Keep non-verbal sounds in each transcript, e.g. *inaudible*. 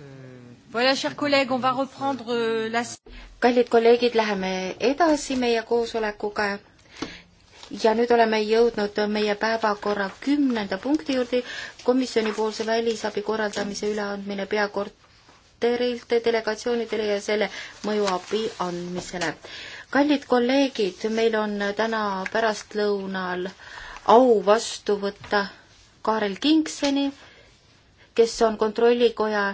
Euh, kallid kolleegid, läheme edasi meie koosolekuga ja nüüd oleme jõudnud meie päevakorra kümnenda punkti juurde, komisjonipoolse välisabi korraldamise üleandmine peakorterilt delegatsioonidele ja selle mõjuabi andmisele. kallid kolleegid, meil on täna pärastlõunal au vastu võtta Kaarel Kingseni, kes on Kontrollikoja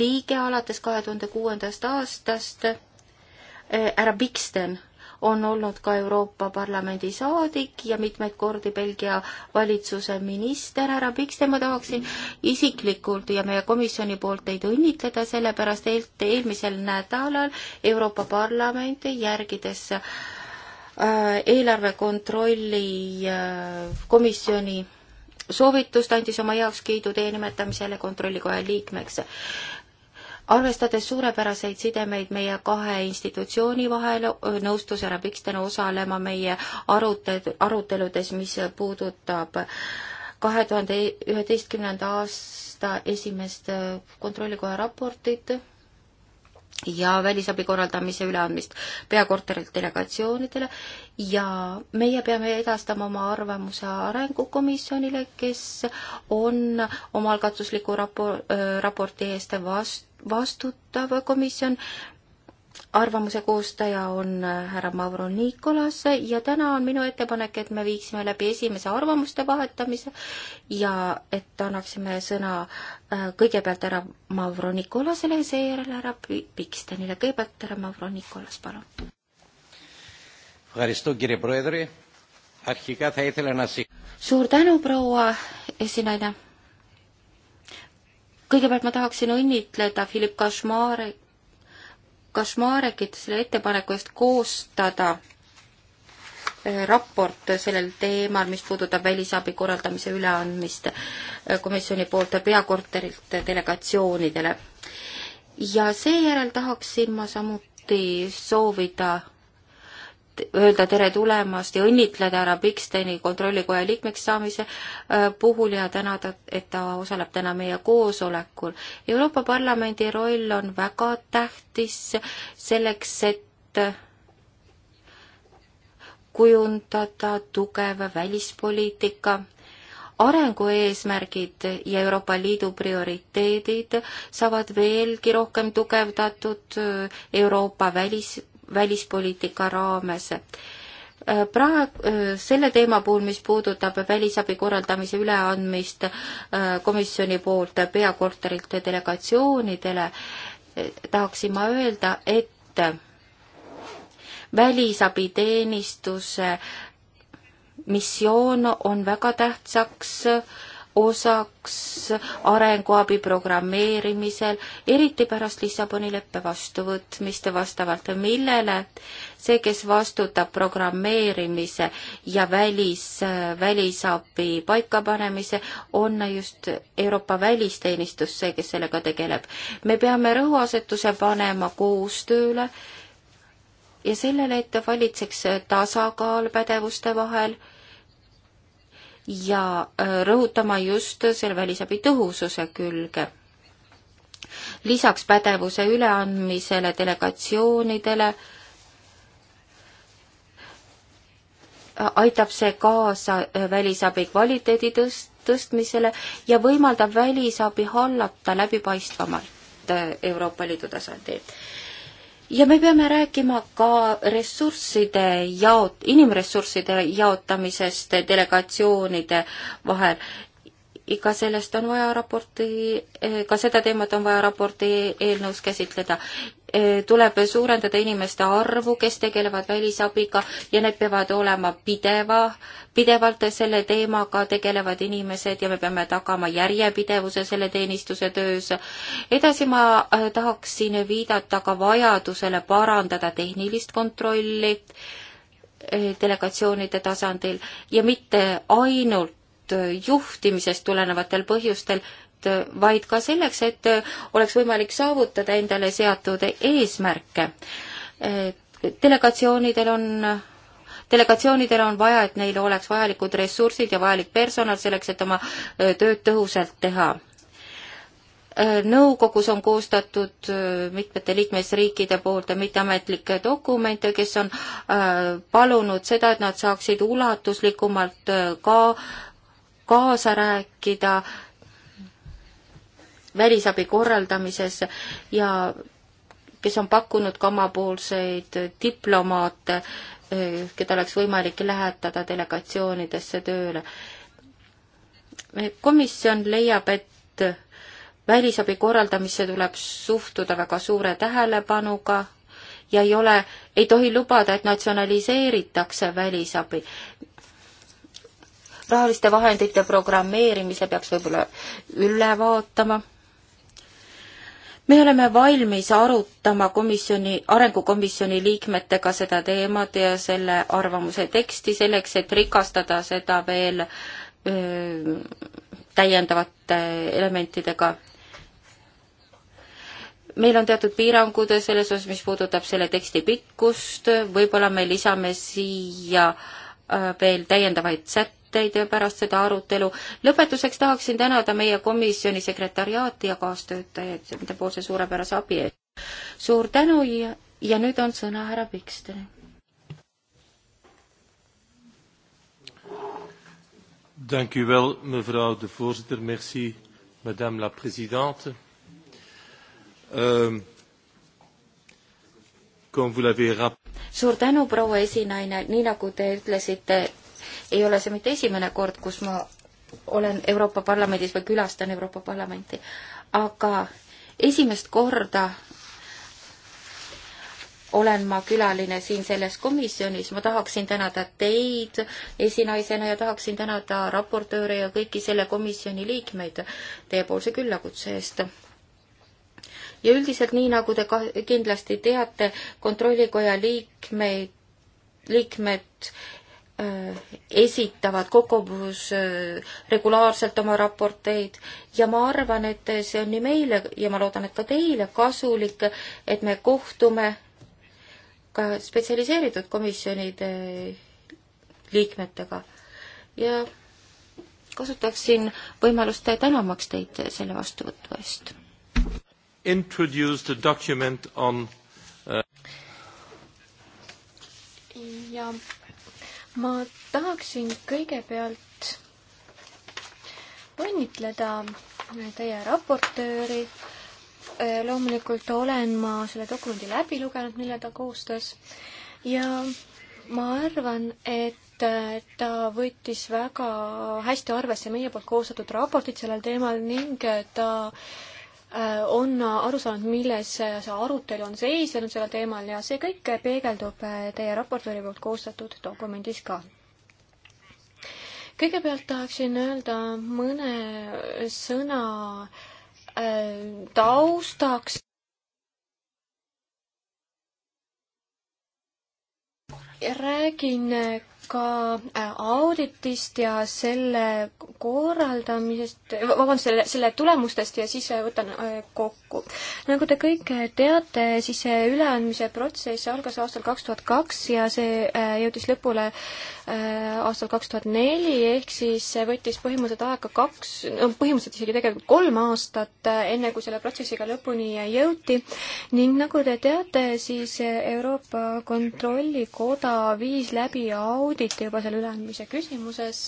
liige alates kahe tuhande kuuendast aastast, äh, härra Biksten on olnud ka Euroopa Parlamendi saadik ja mitmeid kordi Belgia valitsuse minister, härra Pikste, ma tahaksin isiklikult ja meie komisjoni poolt teid õnnitleda, sellepärast et eelmisel nädalal Euroopa Parlament, järgides äh, eelarve kontrolli äh, komisjoni soovitust, andis oma heakskiidu teie nimetamisele kontrollikoja liikmeks. arvestades suurepäraseid sidemeid meie kahe institutsiooni vahel, nõustus härra Pikstena osalema meie arutel-, aruteludes, mis puudutab kahe tuhande üheteistkümnenda aasta esimest kontrollikoja raportit ja välisabi korraldamise üleandmist peakorterilt delegatsioonidele ja meie peame edastama oma arvamuse Arengukomisjonile, kes on omaalgatusliku rapo-, äh, raporti eest vast-, vastutav komisjon, arvamuse koostaja on äh, härra Mavro Nikolas ja täna on minu ettepanek, et me viiksime läbi esimese arvamuste vahetamise ja et annaksime sõna äh, kõigepealt härra Mavro Nikolasele ja seejärel härra Pikstenile. kõigepealt härra Mavro Nikolas, palun. suur tänu, proua esinaine kõigepealt ma tahaksin õnnitleda Philipp Kašmarek Kašmarekit selle ettepaneku eest koostada äh, raport sellel teemal, mis puudutab välisabi korraldamise üleandmist äh, komisjoni poolt peakorterilt delegatsioonidele. ja seejärel tahaksin ma samuti soovida öelda tere tulemast ja õnnitleda härra Bliksteni kontrollikoja liikmeks saamise äh, puhul ja tänada, et ta osaleb täna meie koosolekul. Euroopa Parlamendi roll on väga tähtis selleks, et äh, kujundada tugev välispoliitika arengueesmärgid ja Euroopa Liidu prioriteedid saavad veelgi rohkem tugevdatud äh, Euroopa välis, välispoliitika raames. Äh, Praegu äh, selle teema puhul, mis puudutab välisabi korraldamise üleandmist äh, komisjoni poolt peakorterilt delegatsioonidele, tahaksin ma öelda, et välisabiteenistuse missioon on väga tähtsaks äh, osaks arenguabi programmeerimisel, eriti pärast Lissaboni leppe vastuvõtmist ja vastavalt millele see, kes vastutab programmeerimise ja välis, välisabi paikapanemise, on just Euroopa välisteenistus see, kes sellega tegeleb. me peame rõhuasetuse panema koostööle ja sellele, et valitseks tasakaal pädevuste vahel ja äh, rõhutama just selle välisabi tõhususe külge. lisaks pädevuse üleandmisele delegatsioonidele äh, aitab see kaasa äh, välisabi kvaliteedi tõst-, tõstmisele ja võimaldab välisabi hallata läbipaistvamalt Euroopa Liidu tasandil ja me peame rääkima ka ressursside jaot-, inimressursside jaotamisest delegatsioonide vahel. ka sellest on vaja raporti, ka seda teemat on vaja raporti eelnõus käsitleda Eh, tuleb suurendada inimeste arvu, kes tegelevad välisabiga ja need peavad olema pideva, pidevalt selle teemaga tegelevad inimesed ja me peame tagama järjepidevuse selle teenistuse töös. edasi ma äh, tahaksin viidata ka vajadusele parandada tehnilist kontrolli äh, delegatsioonide tasandil ja mitte ainult äh, juhtimisest tulenevatel põhjustel, Euroopat, vaid ka selleks, et oleks võimalik saavutada endale seatud eesmärke. delegatsioonidel on delegatsioonidel on vaja, et neil oleks vajalikud ressursid ja vajalik personal selleks, et oma tööd tõhusalt teha. Nõukogus on koostatud mitmete liikmesriikide poolt mitteametlikke dokumente, kes on äh, palunud seda, et nad saaksid ulatuslikumalt äh, ka kaasa rääkida äh, välisabi korraldamises ja kes on pakkunud ka omapoolseid diplomaate, keda oleks võimalik lähetada delegatsioonidesse tööle. komisjon leiab, et välisabi korraldamisse tuleb suhtuda väga suure tähelepanuga ja ei ole, ei tohi lubada, et natsionaliseeritakse välisabi rahaliste vahendite programmeerimise peaks võib-olla üle vaatama me oleme valmis arutama komisjoni, arengukomisjoni liikmetega seda teemat ja selle arvamuse teksti selleks, et rikastada seda veel öö, täiendavate elementidega. meil on teatud piirangud selles osas, mis puudutab selle teksti pikkust, võib-olla me lisame siia veel täiendavaid sätteid, mõtteid pärast seda arutelu. lõpetuseks tahaksin tänada meie komisjoni sekretariaati ja kaastöötajaid nende poolse suurepärase abi eest. suur tänu ja, ja nüüd on sõna härra Pikstele. Dank u wel, mevrouw de voorzitter. Merci, madame la présidente. Euh, comme vous l'avez rappelé. suur tänu, proua esinaine, nii nagu te ütlesite, ei ole see mitte esimene kord, kus ma olen Euroopa Parlamendis või külastan Euroopa Parlamenti, aga esimest korda olen ma külaline siin selles komisjonis, ma tahaksin tänada teid esinaisena ja tahaksin tänada raportööre ja kõiki selle komisjoni liikmeid teiepoolse küllakutse eest. ja üldiselt nii, nagu te ka kindlasti teate, Kontrollikoja liikmeid, liikmed Äh, esitavad Kokobus äh, regulaarselt oma raporteid ja ma arvan, et see on nii meile ja ma loodan, et ka teile kasulik, et me kohtume ka spetsialiseeritud komisjonide liikmetega ja kasutaksin võimalust tänamaks teid selle vastuvõtu eest. Introduce the document on uh... ja ma tahaksin kõigepealt õnnitleda teie raportööri. Äh, loomulikult olen ma selle dokumendi läbi lugenud, mille ta koostas ja ma arvan, et äh, ta võttis väga hästi arvesse meie poolt koostatud raportit sellel teemal ning äh, ta äh, Äh, on aru saanud, milles see arutelu on seisnud sellel teemal ja see kõik peegeldub äh, teie raportööri poolt koostatud dokumendis ka. kõigepealt tahaksin öelda mõne sõna äh, taustaks. räägin ka äh, auditist ja selle korraldamisest, vabandust, selle, selle tulemustest ja siis äh, võtan äh, kokku. nagu te kõik teate, siis see üleandmise protsess algas aastal kaks tuhat kaks ja see jõudis lõpule aastal kaks tuhat neli, ehk siis see võttis põhimõtteliselt aega kaks, no põhimõtteliselt isegi tegelikult kolm aastat, enne kui selle protsessiga lõpuni jõuti ning nagu te teate, siis Euroopa Kontrollikoda viis läbi auditi auditi juba selle üleandmise küsimuses.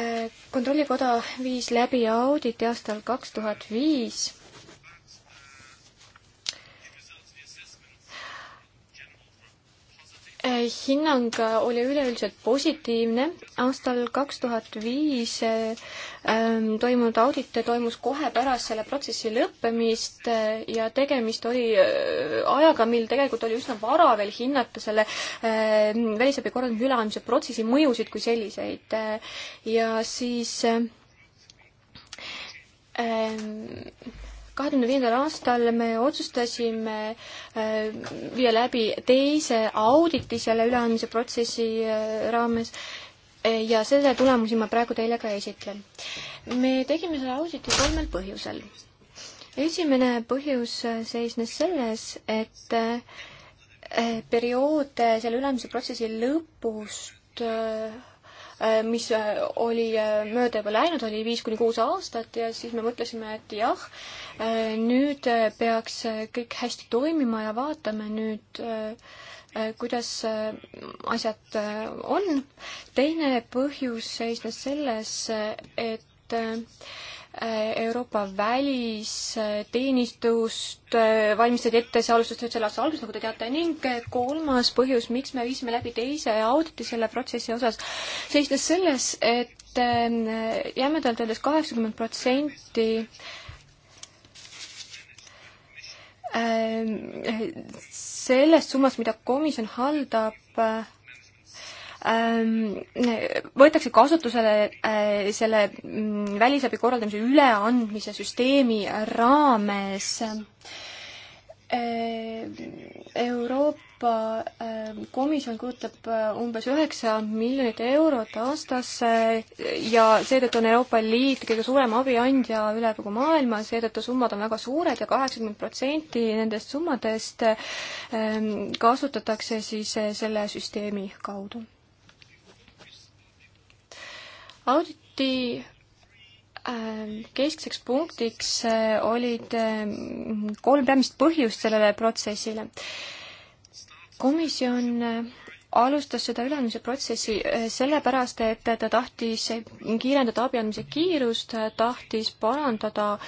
Äh, kontrollikoda viis läbi auditi aastal kaks tuhat viis Eh, hinnang eh, oli üleüldiselt positiivne. aastal kaks tuhat viis eh, toimunud audit toimus kohe pärast selle protsessi lõppemist ja tegemist oli ajaga, mil tegelikult oli üsna vara veel hinnata selle välisabi korraldamise üleandmise protsessi mõjusid kui selliseid. ja siis ähm, kahekümne viiendal aastal me otsustasime äh, viia läbi teise auditi selle üleandmise protsessi äh, raames äh, ja selle tulemusi ma praegu teile ka esitlen. me tegime selle auditi kolmel põhjusel. esimene põhjus seisnes selles, et periood selle ülemise protsessi lõpust Äh, mis äh, oli äh, mööda juba läinud, oli viis kuni kuus aastat ja siis me mõtlesime, et jah, nüüd peaks kõik hästi toimima ja vaatame nüüd, kuidas asjad on. teine põhjus seisnes selles, et Euroopa välisteenistust äh, valmistati ette, see alustas nüüd selle aasta alguses, nagu te teate, ning kolmas põhjus, miks me viisime läbi teise auditi selle protsessi osas, seisnes selles, et äh, jämedalt öeldes kaheksakümmend protsenti äh, sellest summast, mida komisjon haldab, Ehm, võetakse kasutusele eh, selle mm, välisabi korraldamise üleandmise süsteemi raames ehm, Euroopa ehm, Komisjon kulutab eh, umbes üheksa miljonit eurot aastas eh, ja seetõttu on Euroopa Liit kõige suurem abiandja üle kogu maailma, seetõttu summad on väga suured ja kaheksakümmend protsenti nendest summadest kasutatakse siis selle süsteemi kaudu auditi ähm, keskseks punktiks äh, olid ähm, kolm peamist põhjust sellele protsessile. komisjon äh, alustas seda üleandmise protsessi äh, sellepärast, et ta tahtis kiirendada abi andmise kiirust, tahtis parandada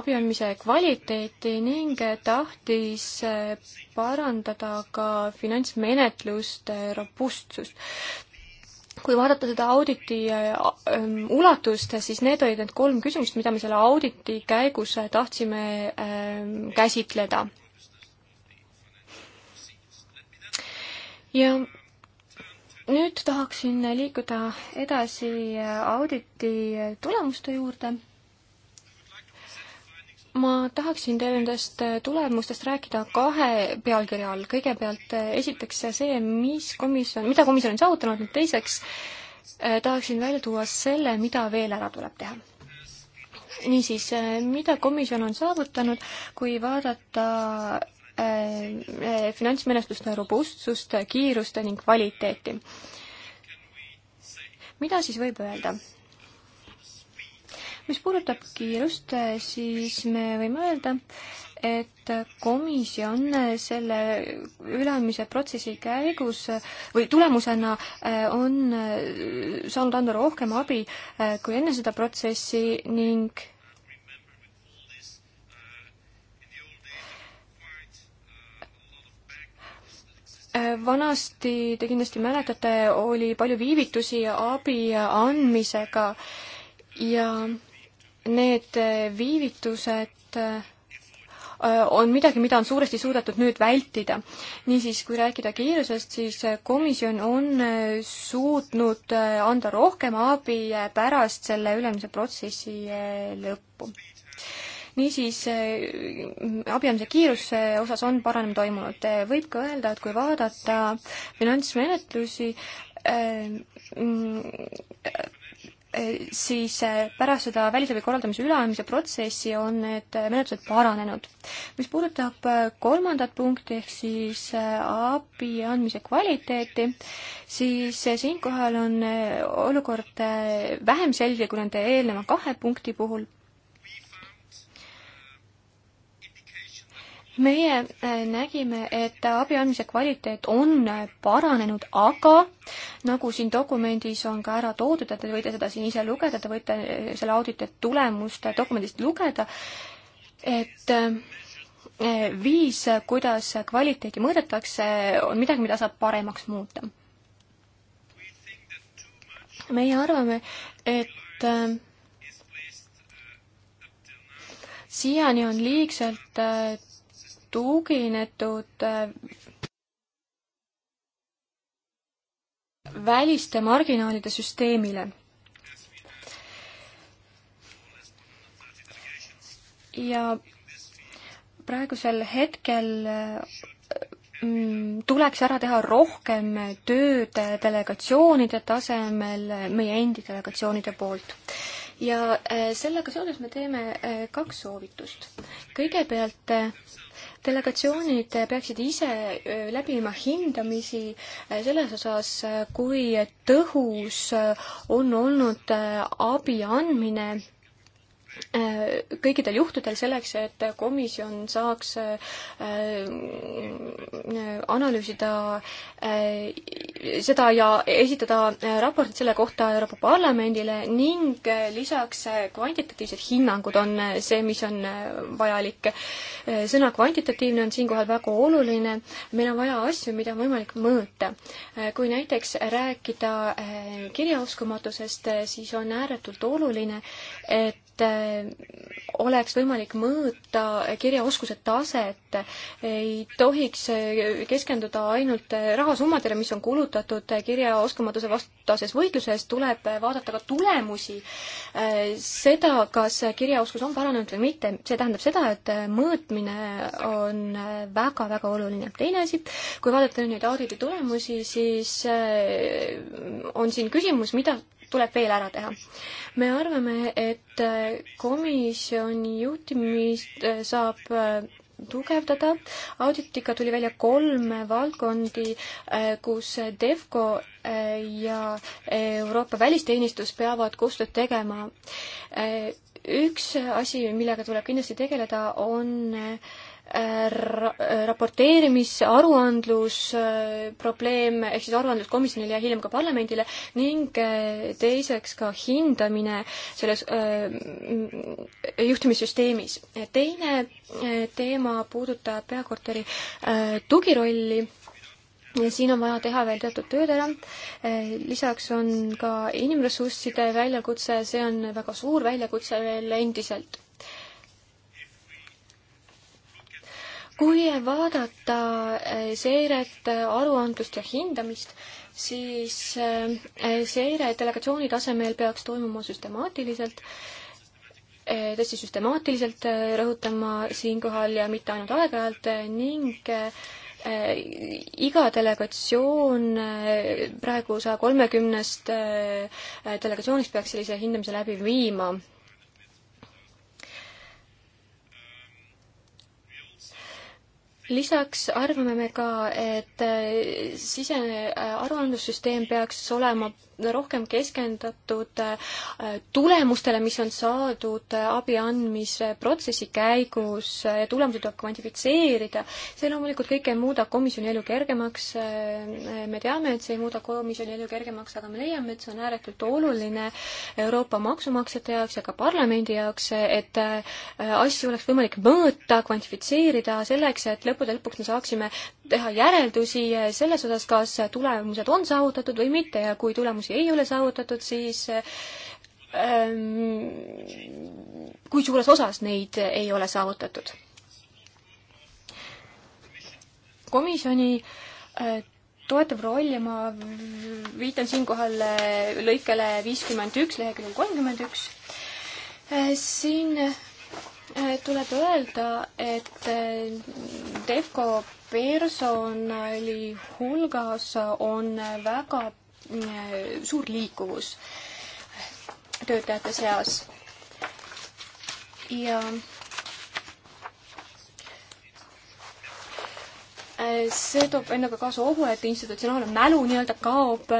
abi andmise kvaliteeti ning tahtis parandada ka finantsmenetluste robustsust kui vaadata seda auditi äh, ähm, ulatust, siis need olid need kolm küsimust, mida me selle auditi käigus tahtsime ähm, käsitleda. ja nüüd tahaksin liikuda edasi äh, auditi tulemuste juurde ma tahaksin teile nendest äh, tulemustest rääkida kahe pealkirja all. kõigepealt äh, esiteks see, mis komisjon, mida komisjon on saavutanud, nüüd teiseks äh, tahaksin välja tuua selle, mida veel ära tuleb teha. niisiis, mida komisjon on saavutanud, kui vaadata äh, finantsmenetluste robustsust, kiirust ning kvaliteeti. mida siis võib öelda? mis puudutab kiirust, siis me võime öelda, et komisjon selle ülemise protsessi käigus või tulemusena äh, on äh, saanud anda rohkem abi äh, kui enne seda protsessi ning vanasti, te kindlasti mäletate, oli palju viivitusi abi andmisega ja need äh, viivitused äh, on midagi, mida on suuresti suudetud nüüd vältida. niisiis, kui rääkida kiirusest, siis äh, komisjon on suutnud anda rohkem abi pärast selle ülemise protsessi lõppu. niisiis, abiandmise kiiruse osas on paranem toimunud. võib ka öelda, et kui vaadata finantsmenetlusi, mm, siis eh, pärast seda välisabi korraldamise üleandmise protsessi on need eh, menetlused paranenud. mis puudutab eh, kolmandat punkti ehk siis abi andmise kvaliteeti, siis siinkohal on olukord vähem selge kui nende eelneva kahe punkti puhul meie äh, nägime, et abi andmise kvaliteet on äh, paranenud, aga nagu siin dokumendis on ka ära toodud, et te võite seda siin ise lugeda, te võite äh, selle auditi tulemust dokumendist lugeda, et viis, kuidas kvaliteeti mõõdetakse, on midagi, mida saab paremaks muuta. meie arvame, et siiani on liigselt tuginetud äh, väliste marginaalide süsteemile. ja praegusel hetkel äh, mm, tuleks ära teha rohkem tööd delegatsioonide tasemel meie endi delegatsioonide poolt. ja äh, sellega seoses me teeme kaks soovitust. kõigepealt delegatsioonid peaksid ise äh, läbima hindamisi äh, selles osas, äh, kui tõhus on olnud abi andmine kõikidel juhtudel selleks, et komisjon saaks analüüsida seda ja esitada äh, raportid selle kohta Euroopa Parlamendile ning äh, lisaks äh, kvantitatiivsed hinnangud on see, mis on vajalik. sõna kvantitatiivne on siinkohal väga oluline, meil on vaja asju, mida on võimalik mõõta. kui näiteks rääkida kirjaoskamatusest, siis on ääretult oluline, et et äh, oleks võimalik mõõta kirjaoskuse taset, ei tohiks äh, keskenduda ainult äh, rahasummadele, mis on kulutatud kirjaoskamatuse vastases võitluses, tuleb vaadata ka tulemusi, seda, kas kirjaoskus on paranenud või mitte, see tähendab seda, et mõõtmine on väga-väga oluline. teine asi, kui vaadata nüüd auditi tulemusi, siis on siin küsimus, mida tuleb veel ära teha. me arvame, et äh, komisjoni juhtimist äh, saab äh, tugevdada. auditiga tuli välja kolm valdkondi, kus DEFCO ja Euroopa välisteenistus peavad koostööd tegema. üks asi, millega tuleb kindlasti tegeleda, on ra-, raporteerimis-, aruandlusprobleem, äh, ehk siis aruandlus komisjonile ja hiljem ka parlamendile, ning äh, teiseks ka hindamine selles äh, juhtimissüsteemis. teine äh, teema puudutab peakorteri äh, tugirolli ja siin on vaja teha veel teatud tööd ära. lisaks on ka inimressursside väljakutse, see on väga suur väljakutse veel endiselt kui vaadata eh, seiret, eh, aruandlust ja hindamist, siis eh, seire delegatsiooni tasemel peaks toimuma süstemaatiliselt, tõesti süstemaatiliselt rõhutama siinkohal ja mitte ainult aeg-ajalt ning iga delegatsioon praegu saja kolmekümnest delegatsioonist peaks sellise hindamise läbi viima lisaks arvame me ka, et äh, sisene äh, aruandlussüsteem peaks olema rohkem keskendatud äh, tulemustele, mis on saadud abi andmise protsessi käigus ja tulemusi tuleb kvantifitseerida. see loomulikult kõike ei muuda komisjoni elu kergemaks. me teame, et see ei muuda komisjoni elu kergemaks, aga me leiame, et see on ääretult oluline Euroopa maksumaksjate jaoks ja ka parlamendi jaoks, et asju oleks võimalik mõõta, kvantifitseerida selleks, et lõpuks lõppude lõpuks me saaksime teha järeldusi selles osas, kas tulemused on saavutatud või mitte ja kui tulemusi ei ole saavutatud, siis ähm, kui suures osas neid ei ole saavutatud. komisjoni äh, toetav roll ja ma viitan siinkohal äh, lõikele viiskümmend üks, leheküljel kolmkümmend üks. Äh, siin Eh, tuleb öelda, et eh, Defco personali hulgas on väga eh, suur liikuvus töötajate seas. ja see toob endaga kaasa ohu, et institutsionaalne mälu nii-öelda kaob,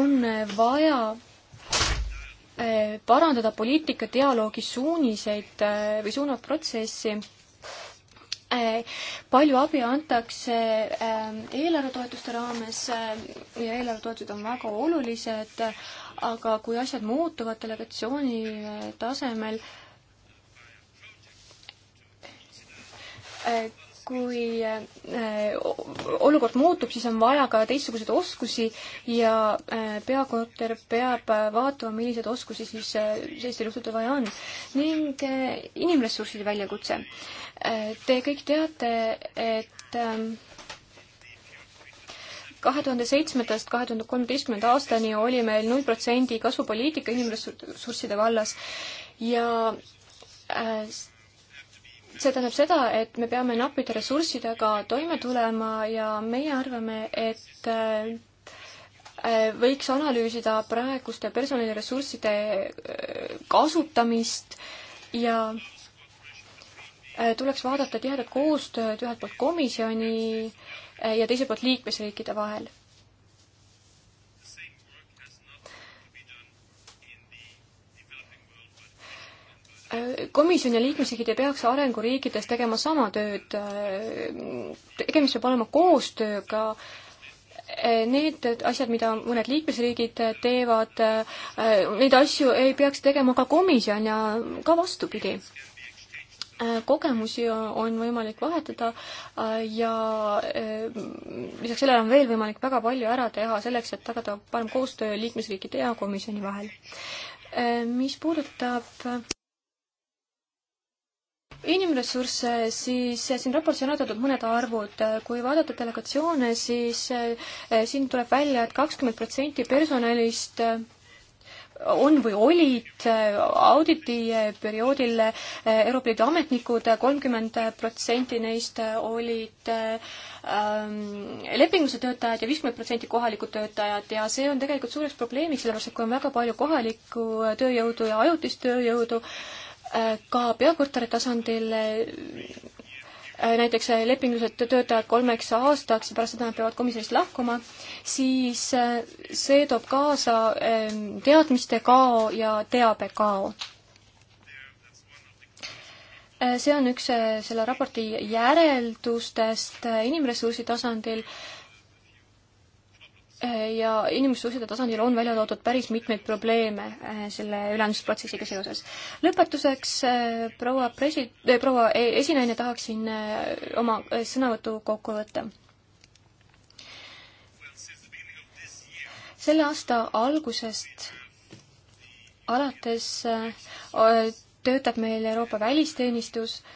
on vaja Eh, parandada poliitika dialoogi suuniseid eh, või suunavat protsessi. Eh, palju abi antakse eelarvetoetuste raames ja eelarvetoetused on väga olulised, aga kui asjad muutuvad delegatsiooni tasemel, kui äh, olukord muutub, siis on vaja ka teistsuguseid oskusi ja äh, peakontor peab äh, vaatama, milliseid oskusi siis sellistel juhtudel vaja on. ning inimressursside väljakutse. Te kõik teate, et ähm, kahe tuhande seitsmendast kahe tuhande kolmeteistkümnenda aastani oli meil null protsendi kasvupoliitika inimressursside vallas ja see tähendab seda, et me peame nappide ressurssidega toime tulema ja meie arvame, et äh, võiks analüüsida praeguste personaliressursside äh, kasutamist ja äh, tuleks vaadata tihedat koostööd ühelt poolt komisjoni ja teiselt poolt liikmesriikide vahel komisjon ja liikmesriigid ei peaks arenguriikides tegema sama tööd, tegemist peab olema koostööga, need asjad, mida mõned liikmesriigid teevad, neid asju ei peaks tegema ka komisjon ja ka vastupidi. kogemusi on võimalik vahetada ja eh, lisaks sellele on veel võimalik väga palju ära teha selleks, et tagada parem koostöö liikmesriikide ja komisjoni vahel. Eh, mis puudutab inimressursse, siis siin raportis on näidatud mõned arvud. kui vaadata delegatsioone, siis eh, siin tuleb välja et, et kakskümmend protsenti personalist eh, on või olid eh, auditi perioodil Euroopa Liidu ametnikud, kolmkümmend protsenti neist olid ähm, lepingulise töötajad ja viiskümmend protsenti kohalikud töötajad ja see on tegelikult suureks probleemiks, sellepärast et kui on väga palju kohalikku tööjõudu ja ajutist tööjõudu ka peakorteri tasandil äh, näiteks äh, lepingused töötajad kolmeks aastaks ja pärast seda nad peavad komisjonist lahkuma, siis äh, see toob kaasa ähm, teadmiste kao ja teabe kao. see on üks selle raporti järeldustest inimressursi tasandil ja inimsuhete tasandil on välja toodud päris mitmeid probleeme äh, selle üleandmisprotsessiga seoses. lõpetuseks äh, proua presi-, äh, proua e-, esinaine tahaksin oma sõnavõtu kokku võtta. selle aasta algusest alates töötab meil Euroopa välisteenistus äh,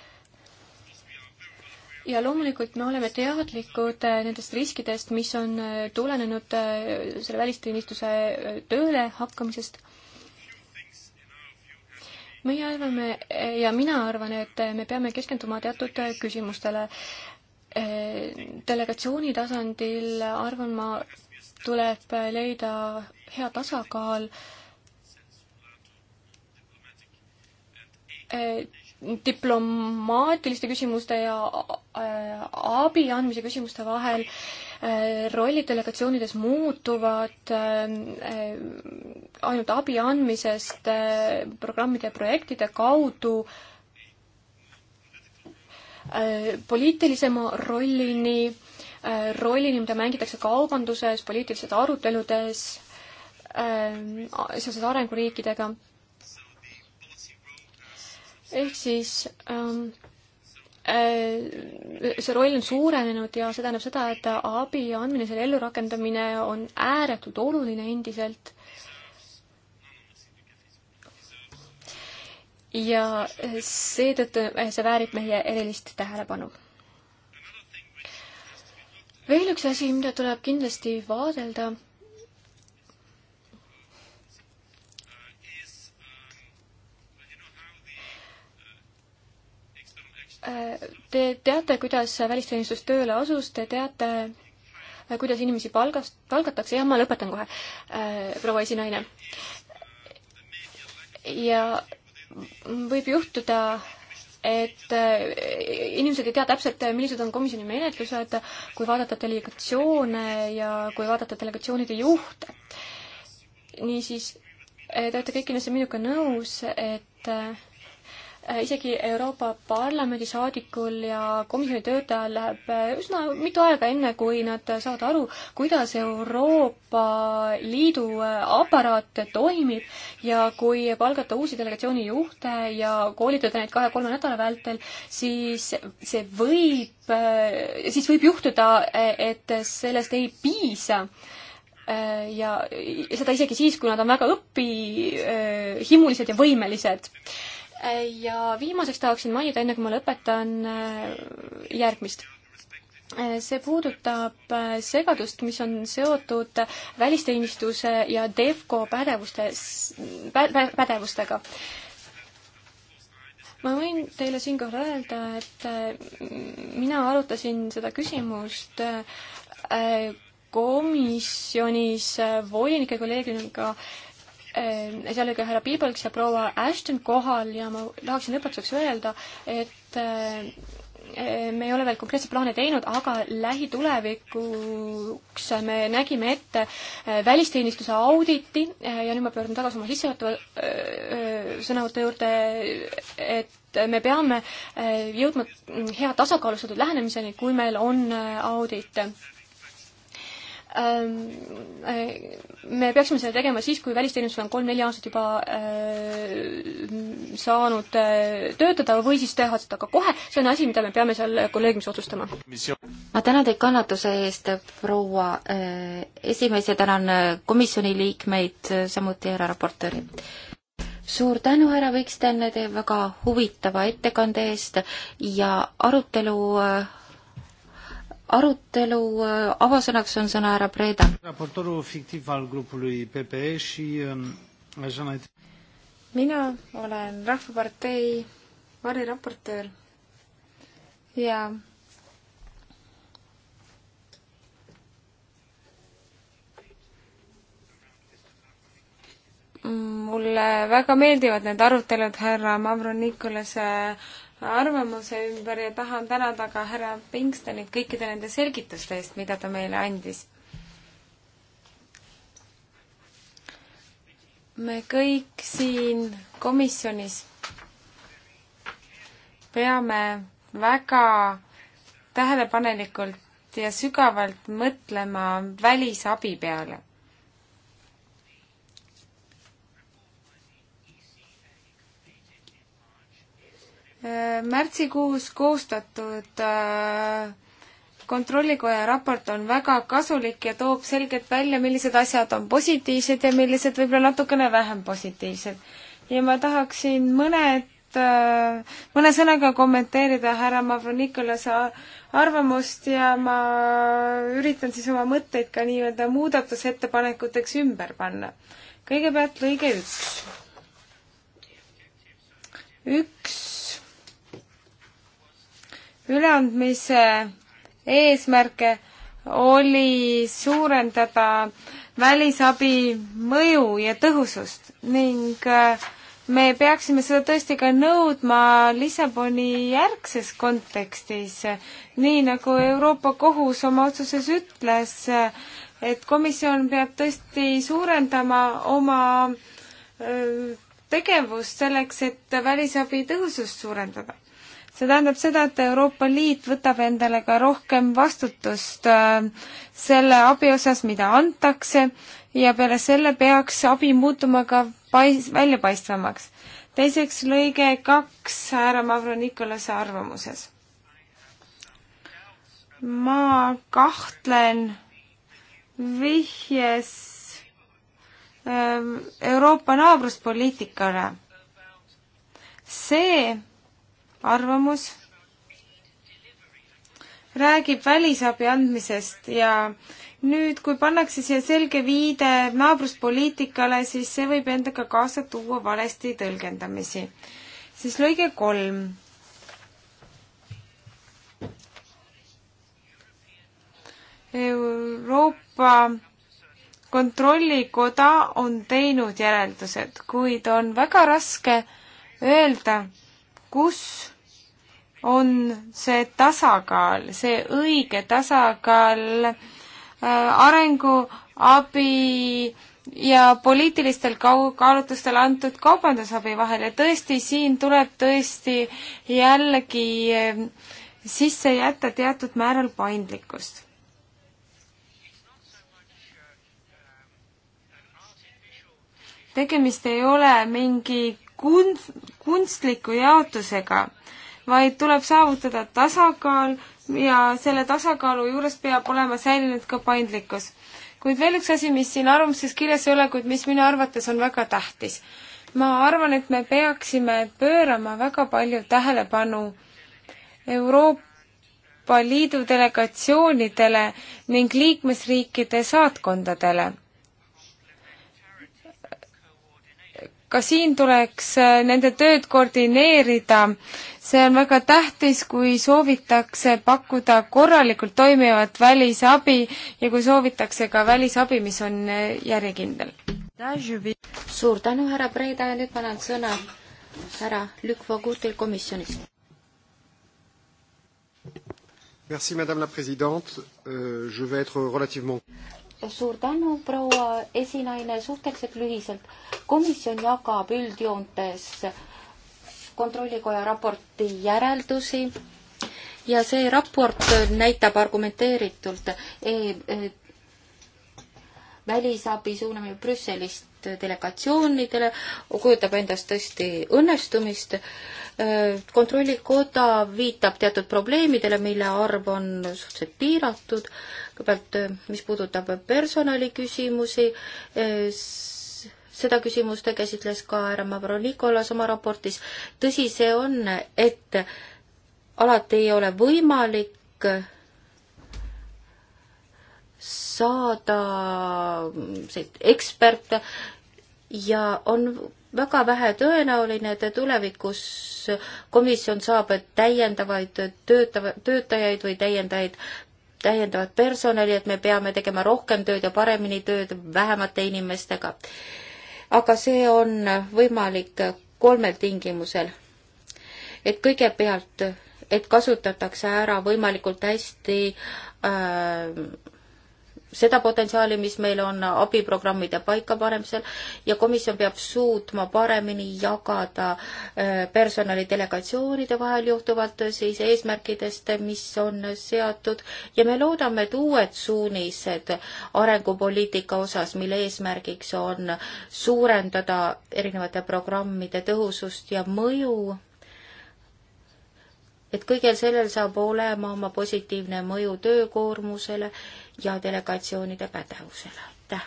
ja loomulikult me oleme teadlikud äh, nendest riskidest, mis on äh, tulenenud äh, selle välisteenistuse tööle hakkamisest. meie arvame ja mina arvan, et me peame keskenduma teatud küsimustele. delegatsiooni tasandil arvan ma, tuleb leida hea tasakaal diplomaatiliste küsimuste ja äh, abi andmise küsimuste vahel äh, rollid delegatsioonides muutuvad äh, ainult abi andmisest programmide ja projektide kaudu poliitilisema rollini, rollini, mida mängitakse kaubanduses, poliitilistes aruteludes seoses arenguriikidega ehk siis ähm, äh, see roll on suurenenud ja see tähendab seda, et abi andmine, selle ellurakendamine on ääretult oluline endiselt. ja seetõttu äh, see väärib meie erilist tähelepanu. veel üks asi, mida tuleb kindlasti vaadelda Te teate, kuidas välisteenistus tööle asus, te teate, kuidas inimesi palgast, palgatakse, jah, ma lõpetan kohe, äh, proua esinaine. ja võib juhtuda, et äh, inimesed ei tea täpselt, millised on komisjoni menetlused, kui vaadata delegatsioone ja kui vaadata delegatsioonide juhte. niisiis, äh, te olete kõik kindlasti minuga nõus, et äh, Äh, isegi Euroopa Parlamendi saadikul ja komisjoni töötajal läheb äh, üsna mitu aega, enne kui nad saavad aru, kuidas Euroopa Liidu äh, aparaat toimib ja kui palgata uusi delegatsiooni juhte ja koolitada neid kahe-kolme nädala vältel, siis see võib, siis võib juhtuda, et sellest ei piisa ja seda isegi siis, kui nad on väga õpihimulised ja võimelised ja viimaseks tahaksin mainida, enne kui ma lõpetan, äh, järgmist äh, see puudutab äh, segadust, mis on seotud välisteenistuse ja DEFCO pädevuste pä,, pä, pädevustega. ma võin teile siinkohal öelda, et mina arutasin seda küsimust komisjonis volinike kolleegiumiga äh, Ehm, seal oli ka härra Piibalks ja proua Ashton kohal ja ma tahaksin lõpetuseks öelda, et ehm, me ei ole veel konkreetseid plaane teinud, aga lähitulevikuks me nägime ette eh, välisteenistuse auditi eh, ja nüüd ma pöördun tagasi oma sissejuhatava eh, sõnavõtu juurde, et me peame jõudma mm, hea tasakaalustatud lähenemiseni, kui meil on audit Ähm, äh, me peaksime seda tegema siis, kui välisteenistusel on kolm-neli aastat juba äh, saanud äh, töötada või siis teha seda ka kohe, see on asi, mida me peame seal kolleegiumis otsustama. ma tänan teid kannatuse eest, proua esimees ja tänan komisjoni liikmeid, samuti härra raportööri suur tänu, härra Viksten, teie väga huvitava ettekande eest ja arutelu arutelu äh, avasõnaks on sõna härra Preda. E ähm, mina olen Rahvapartei variraportöör ja mulle väga meeldivad need arutelud härra Mavro Nikolase arvamuse ümber ja tahan tänada ka härra Pinkstonit kõikide nende selgituste eest, mida ta meile andis. me kõik siin komisjonis peame väga tähelepanelikult ja sügavalt mõtlema välisabi peale Äh, märtsikuus koostatud äh, kontrollikoja raport on väga kasulik ja toob selgelt välja, millised asjad on positiivsed ja millised võib-olla natukene vähem positiivsed. ja ma tahaksin mõned, äh, mõne sõnaga kommenteerida härra Mavronikolase arvamust ja ma üritan siis oma mõtteid ka nii-öelda muudatusettepanekuteks ümber panna. kõigepealt lõige üks. üks üleandmise eesmärke oli suurendada välisabi mõju ja tõhusust ning äh, me peaksime seda tõesti ka nõudma Lissaboni järgses kontekstis, nii nagu Euroopa Kohus oma otsuses ütles, et komisjon peab tõesti suurendama oma äh, tegevust selleks, et välisabi tõhusust suurendada see tähendab seda, et Euroopa Liit võtab endale ka rohkem vastutust äh, selle abi osas, mida antakse ja peale selle peaks abi muutuma ka pais-, väljapaistvamaks. teiseks lõige kaks härra Mavro Nikolase arvamuses. ma kahtlen vihjes ähm, Euroopa naabruspoliitikale. see, arvamus räägib välisabi andmisest ja nüüd, kui pannakse siia selge viide naabruspoliitikale, siis see võib endaga kaasa tuua valesti tõlgendamisi. siis lõige kolm. Euroopa Kontrollikoda on teinud järeldused, kuid on väga raske öelda, kus on see tasakaal, see õige tasakaal äh, arenguabi ja poliitilistel kau-, kaalutlustel antud kaubandusabi vahel ja tõesti, siin tuleb tõesti jällegi äh, sisse jätta teatud määral paindlikkust. tegemist ei ole mingi kun-, kunstliku jaotusega, vaid tuleb saavutada tasakaal ja selle tasakaalu juures peab olema säilinud ka paindlikkus. kuid veel üks asi, mis siin arvamuses kirjas ei ole, kuid mis minu arvates on väga tähtis. ma arvan, et me peaksime pöörama väga palju tähelepanu Euroopa Liidu delegatsioonidele ning liikmesriikide saatkondadele ka siin tuleks äh, nende tööd koordineerida. see on väga tähtis, kui soovitakse pakkuda korralikult toimivat välisabi ja kui soovitakse ka välisabi, mis on äh, järjekindel. suur tänu, härra Preida ja nüüd ma annan sõna härra Lükvogutil komisjonist. Merci Madame la Présidente. Euh, je vais être relativement suur tänu, proua esinaine, suhteliselt lühiselt. komisjon jagab üldjoontes kontrollikoja raporti järeldusi ja see raport näitab argumenteeritult e, e, välisabi suunamine Brüsselist delegatsioonidele, kujutab endast tõesti õnnestumist. kontrollikoda viitab teatud probleemidele, mille arv on suhteliselt piiratud. kõigepealt, mis puudutab personaliküsimusi, seda küsimust ta käsitles ka härra Mavro Nikolas oma raportis. tõsi see on, et alati ei ole võimalik saada eksperte ja on väga vähe tõenäoline, et tulevikus komisjon saab täiendavaid töötav-, töötajaid või täiendavaid, täiendavat personali, et me peame tegema rohkem tööd ja paremini tööd vähemate inimestega. aga see on võimalik kolmel tingimusel. et kõigepealt, et kasutatakse ära võimalikult hästi äh, seda potentsiaali, mis meil on abiprogrammide paikapanemisel ja komisjon peab suutma paremini jagada äh, personali delegatsioonide vahel juhtuvalt äh, siis eesmärkidest, mis on seatud ja me loodame, et uued suunised arengupoliitika osas, mille eesmärgiks on suurendada erinevate programmide tõhusust ja mõju et kõigel sellel saab olema oma positiivne mõju töökoormusele ja delegatsioonide pädevusele. aitäh!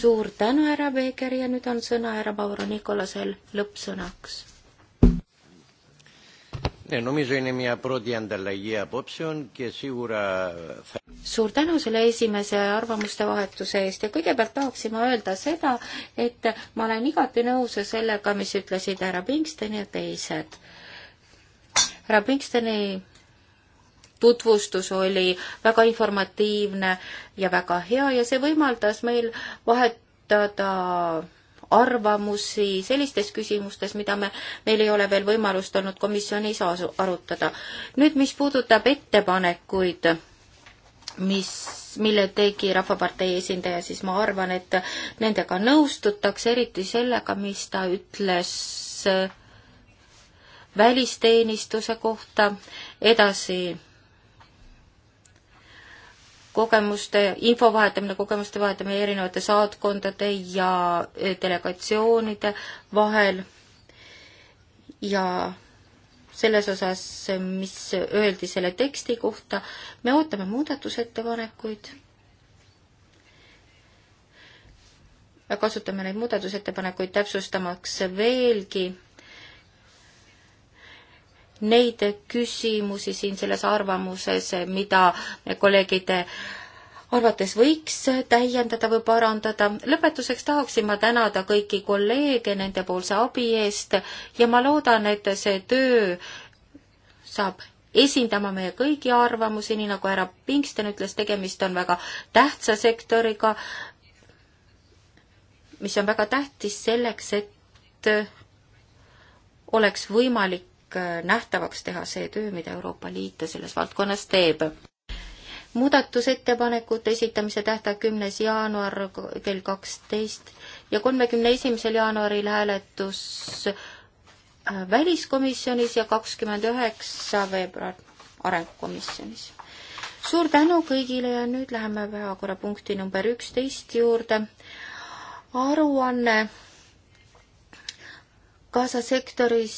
suur tänu, härra Beeger ja nüüd on sõna härra Pauro Nikolasel lõppsõnaks ναι, νομίζω είναι μια πρώτη ανταλλαγή απόψεων και σίγουρα θα... suur tänu selle esimese arvamuste vahetuse eest ja kõigepealt tahaksin ma öelda seda, et ma olen igati nõus sellega, mis ütlesid härra Pinkston ja teised. härra Pinkstoni tutvustus oli väga informatiivne ja väga hea ja see võimaldas meil vahetada arvamusi sellistes küsimustes, mida me, meil ei ole veel võimalust olnud komisjonis arutada. nüüd, mis puudutab ettepanekuid, mis, mille tegi Rahvapartei esindaja, siis ma arvan, et nendega nõustutakse, eriti sellega, mis ta ütles äh, välisteenistuse kohta, edasi kogemuste, info vahetamine, kogemuste vahetamine erinevate saatkondade ja eh, delegatsioonide vahel ja selles osas, eh, mis öeldi selle teksti kohta, me ootame muudatusettepanekuid. me kasutame neid muudatusettepanekuid täpsustamaks veelgi neid küsimusi siin selles arvamuses, mida kolleegide arvates võiks täiendada või parandada. lõpetuseks tahaksin ma tänada kõiki kolleege nendepoolse abi eest ja ma loodan, et see töö saab esindama meie kõigi arvamusi, nii nagu härra Pinksten ütles, tegemist on väga tähtsa sektoriga, mis on väga tähtis selleks, et oleks võimalik nähtavaks teha see töö, mida Euroopa Liit selles valdkonnas teeb. muudatusettepanekute esitamise tähtaeg kümnes jaanuar kell kaksteist ja kolmekümne esimesel jaanuaril hääletus äh, väliskomisjonis ja kakskümmend üheksa veebruar arengukomisjonis. suur tänu kõigile ja nüüd läheme päevakorrapunkti number üksteist juurde. aruanne Gaza sektoris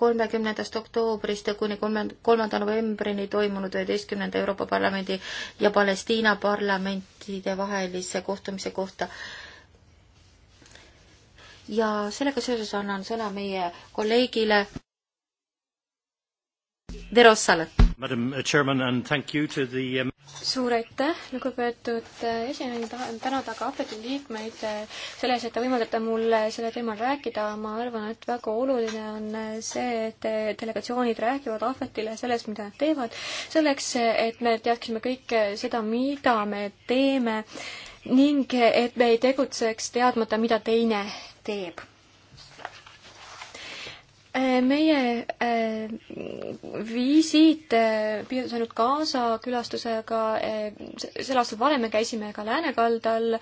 kolmekümnendast oktoobrist kuni kolmanda novembrini toimunud üheteistkümnenda Euroopa Parlamendi ja Palestiina parlamentide vahelise kohtumise kohta. ja sellega seoses annan sõna meie kolleegile Verossale. Madam Chairman and thank you to the um, suur aitäh, lugupeetud äh, esineja, tahan tänada ka Ahveti liikmeid äh, selle eest, et te võimaldate mul sellel teemal rääkida. ma arvan, et väga oluline on äh, see, et delegatsioonid räägivad Ahvetile sellest, mida nad teevad, selleks, et me teaksime kõike seda, mida me teeme ning et me ei tegutseks teadmata, mida teine teeb Äh, meie äh, visiit äh, piirdus ainult Gaza külastusega äh,, sel aastal varem me käisime ka läänekaldal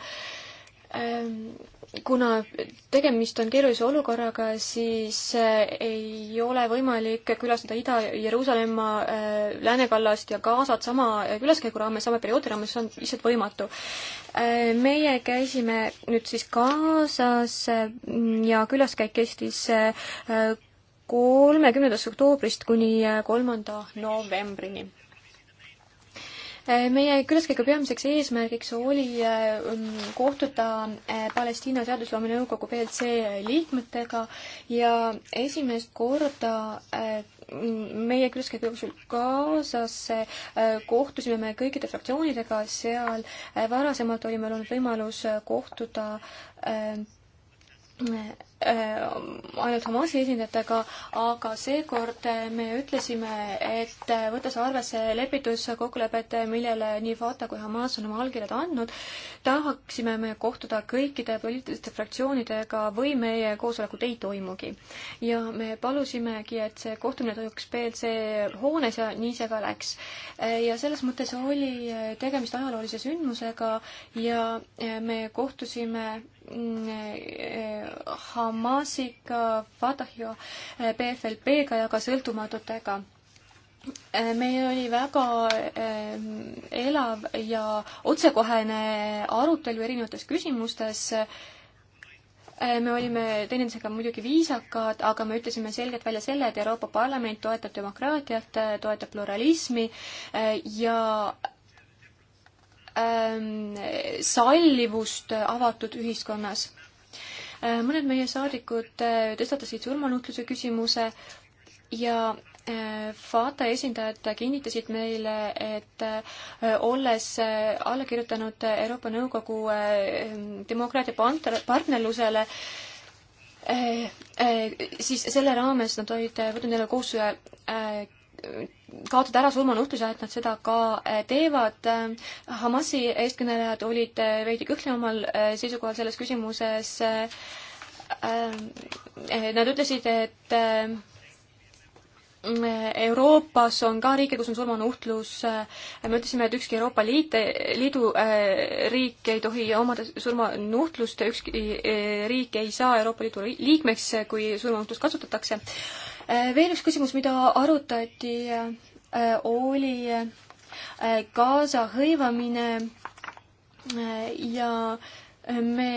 ähm, kuna tegemist on keerulise olukorraga, siis äh, ei ole võimalik külastada Ida-Jeruusalemma, äh, läänekallast ja Gazat sama külaskäigu raames, sama perioodi raames, see on lihtsalt võimatu. meie käisime nüüd siis Gazas ja külaskäik kestis kolmekümnendast oktoobrist kuni äh, kolmanda novembrini. Äh, meie külaskäigu peamiseks eesmärgiks oli äh, um, kohtuda Palestiina Seadusloome Nõukogu PLC liikmetega ja esimest korda meie külaskäigu jooksul Gazasse kohtusime me kõikide fraktsioonidega seal, varasemalt oli meil olnud võimalus kohtuda Äh, ainult Hamasi esindajatega, aga seekord äh, me ütlesime, et äh, võttes arvesse lepituskokkulepet, millele nii Fatah kui Hamas on oma allkirjad andnud, tahaksime me kohtuda kõikide poliitiliste fraktsioonidega või meie koosolekut ei toimugi. ja me palusimegi, et see kohtumine toimuks BLC hoones ja nii see ka läks. ja selles mõttes oli tegemist ajaloolise sündmusega ja me kohtusime mm, Hamas Hamasiga, Fatahio, eh, BFLP-ga ja ka sõltumatutega eh, meil oli väga eh, elav ja otsekohene arutelu erinevates küsimustes. me olime teineteisega muidugi viisakad, aga me ütlesime selgelt välja selle, et Euroopa Parlament toetab demokraatiat, toetab pluralismi ja ehm, sallivust avatud ühiskonnas Äh, mõned meie saadikud äh, tõstatasid surmanuhtluse küsimuse ja äh, FATA esindajad kinnitasid meile, et olles alla kirjutanud Euroopa Nõukogu demokraatia partnerlusele, siis selle raames nad olid võtnud jälle kohustuse kaotada ära surmanuhtluse, et nad seda ka äh, teevad. Hamasi eestkõnelejad olid äh, veidi kõhklevamal äh, seisukohal selles küsimuses. Nad ütlesid, et Euroopas on ka riike, kus on surmanuhtlus. me ütlesime, et ükski Euroopa Liit, Liidu riik ei tohi omada surmanuhtlust, ükski riik ei saa Euroopa Liidu liikmeks, kui surmanuhtlust kasutatakse. Äh, veel üks küsimus, mida arutati, äh, oli äh, Gaza hõivamine ja me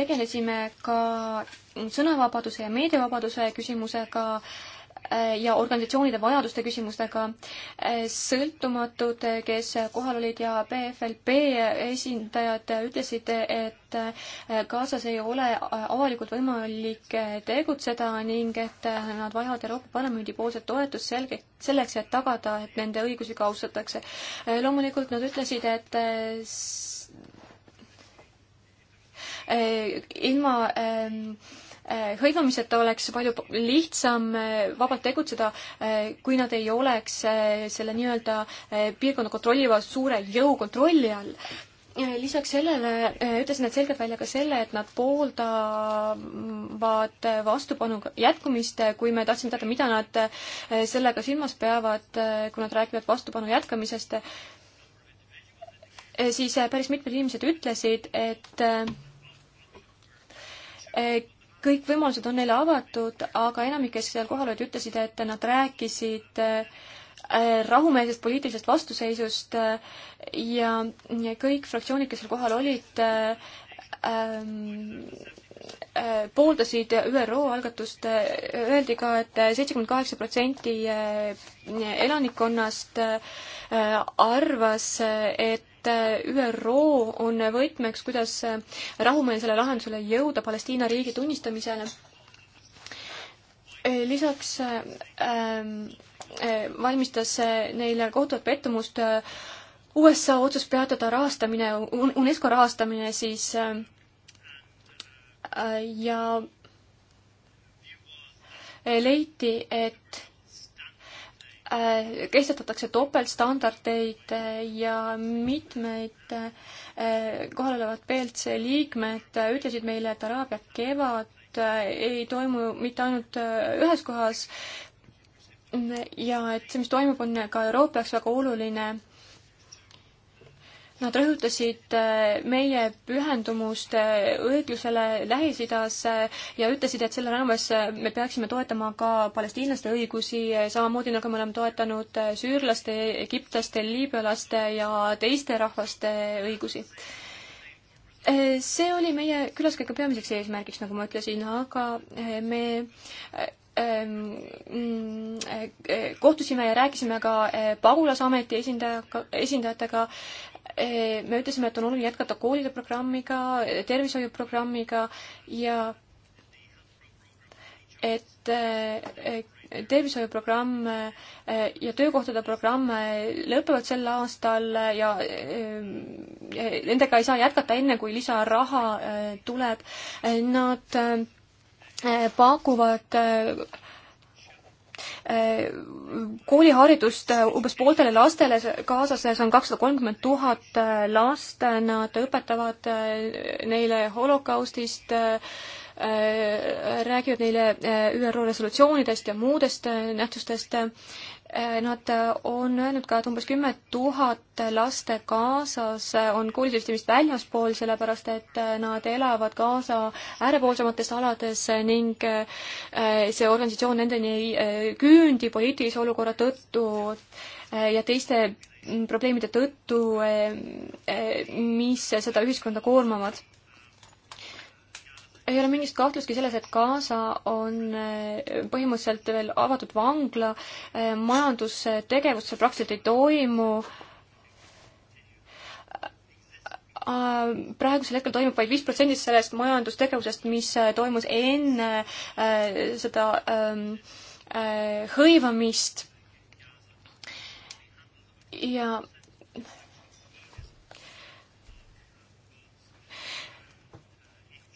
tegelesime ka sõnavabaduse ja meediavabaduse küsimusega äh, Äh, ja organisatsioonide vajaduste küsimustega, äh, sõltumatud, äh, kes kohal olid ja BFLP esindajad ütlesid, et Gazas ei ole avalikult võimalik tegutseda ning et nad vajavad Euroopa Parlamendi poolset toetust selge, selleks, et tagada, et nende õigusi ka austatakse. loomulikult nad ütlesid, et ilma ähm, Eh, hõivamiseta oleks palju lihtsam eh, vabalt tegutseda, eh, kui nad ei oleks selle nii-öelda piirkonna kontrolliva suure jõu kontrolli all lisaks sellele ütlesid nad selgelt välja ka selle, et nad pooldavad vastupanu jätkumist, kui me tahtsime teada, mida nad sellega silmas peavad, kui nad räägivad vastupanu jätkamisest, siis päris mitmed inimesed ütlesid, et kõik võimalused on neile avatud, aga enamik, kes seal kohal olid, ütlesid, et nad rääkisid äh, rahumeelsest poliitilisest vastuseisust äh, ja kõik fraktsioonid, kes seal kohal olid, äh, ähm, pooldasid ÜRO algatust, öeldi ka et, et seitsekümmend kaheksa protsenti elanikkonnast arvas, et et äh, ÜRO on võtmeks, kuidas äh, rahumeelsele lahendusele jõuda Palestiina riigi tunnistamisele. Äh, lisaks ähm, valmistas neile kohutavat pettumust USA otsus peatada rahastamine, UNESCO rahastamine siis äh, ja leiti, et Äh, kehtestatakse topeltstandardeid äh, ja mitmed äh, kohalolevad BLC liikmed ütlesid meile, et Araabia kevad ei toimu mitte ainult ühes kohas ja et see, mis toimub, on ka Euroopa jaoks väga oluline Nad rõhutasid äh, meie pühendumust äh, õiglusele Lähis-Idas äh, ja ütlesid, et selle raames me peaksime toetama ka palestiinlaste õigusi, samamoodi nagu me oleme toetanud süürlaste, egiptlaste, liibüalaste ja teiste rahvaste õigusi see oli meie külaskäigu peamiseks eesmärgiks, nagu ma ütlesin, aga me ähm, mm, kohtusime ja rääkisime ka pagulasameti esindajaga, esindajatega Eh, me ütlesime, et on oluline jätkata koolide programmiga, tervishoiuprogrammiga ja et eh, tervishoiuprogramm eh, ja töökohtade programm lõpevad sel aastal ja nendega ei saa jätkata enne, kui lisaraha tuleb. Nad pakuvad Äh, kooliharidust äh, umbes pooltele lastele kaasas, see on kakssada kolmkümmend tuhat äh, last, nad õpetavad neile holokaustist, räägivad neile ÜRO resolutsioonidest ja muudest nähtustest Äh, nad äh, on öelnud ka, et umbes kümme tuhat laste Gazas äh, on koolisüsteemist väljaspool, sellepärast et nad elavad Gaza äärepoolsemates alades ning see organisatsioon nendeni ei küündi poliitilise olukorra tõttu ja teiste mm, probleemide tõttu, mis seda ühiskonda koormavad ei ole mingit kahtlustki selles, et Gaza on eh, põhimõtteliselt veel avatud vangla, eh, majandustegevust seal praktiliselt ei toimu. Ah, praegusel hetkel toimub vaid viis protsenti sellest majandustegevusest, mis eh, toimus enne seda ehm, hõivamist. ja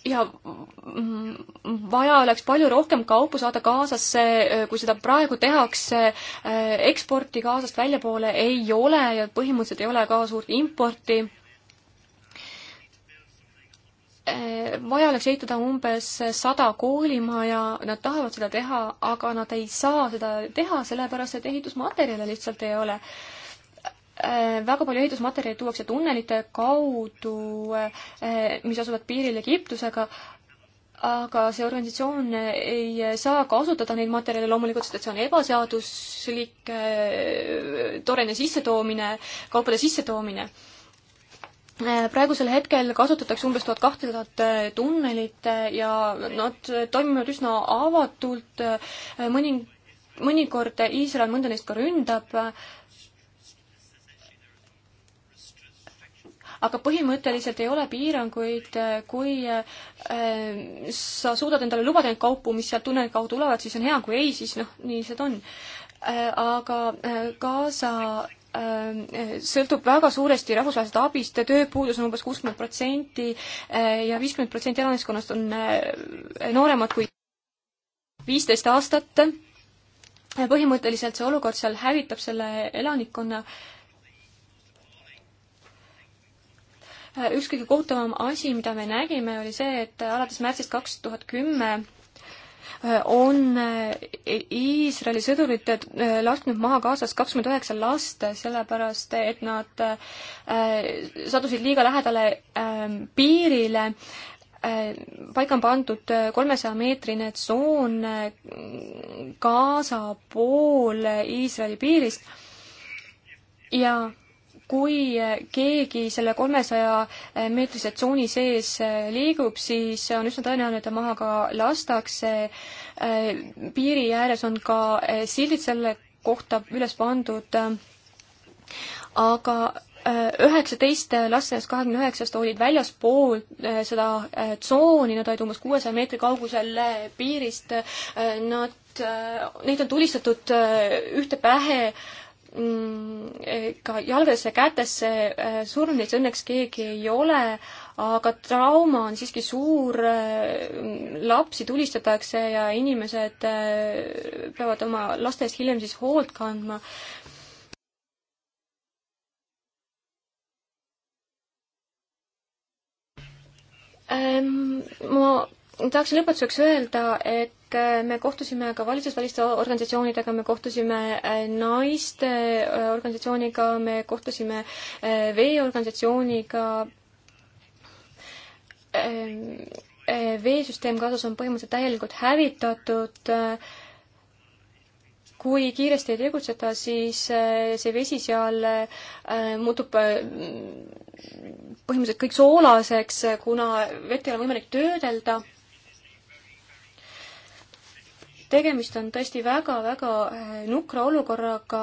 ja vaja oleks palju rohkem kaupu saada Gazasse, kui seda praegu tehakse. eksporti Gazast väljapoole ei ole ja põhimõtteliselt ei ole ka suurt importi. vaja oleks ehitada umbes sada koolimaja, nad tahavad seda teha, aga nad ei saa seda teha, sellepärast et ehitusmaterjale lihtsalt ei ole Äh, väga palju ehitusmaterjali tuuakse tunnelite kaudu, äh, mis asuvad piiril Egiptusega, aga see organisatsioon ei saa kasutada neid materjale loomulikult, sest et see on ebaseaduslik äh, torene sissetoomine, kaupade sissetoomine. praegusel hetkel kasutatakse umbes tuhat kahtesadat tunnelit ja nad toimivad üsna avatult, mõni, mõnikord Iisrael mõnda neist ka ründab aga põhimõtteliselt ei ole piiranguid, kui äh, sa suudad endale lubada neid kaupu, mis sealt tunneli kaudu tulevad, siis on hea, kui ei, siis noh, nii see on. Äh, aga äh, Gaza sõltub väga suuresti rahvusvahelisest abist, tööpuudus on umbes kuuskümmend protsenti ja viiskümmend protsenti elanikkonnast on nooremad kui viisteist aastat põhimõtteliselt see olukord seal hävitab selle elanikkonna äh, üks kõige kohutavam asi, mida me nägime, oli see, et alates märtsist kaks tuhat kümme äh, on äh, Iisraeli sõdurid äh, lasknud maha Gazast kakskümmend üheksa last, sellepärast et nad sattusid liiga lähedale ähm, piirile paika on pandud kolmesaja meetrine tsoon Gaza pool Iisraeli piirist ja kui eh, keegi selle kolmesaja eh, meetrise tsooni sees eh, liigub, siis on üsna tõenäoline, et ta maha ka lastakse. piiri ääres on ka sildid selle kohta üles pandud. aga üheksateist last sellest kahekümne üheksast olid väljaspool seda tsooni, nad olid umbes kuuesaja meetri kaugusel piirist. Nad, neid on tulistatud ühte pähe Mm, ka jalgadesse, kätesse äh, surnuid õnneks keegi ei ole, aga trauma on siiski suur, äh, lapsi tulistatakse ja inimesed äh, peavad oma laste eest hiljem siis hoolt kandma. Ähm, ma tahaksin lõpetuseks öelda, et Äh, me kohtusime ka valitsusväliste organisatsioonidega, me kohtusime äh, naiste äh, organisatsiooniga, me kohtusime veeorganisatsiooniga. veesüsteem Gazas on põhimõtteliselt täielikult hävitatud kui kiiresti ei tegutseta, siis see vesi seal muutub põhimõtteliselt kõik soolaseks, kuna vett ei ole võimalik töödelda tegemist on tõesti väga-väga äh, nukra olukorraga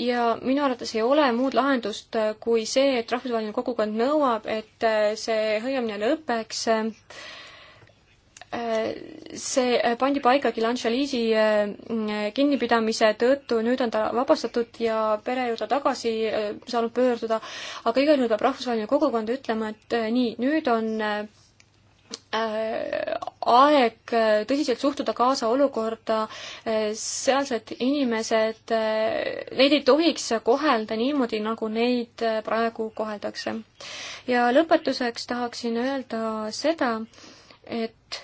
ja minu arvates ei ole muud lahendust äh, kui see, et rahvusvaheline kogukond nõuab, et äh, see hõiamine lõpeks. see pandi paika Gilanšaliisi kinnipidamise tõttu, nüüd on ta vabastatud ja pere juurde tagasi saanud pöörduda, aga igal juhul peab rahvusvaheline kogukond ütlema, et nii, nüüd on Äh, aeg äh, tõsiselt suhtuda kaasa olukorda, äh, sealsed inimesed, neid ei tohiks kohelda niimoodi, nagu neid praegu koheldakse. ja lõpetuseks tahaksin öelda seda, et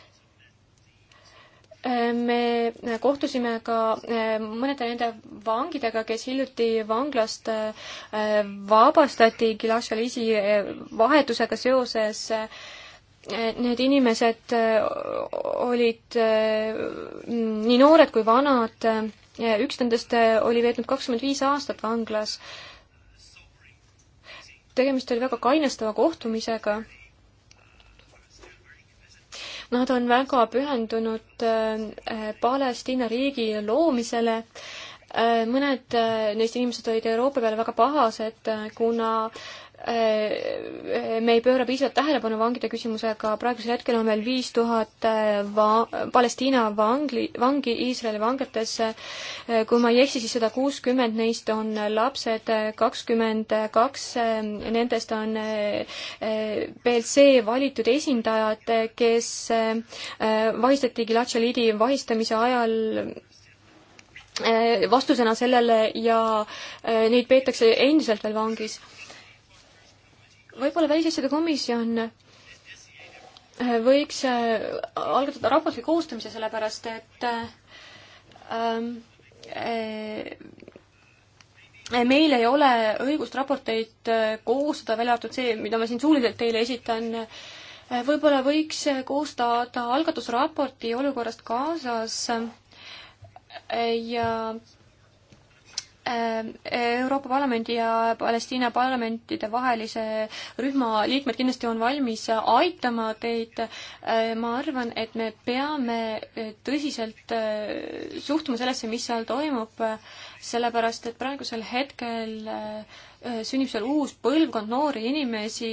me kohtusime ka mõnede nende vangidega, kes hiljuti vanglast vabastati Gilashalisi vahetusega seoses need inimesed äh, olid äh, mm, nii noored kui vanad, äh, üks nendest oli veetnud kakskümmend viis aastat vanglas. tegemist oli väga kainestava kohtumisega. Nad on väga pühendunud Palestiina riigi loomisele mõned neist inimesed olid Euroopa peale väga pahased, kuna Äh, me ei pööra piisavalt tähelepanu vangide küsimusega, praegusel hetkel on meil viis tuhat äh, va-, Palestiina vangli, vangi Iisraeli vanglates. Äh, kui ma ei eksi, siis sada kuuskümmend neist on lapsed, kakskümmend kaks nendest on BLC valitud esindajad, kes vahistati Gilad Shalidi vahistamise ajal vastusena sellele ja neid peetakse endiselt veel vangis võib-olla Välisasjade komisjon äh, võiks äh, algatada raporti koostamise, sellepärast et äh, ähm, meil ei ole õigust raporteid koostada, välja arvatud see, mida ma siin suuliselt teile esitan. võib-olla võiks koostada algatusraporti olukorrast kaasas ja Ähm, Euroopa Parlamendi ja Palestiina parlamentide vahelise rühma liikmed kindlasti on valmis aitama teid. Äh, ma arvan, et me peame äh, tõsiselt äh, suhtuma sellesse, mis seal toimub, sellepärast et praegusel hetkel sünnib seal uus põlvkond noori inimesi,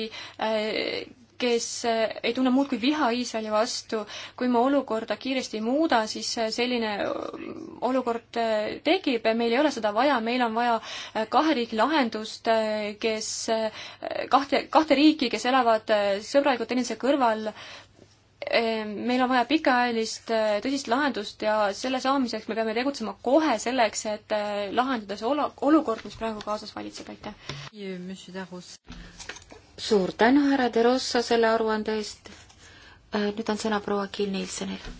kes eh, ei tunne muud kui viha Iisraeli vastu. kui me olukorda kiiresti ei muuda, siis eh, selline eh, olukord tekib, meil ei ole seda vaja, meil on vaja kahe riigi lahendust, kes, kahte, kahte riiki, kes elavad sõbralikult teineteise kõrval, meil on vaja pikaajalist tõsist lahendust ja selle saamiseks me peame tegutsema kohe selleks, et lahendada see olu-, olukord, mis praegu kaasas valitseb, aitäh suur tänu, härra De Rossa, selle aruande eest. Äh, nüüd on sõna proua Kill Nielsenil.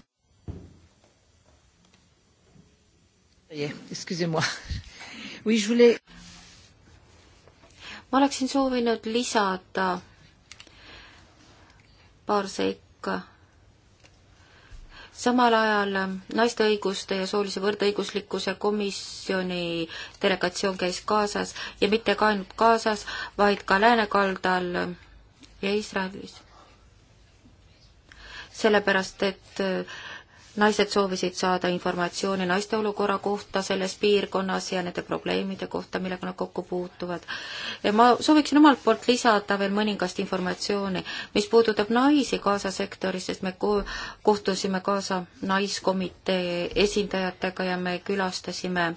ma oleksin soovinud lisada paar seika samal ajal naiste õiguste ja soolise võrdõiguslikkuse komisjoni delegatsioon käis Gazas ja mitte ka ainult Gazas, vaid ka läänekaldal ja Iisraelis. sellepärast, et naised soovisid saada informatsiooni naiste olukorra kohta selles piirkonnas ja nende probleemide kohta, millega nad kokku puutuvad. ja ma sooviksin omalt poolt lisada veel mõningast informatsiooni, mis puudutab naisi Gaza sektoris, sest me kohtusime Gaza naiskomitee esindajatega ja me külastasime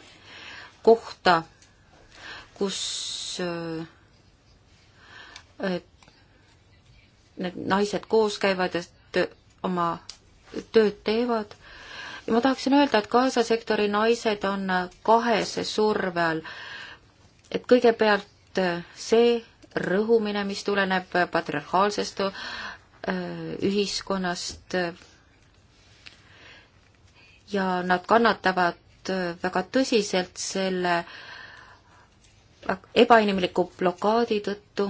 kohta, kus äh, need naised koos käivad, et oma tööd teevad. ja ma tahaksin öelda, et Gaza sektori naised on kahese surve all. et kõigepealt äh, see rõhumine, mis tuleneb patriarhaalsest äh, ühiskonnast äh, ja nad kannatavad väga tõsiselt selle ebainimliku blokaadi tõttu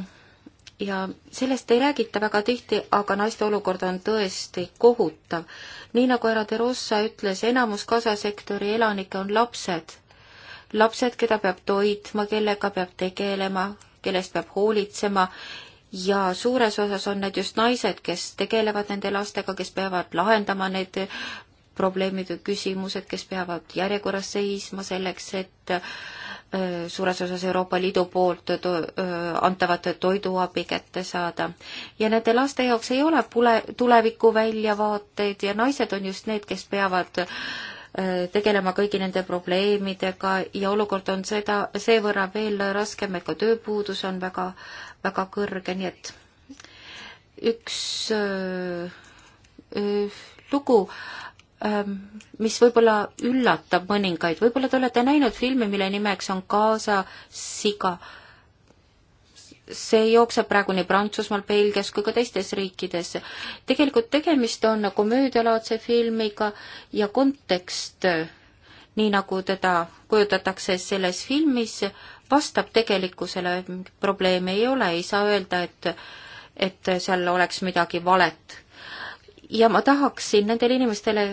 ja sellest ei räägita väga tihti, aga naiste olukord on tõesti kohutav. nii nagu härra De Rossa ütles, enamus Gaza-sektori elanikke on lapsed. lapsed, keda peab toitma, kellega peab tegelema, kellest peab hoolitsema ja suures osas on need just naised, kes tegelevad nende lastega, kes peavad lahendama need probleemid või küsimused, kes peavad järjekorras seisma selleks, et äh, suures osas Euroopa Liidu poolt to äh, antavat toiduabi kätte saada. ja nende laste jaoks ei ole pule, tuleviku väljavaateid ja naised on just need, kes peavad äh, tegelema kõigi nende probleemidega ja olukord on seda, seevõrra veel raskem, et ka tööpuudus on väga, väga kõrge, nii et üks öö, öö, lugu Ähm, mis võib-olla üllatab mõningaid, võib-olla te olete näinud filmi, mille nimeks on Gaza siga. see jookseb praegu nii Prantsusmaal, Belgias kui ka teistes riikides. tegelikult tegemist on komöödialaadse filmiga ja kontekst, nii nagu teda kujutatakse selles filmis, vastab tegelikkusele, probleeme ei ole, ei saa öelda, et, et seal oleks midagi valet. ja ma tahaksin nendele inimestele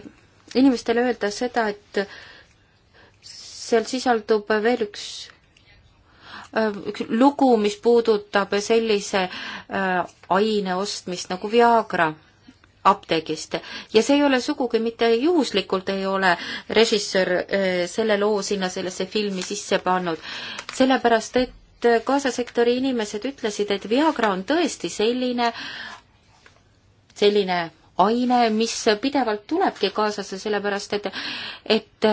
inimestele öelda seda, et seal sisaldub veel üks äh, üks lugu, mis puudutab sellise äh, aine ostmist nagu Viagra apteegist ja see ei ole sugugi mitte juhuslikult ei ole režissöör äh, selle loo sinna sellesse filmi sisse pannud, sellepärast et kaasasektori inimesed ütlesid, et Viagra on tõesti selline, selline aine, mis pidevalt tulebki kaasasse, sellepärast et, et,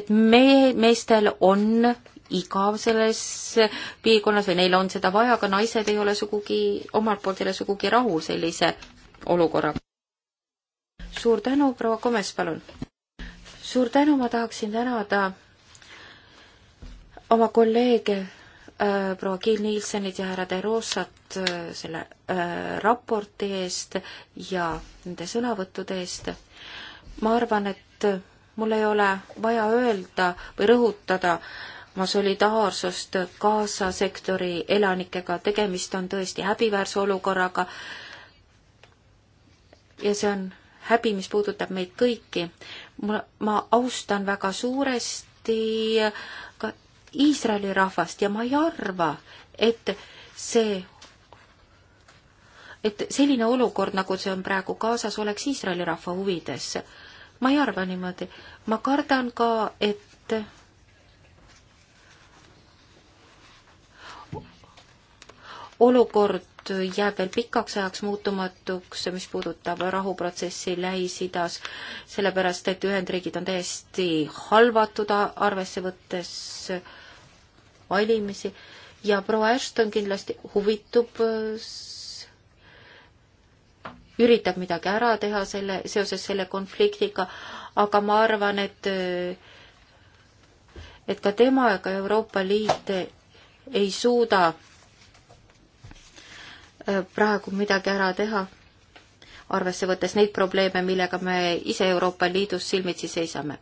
et me, meestel on igav selles piirkonnas või neil on seda vaja, aga naised ei ole sugugi, omalt poolt ei ole sugugi rahul sellise olukorraga. suur tänu, proua Komes, palun! suur tänu, ma tahaksin tänada oma kolleege Äh, proua Kiil Nielsenit ja härra De Rosat äh, selle äh, raporti eest ja nende sõnavõttude eest. ma arvan, et mul ei ole vaja öelda või rõhutada oma solidaarsust Gaza sektori elanikega, tegemist on tõesti häbiväärse olukorraga ja see on häbi, mis puudutab meid kõiki. ma, ma austan väga suuresti Iisraeli rahvast ja ma ei arva, et see, et selline olukord, nagu see on praegu Gazas, oleks Iisraeli rahva huvides. ma ei arva niimoodi. ma kardan ka, et olukord jääb veel pikaks ajaks muutumatuks, mis puudutab rahuprotsessi Lähis-Idas, sellepärast et Ühendriigid on täiesti halvatud, arvesse võttes äh, valimisi ja proua Ashton kindlasti huvitub, äh, üritab midagi ära teha selle, seoses selle konfliktiga, aga ma arvan, et äh, et ka tema ega Euroopa Liit äh, ei suuda praegu midagi ära teha arvesse võttes neid probleeme, millega me ise Euroopa Liidus silmitsi seisame.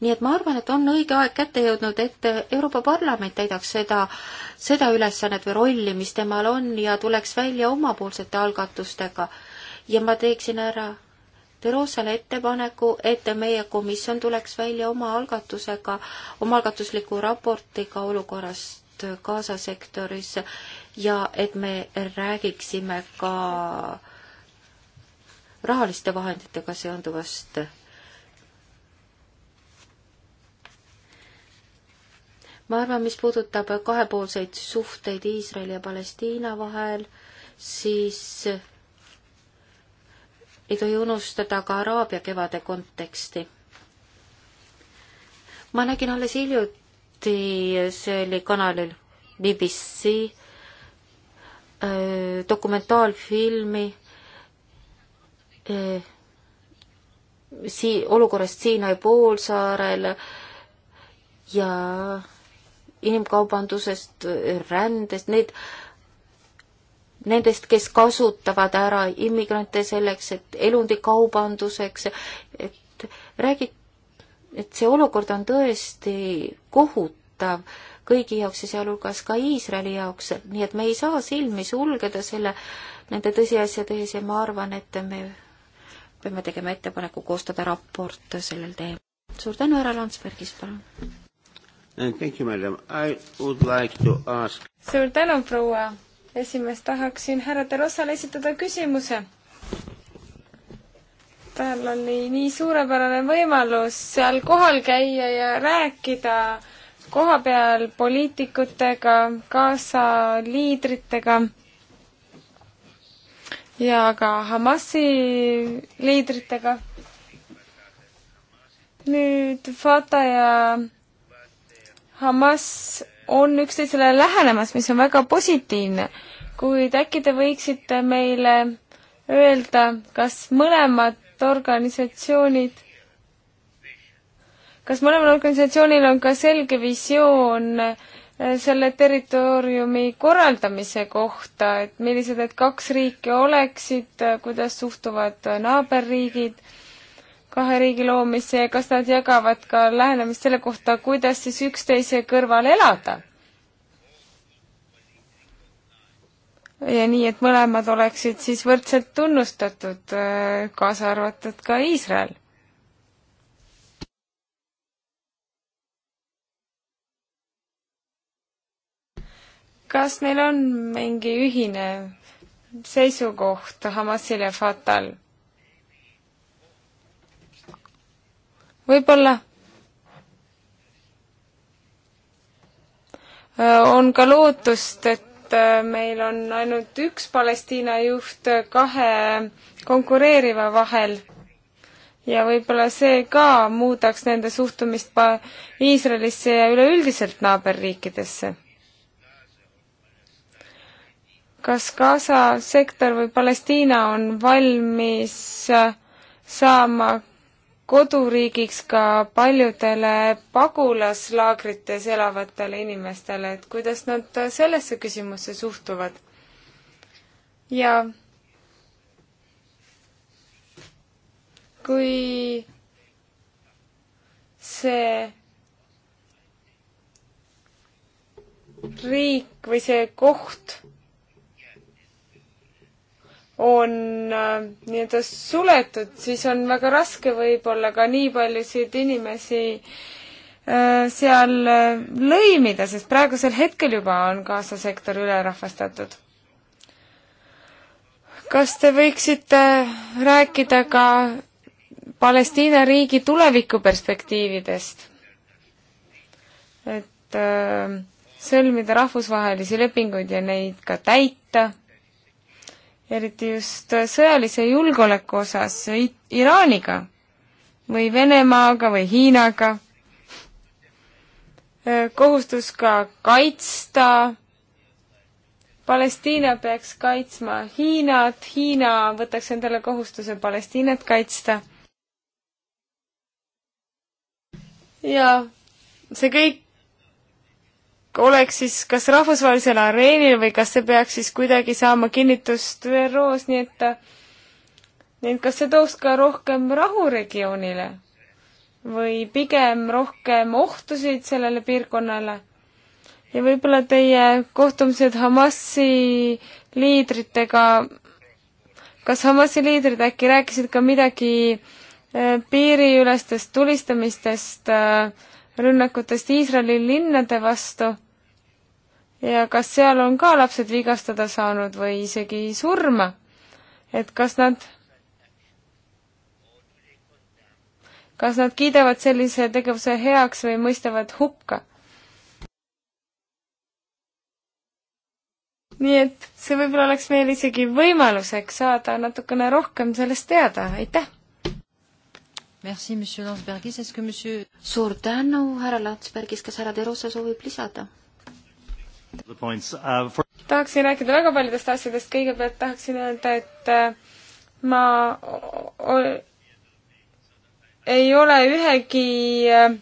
nii et ma arvan, et on õige aeg kätte jõudnud, et Euroopa Parlament täidaks seda, seda ülesannet või rolli, mis temal on ja tuleks välja omapoolsete algatustega. ja ma teeksin ära Terosale ettepaneku, et meie komisjon tuleks välja oma algatusega, omaalgatusliku raportiga olukorrast Gaza sektoris ja et me räägiksime ka rahaliste vahenditega seonduvast. ma arvan, mis puudutab kahepoolseid suhteid Iisraeli ja Palestiina vahel, siis ei tohi unustada ka Araabia kevade konteksti. ma nägin alles hiljuti, see oli kanalil BBC äh, dokumentaalfilmi Äh, sii-, olukorrast Siinai poolsaarel ja inimkaubandusest, äh, rändest, need, nendest, kes kasutavad ära immigrante selleks, et elundikaubanduseks, et räägi-, et see olukord on tõesti kohutav kõigi jaoks ja sealhulgas ka Iisraeli jaoks, nii et me ei saa silmi sulgeda selle, nende tõsiasjade ees ja ma arvan, et me peame tegema ettepaneku koostada raport sellel teemal. suur tänu, härra Landsbergis, palun! Like ask... suur tänu, proua esimees, tahaksin härra Derossale esitada küsimuse. tal oli nii suurepärane võimalus seal kohal käia ja rääkida kohapeal poliitikutega, kaasa liidritega ja ka Hamasi liidritega. nüüd Fatah ja Hamas on üksteisele lähenemas, mis on väga positiivne, kuid äkki te võiksite meile öelda, kas mõlemad organisatsioonid, kas mõlemal organisatsioonil on ka selge visioon äh, Äh, selle territooriumi korraldamise kohta, et millised need kaks riiki oleksid, äh, kuidas suhtuvad äh, naaberriigid kahe riigi loomisse ja kas nad jagavad ka lähenemist selle kohta, kuidas siis üksteise kõrval elada? ja nii, et mõlemad oleksid siis võrdselt tunnustatud, kaasa arvatud ka Iisrael kas neil on mingi ühine seisukoht Hamasil ja Fatal? võib-olla on ka lootust, et meil on ainult üks Palestiina juht kahe konkureeriva vahel ja võib-olla see ka muudaks nende suhtumist Iisraelisse ja üleüldiselt naaberriikidesse kas Gaza sektor või Palestiina on valmis äh, saama koduriigiks ka paljudele pagulaslaagrites elavatele inimestele, et kuidas nad äh, sellesse küsimusse suhtuvad? ja kui see riik või see koht on äh, nii-öelda suletud, siis on väga raske võib-olla ka nii paljusid inimesi äh, seal äh, lõimida, sest praegusel hetkel juba on kaasasektor ülerahvastatud. kas te võiksite rääkida ka Palestiina riigi tulevikuperspektiividest? et äh, sõlmida rahvusvahelisi lepinguid ja neid ka täita eriti just sõjalise julgeoleku osas Iraaniga või Venemaaga või Hiinaga. kohustus ka kaitsta. Palestiina peaks kaitsma Hiinat, Hiina võtaks endale kohustuse Palestiinat kaitsta. ja see kõik oleks siis kas rahvusvahelisel areenil või kas see peaks siis kuidagi saama kinnitust ÜRO-s, nii et nii et kas see tooks ka rohkem rahu regioonile või pigem rohkem ohtusid sellele piirkonnale? ja võib-olla teie kohtumised Hamasi liidritega, kas Hamasi liidrid äkki rääkisid ka midagi äh, piiriülestest tulistamistest äh, rünnakutest Iisraeli linnade vastu ja kas seal on ka lapsed vigastada saanud või isegi surma, et kas nad, kas nad kiidavad sellise tegevuse heaks või mõistavad hukka? nii et see võib-olla oleks meil isegi võimaluseks saada natukene rohkem sellest teada, aitäh! Merci, monsieur Landsbergis, est-ce que monsieur... suur tänu, härra Landsbergis, kas härra Terose soovib lisada? Uh, tahaksin rääkida väga paljudest asjadest, kõigepealt tahaksin öelda, et äh, ma ei ole ühegi äh,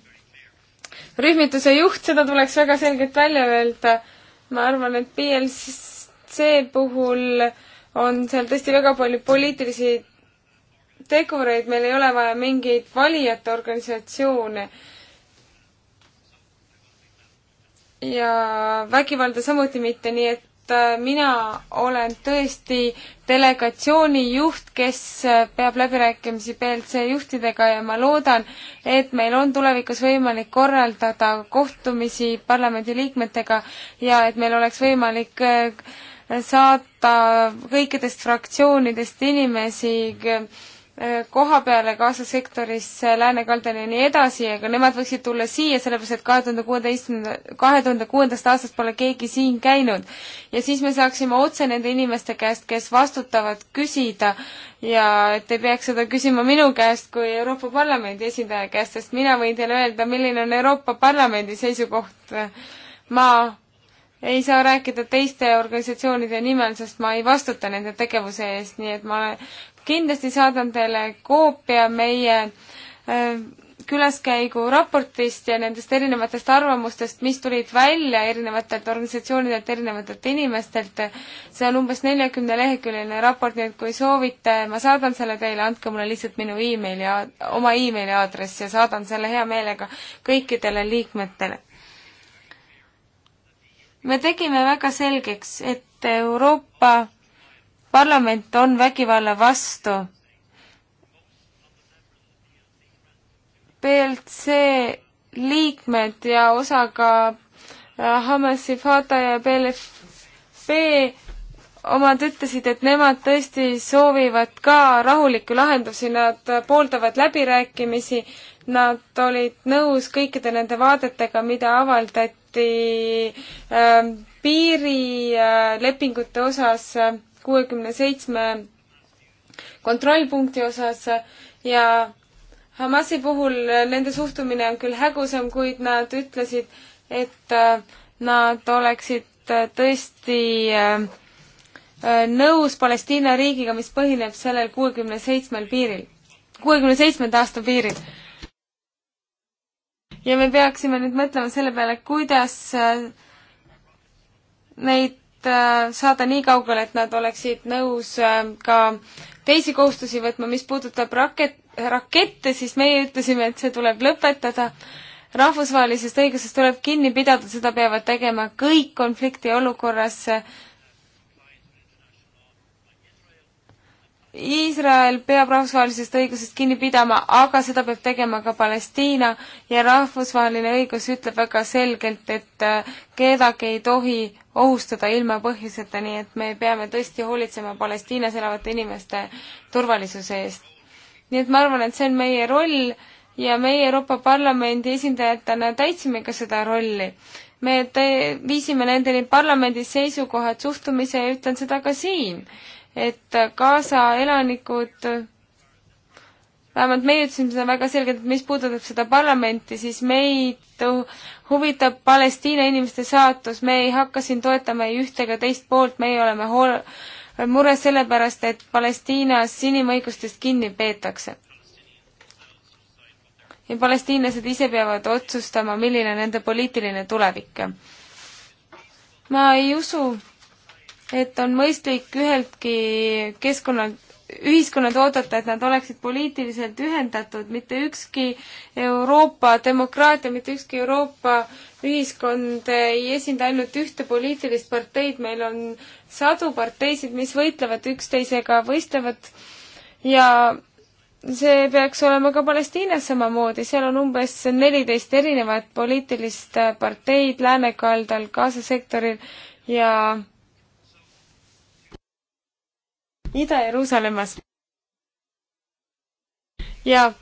rühmituse juht, seda tuleks väga selgelt välja öelda. ma arvan, et BLC puhul on seal tõesti väga palju poliitilisi tegureid, meil ei ole vaja mingeid valijate organisatsioone. ja vägivalda samuti mitte, nii et äh, mina olen tõesti delegatsiooni juht, kes äh, peab läbirääkimisi BLC juhtidega ja ma loodan, et meil on tulevikus võimalik korraldada kohtumisi parlamendiliikmetega ja et meil oleks võimalik äh, saata kõikidest fraktsioonidest inimesi Äh, koha peale Gaza sektorisse, läänekaldale ja nii edasi, aga nemad võiksid tulla siia, sellepärast et kahe tuhande kuueteistkümnenda, kahe tuhande kuuendast aastast pole keegi siin käinud. ja siis me saaksime otse nende inimeste käest, kes vastutavad, küsida ja et ei peaks seda küsima minu käest kui Euroopa Parlamendi esindaja käest, sest mina võin teile öelda, milline on Euroopa Parlamendi seisukoht. ma ei saa rääkida teiste organisatsioonide nimel, sest ma ei vastuta nende tegevuse eest, nii et ma olen kindlasti saadan teile koopia meie äh, külaskäigu raportist ja nendest erinevatest arvamustest, mis tulid välja erinevatelt organisatsioonidelt, erinevatelt inimestelt. see on umbes neljakümne leheküljeline raport, nii et kui soovite, ma saadan selle teile, andke mulle lihtsalt minu emaili, oma emaili aadress ja saadan selle hea meelega kõikidele liikmetele. me tegime väga selgeks, et Euroopa parlament on vägivalla vastu. PLC liikmed ja osa ka äh, Hamasi, Fata ja PLFP omad ütlesid, et nemad tõesti soovivad ka rahulikku lahendusi, nad pooldavad läbirääkimisi, nad olid nõus kõikide nende vaadetega, mida avaldati äh, piirilepingute äh, osas äh, kuuekümne seitsme kontrollpunkti osas ja Hamasi puhul nende suhtumine on küll hägusam, kuid nad ütlesid, et äh, nad oleksid äh, tõesti äh, nõus Palestiina riigiga, mis põhineb sellel kuuekümne seitsmel piiril, kuuekümne seitsmenda aasta piiril. ja me peaksime nüüd mõtlema selle peale, kuidas neid Äh, saada nii kaugele, et nad oleksid nõus äh, ka teisi kohustusi võtma, mis puudutab raket-, rakette, siis meie ütlesime, et see tuleb lõpetada. rahvusvahelisest õigusest tuleb kinni pidada, seda peavad tegema kõik konflikti olukorras äh, Iisrael peab rahvusvahelisest õigusest kinni pidama, aga seda peab tegema ka Palestiina ja rahvusvaheline õigus ütleb väga selgelt, et äh, kedagi ei tohi ohustada ilma põhjuseta, nii et me peame tõesti hoolitsema Palestiinas elavate inimeste turvalisuse eest. nii et ma arvan, et see on meie roll ja meie Euroopa Parlamendi esindajatena täitsime ka seda rolli. me te-, viisime nendeni parlamendis seisukohad, suhtumise ja ütlen seda ka siin et Gaza elanikud vähemalt meie ütlesime seda väga selgelt, et mis puudutab seda parlamenti, siis meid huvitab Palestiina inimeste saatus, me ei hakka siin toetama ei ühte ega teist poolt, meie oleme hool-, mures selle pärast, et Palestiinas inimõigustest kinni peetakse. ja palestiinlased ise peavad otsustama, milline on nende poliitiline tulevik. ma ei usu, et on mõistlik üheltki keskkonnalt ühiskonnad oodata, et nad oleksid poliitiliselt ühendatud, mitte ükski Euroopa demokraatia, mitte ükski Euroopa ühiskond ei esinda ainult ühte poliitilist parteid, meil on sadu parteisid, mis võitlevad üksteisega, võistlevad ja see peaks olema ka Palestiinas samamoodi, seal on umbes neliteist erinevat poliitilist parteid läänekaldal, Gaza sektoril ja Ida-Jeruusalemmas. ja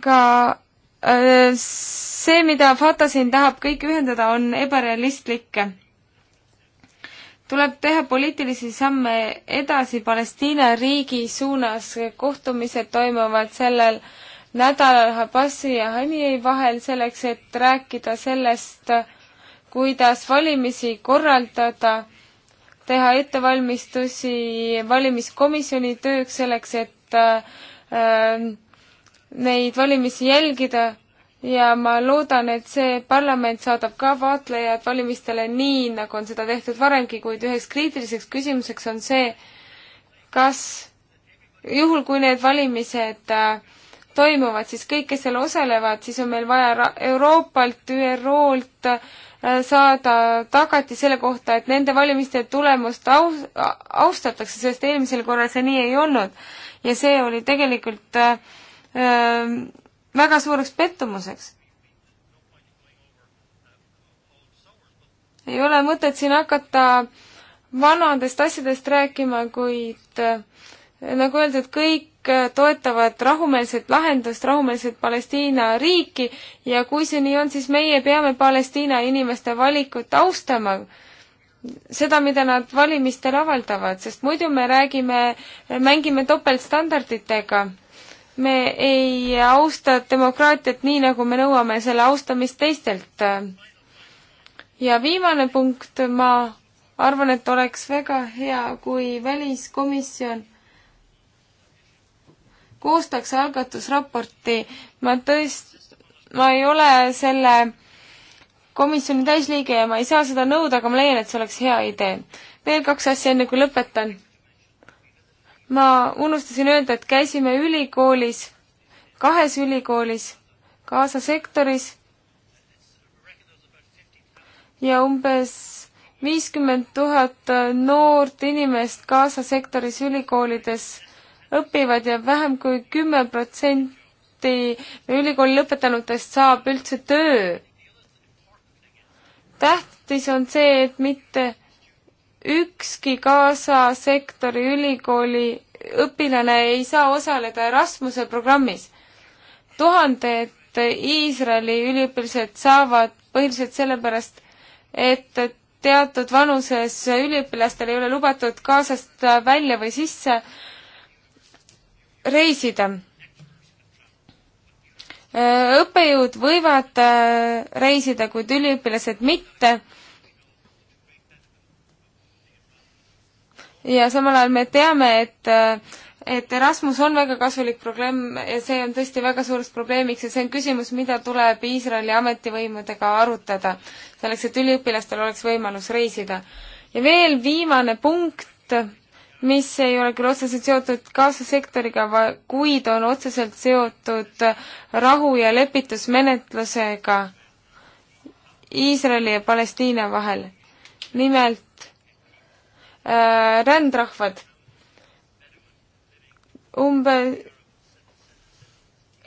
ka äh, see, mida Fata siin tahab kõik ühendada, on ebarealistlik. tuleb teha poliitilisi samme edasi Palestiina riigi suunas, kohtumised toimuvad sellel nädalal Habassi ja Haniyei vahel selleks, et rääkida sellest, kuidas valimisi korraldada teha ettevalmistusi valimiskomisjoni tööks selleks, et äh, neid valimisi jälgida ja ma loodan, et see parlament saadab ka vaatlejad valimistele nii, nagu on seda tehtud varemgi, kuid üheks kriitiliseks küsimuseks on see, kas juhul, kui need valimised äh, toimuvad, siis kõik, kes seal osalevad, siis on meil vaja Euroopalt, ÜRO-lt, Äh, saada tagati selle kohta, et nende valimiste tulemust aus-, austatakse, sest eelmisel korral see nii ei olnud. ja see oli tegelikult äh, ähm, väga suureks pettumuseks. ei ole mõtet siin hakata vanadest asjadest rääkima, kuid äh, nagu öeldud, kõik Äh, toetavad rahumeelset lahendust, rahumeelset Palestiina riiki ja kui see nii on, siis meie peame Palestiina inimeste valikut austama, seda, mida nad valimistel avaldavad, sest muidu me räägime, mängime topeltstandarditega. me ei austa demokraatiat nii, nagu me nõuame selle austamist teistelt. ja viimane punkt, ma arvan, et oleks väga hea, kui väliskomisjon koostaks algatusraporti. ma tõest-, ma ei ole selle komisjoni täisliige ja ma ei saa seda nõuda, aga ma leian, et see oleks hea idee. veel kaks asja, enne kui lõpetan. ma unustasin öelda, et käisime ülikoolis, kahes ülikoolis, Gaza sektoris ja umbes viiskümmend tuhat noort inimest Gaza sektoris ülikoolides õpivad ja vähem kui kümme protsenti ülikooli lõpetanutest saab üldse töö. tähtis on see, et mitte ükski Gaza sektori ülikooli õpilane ei saa osaleda Erasmuse programmis. tuhanded Iisraeli üliõpilased saavad põhiliselt sellepärast, et teatud vanuses üliõpilastel ei ole lubatud Gazast välja või sisse reisida. Äh, õppejõud võivad äh, reisida, kuid üliõpilased mitte. ja samal ajal me teame, et äh, et Erasmus on väga kasulik programm ja see on tõesti väga suureks probleemiks ja see on küsimus, mida tuleb Iisraeli ametivõimudega arutada, selleks et üliõpilastel oleks võimalus reisida. ja veel viimane punkt mis ei ole küll otseselt seotud kaasasektoriga, kuid on otseselt seotud rahu- ja lepitusmenetlusega Iisraeli ja Palestiina vahel. nimelt äh, rändrahvad. umbe-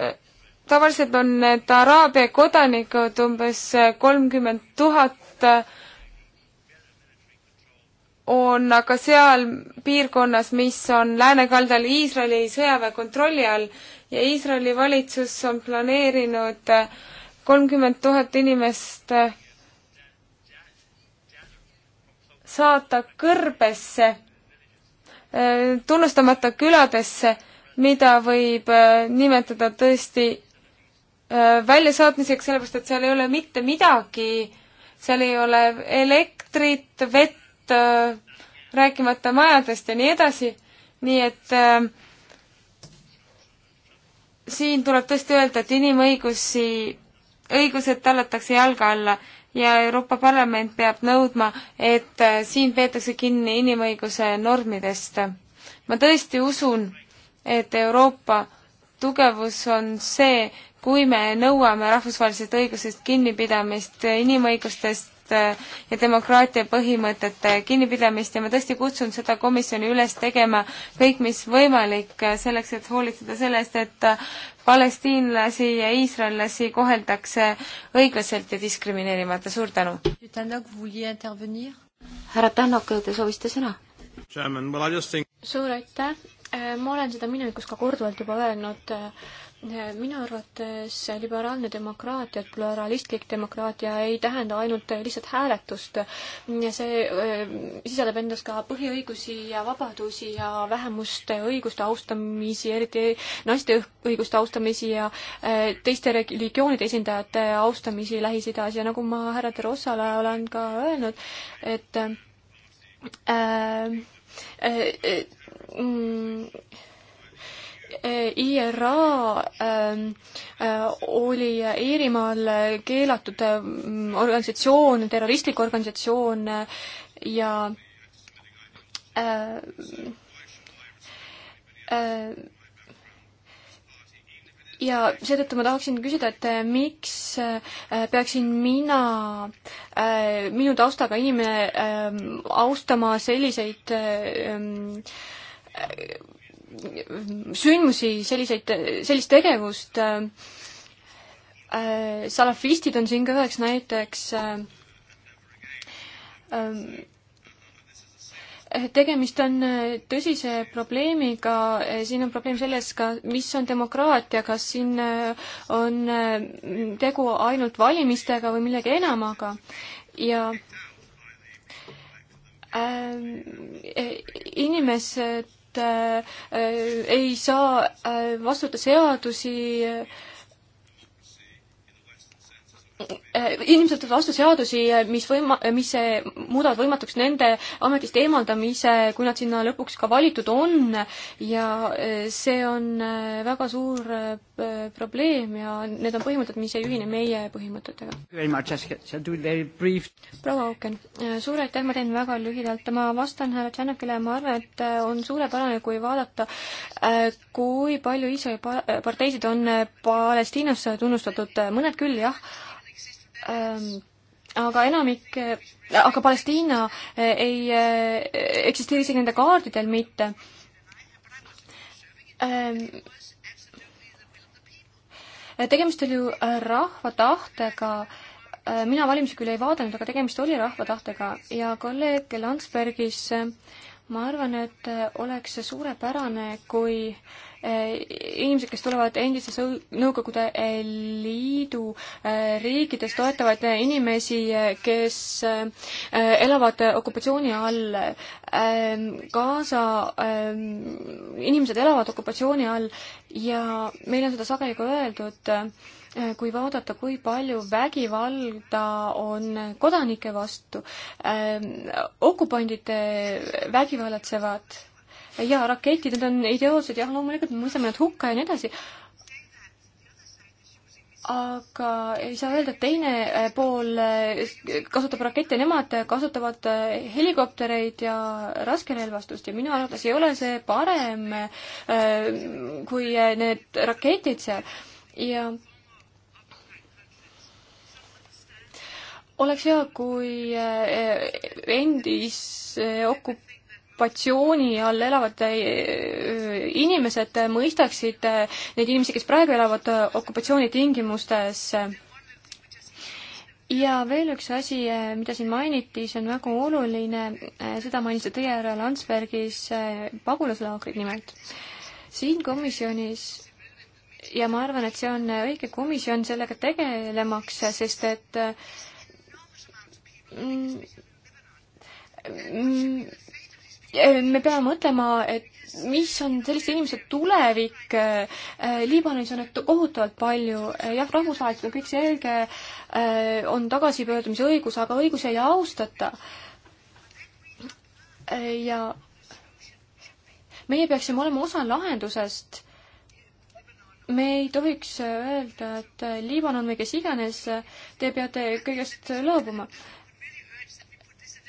äh,, tavaliselt on need Araabia kodanikud umbes äh, kolmkümmend tuhat äh, on aga seal piirkonnas, mis on läänekaldal Iisraeli sõjaväe kontrolli all ja Iisraeli valitsus on planeerinud äh, kolmkümmend tuhat inimest äh, saata kõrbesse, äh, tunnustamata küladesse, mida võib nimetada tõesti väljasaatmiseks, sellepärast et seal ei ole mitte midagi, seal ei ole elektrit, vett, rääkimata majadest ja nii edasi, nii et äh, siin tuleb tõesti öelda, et inimõigusi, õigused tallatakse jalge alla ja Euroopa Parlament peab nõudma, et äh, siin peetakse kinni inimõiguse normidest. ma tõesti usun, et Euroopa tugevus on see, kui me nõuame rahvusvahelisest õigusest kinnipidamist, inimõigustest ja demokraatia põhimõtete kinnipidamist ja ma tõesti kutsun seda komisjoni üles tegema kõik, mis võimalik, selleks et hoolitseda selle eest, et palestiinlasi ja iisraellasi koheldakse õiglaselt ja diskrimineerimata, suur tänu! härra Tänak, te soovisite sõna? suur aitäh, äh, ma olen seda minevikus ka korduvalt juba öelnud, äh, minu arvates liberaalne demokraatia, pluralistlik demokraatia ei tähenda ainult lihtsalt hääletust. see äh, sisaldab endas ka põhiõigusi ja vabadusi ja vähemuste õiguste austamisi, eriti naiste õiguste austamisi ja äh, teiste religioonide esindajate austamisi Lähis-Idas ja nagu ma härra Derossale olen ka öelnud, et äh, äh, äh, mm, E IRA ähm, äh, oli Iirimaal keelatud ähm, organisatsioon, terroristlik organisatsioon äh, ja äh, ja seetõttu ma tahaksin küsida, et miks peaksin mina, minu taustaga inimene ähm, austama selliseid sündmusi, selliseid, sellist tegevust. Äh, äh, salafistid on siin ka üheks näiteks. Äh, tegemist on tõsise probleemiga, siin on probleem selles ka, mis on demokraatia, kas siin on tegu ainult valimistega või millegi enamaga ja inimesed Äh, äh, ei saa äh, vastuta seadusi äh, Äh, inimesed vastu seadusi, äh, mis võima-, äh, mis muudavad võimatuks nende ametist eemaldamise, kui nad sinna lõpuks ka valitud on ja see on väga suur probleem ja need on põhimõtted, mis ei ühine meie põhimõtetega. proua Auken, suur aitäh, ma teen väga lühidalt, ma vastan härra Tšernakile, ma arvan, et on suurepärane, kui vaadata, kui palju Iisraeli parteisid on Palestiinas tunnustatud, mõned küll, jah, Ähm, aga enamik, aga Palestiina äh, ei äh, eksisteeri isegi nende kaardidel mitte. Ähm, tegemist oli ju äh, rahva tahtega, mina valimisi küll ei vaadanud, aga tegemist oli rahva tahtega ja kolleeg Landsbergis ma arvan, et oleks suurepärane, kui äh, inimesed, kes tulevad endisest Nõukogude Liidu äh, riikides, toetavad inimesi, kes äh, elavad okupatsiooni all. Ähm, Gaza ähm, inimesed elavad okupatsiooni all ja meile on seda sageli ka öeldud, äh, kui vaadata, kui palju vägivalda on kodanike vastu, ähm, okupandid vägivallatsevad ja raketid, need on idiootsed, jah, loomulikult me mõistame nad hukka ja nii edasi. aga ei saa öelda, et teine eh, pool eh, kasutab rakette, nemad kasutavad eh, helikoptereid ja raskerelvastust ja minu arvates ei ole see parem kui need raketid seal ja oleks hea, kui endis okup-, okupatsiooni all elavad äh, inimesed mõistaksid äh, neid inimesi, kes praegu elavad äh, okupatsioonitingimustes. ja veel üks asi, mida siin mainiti, see on väga oluline, seda mainisite teie, härra Landsbergis, pagulaslaagrid nimelt. siin komisjonis ja ma arvan, et see on õige komisjon sellega tegelemaks, sest et mm, mm, Äh, me peame mõtlema, et mis on selliste inimeste tulevik. Äh, äh, Liibanonis on neid kohutavalt palju, jah, rahvusvaheliselt on kõik selge, on tagasipöördumise õigus, aga õigusi ei austata. ja meie peaksime olema osa lahendusest. me ei tohiks öelda, et Liibanon või kes iganes, te peate kõigest loobuma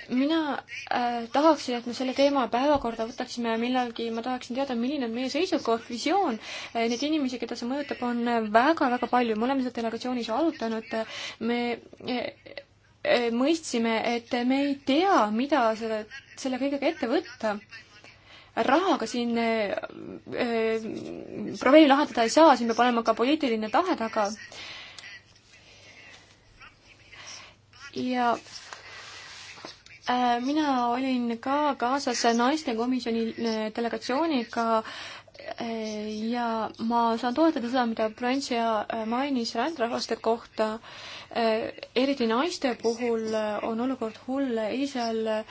mina äh, tahaksin, et me selle teema päevakorda võtaksime millalgi, ma tahaksin teada, milline on meie seisukoht, visioon äh,. Neid inimesi, keda see mõjutab, on väga-väga palju, me oleme seda delegatsioonis arutanud, me äh, äh, mõistsime, et me ei tea, mida selle, selle kõigega ette võtta rahaga siin äh, äh, probleemi lahendada ei saa, siin peab olema ka poliitiline tahe taga. ja äh, Äh, mina olin ka kaasas naistekomisjoni äh, delegatsiooniga äh, ja ma saan toetada seda, mida Francia mainis rändrahvaste kohta. eriti naiste puhul on olukord hull, Iisrael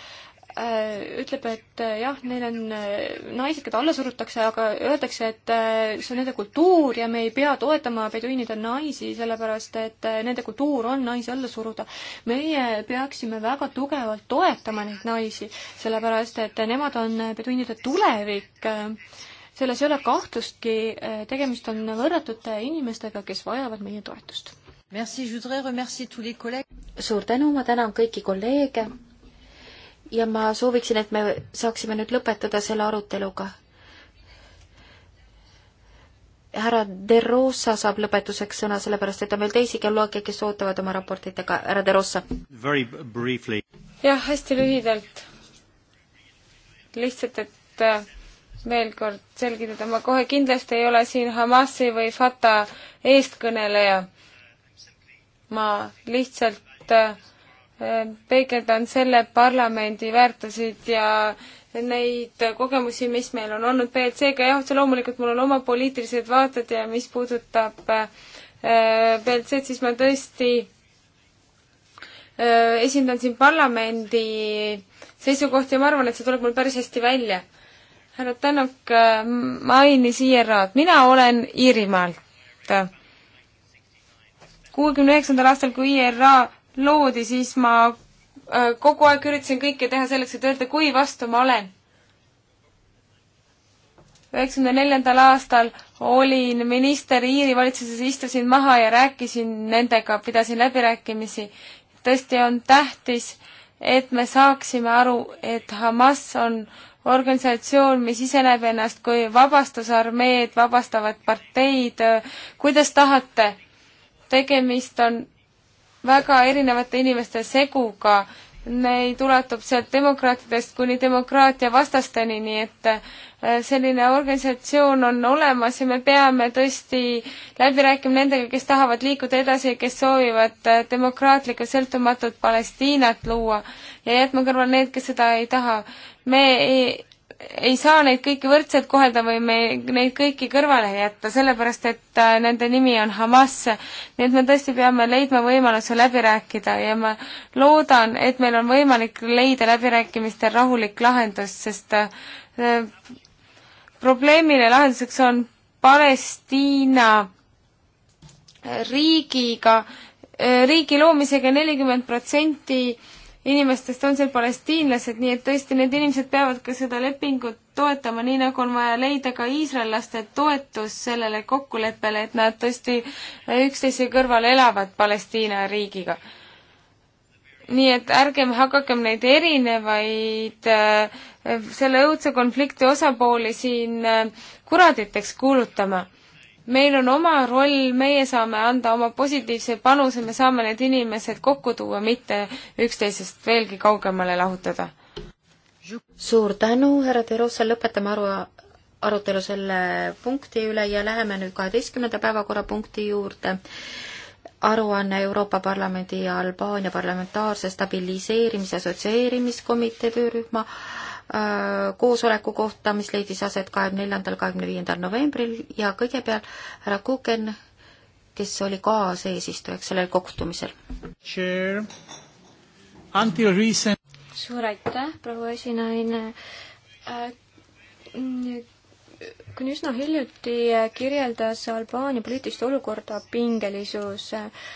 Äh, ütleb, et äh, jah, neil on äh, naised, keda alla surutakse, aga öeldakse, et see on nende kultuur ja me ei pea toetama peduiinide naisi, sellepärast et nende kultuur on naisi alla suruda. meie peaksime väga tugevalt toetama neid naisi, sellepärast et nemad on peduiinide tulevik. selles ei ole kahtlustki, tegemist on võrratute inimestega, kes vajavad meie toetust. suur tänu, ma tänan kõiki kolleege ja ma sooviksin, et me saaksime nüüd lõpetada selle aruteluga. härra De Rosa saab lõpetuseks sõna, sellepärast et on veel teisi geoloogia, kes ootavad oma raportitega. härra De Rosa. jah, hästi lühidalt. lihtsalt, et äh, veel kord selgitada, ma kohe kindlasti ei ole siin Hamasi või Fata eestkõneleja. ma lihtsalt äh, Äh, peegeldan selle parlamendi väärtusid ja neid kogemusi, mis meil on olnud BLC-ga, jah, otse loomulikult mul on oma poliitilised vaated ja mis puudutab äh, BLC-d, siis ma tõesti äh, esindan siin parlamendi seisukohti ja ma arvan, et see tuleb mul päris hästi välja. härra Tänok mainis IRA-d, mina olen Iirimaalt. kuuekümne üheksandal aastal, kui IRA loodi, siis ma äh, kogu aeg üritasin kõike teha selleks, et öelda, kui vastu ma olen. üheksakümne neljandal aastal olin minister Iiri valitsuses, istusin maha ja rääkisin nendega, pidasin läbirääkimisi. tõesti on tähtis, et me saaksime aru, et Hamas on organisatsioon, mis ise näeb ennast kui vabastusarmeed, vabastavad parteid, kuidas tahate. tegemist on väga erinevate inimeste seguga, neid ulatub sealt demokraatidest kuni demokraatia vastasteni, nii et äh, selline organisatsioon on olemas ja me peame tõesti läbi rääkima nendega, kes tahavad liikuda edasi ja kes soovivad äh, demokraatlikku sõltumatut Palestiinat luua ja jätma kõrvale need, kes seda ei taha. me ei, ei saa neid kõiki võrdselt kohelda või me neid kõiki kõrvale jätta, sellepärast et äh, nende nimi on Hamas. nii et me tõesti peame leidma võimaluse läbi rääkida ja ma loodan, et meil on võimalik leida läbirääkimistel rahulik lahendus, sest äh, probleemile lahenduseks on Palestiina riigiga, äh, riigi loomisega nelikümmend protsenti inimestest on seal palestiinlased, nii et tõesti, need inimesed peavad ka seda lepingut toetama, nii nagu on vaja leida ka iisraellaste toetus sellele kokkuleppele, et nad tõesti üksteise kõrval elavad Palestiina riigiga. nii et ärgem hakakem neid erinevaid äh, selle õudse konflikti osapooli siin äh, kuraditeks kuulutama meil on oma roll, meie saame anda oma positiivse panuse, me saame need inimesed kokku tuua, mitte üksteisest veelgi kaugemale lahutada. suur tänu, härra Terosa, lõpetame aru, arutelu selle punkti üle ja läheme nüüd kaheteistkümnenda päevakorrapunkti juurde. aruanne Euroopa Parlamendi ja Albaania parlamentaarse stabiliseerimise assotsieerimiskomitee töörühma äh, Äh, koosoleku kohta, mis leidis aset kahekümne neljandal, kahekümne viiendal novembril ja kõigepealt härra Kuken, kes oli kaaseesistujaks sellel kohtumisel. Recent... suur aitäh, proua esinaine äh,. kuni üsna hiljuti kirjeldas Albaania poliitilist olukorda pingelisus äh,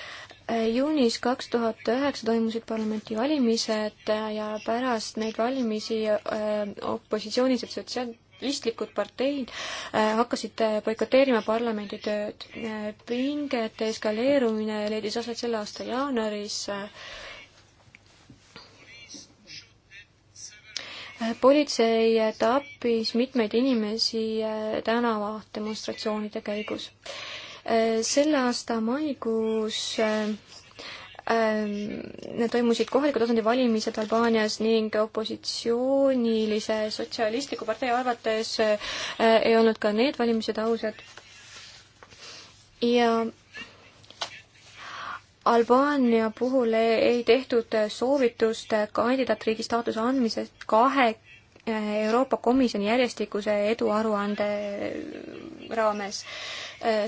juunis kaks tuhat üheksa toimusid parlamendivalimised ja pärast neid valimisi äh, opositsioonilised sotsialistlikud parteid äh, hakkasid äh, boikoteerima parlamendi tööd. pingete eskaleerumine leidis aset selle aasta jaanuaris. politsei tappis mitmeid inimesi tänavademonstratsioonide käigus Äh, selle aasta maikuus äh, äh, Need toimusid kohaliku tasandi valimised Albaanias ning opositsioonilise sotsialistliku partei arvates ei olnud ka need valimised ausad. ja Albaania puhul ei tehtud soovitust kandidaatriigi staatuse andmisest kahe Euroopa Komisjoni järjestikuse eduaruande raames.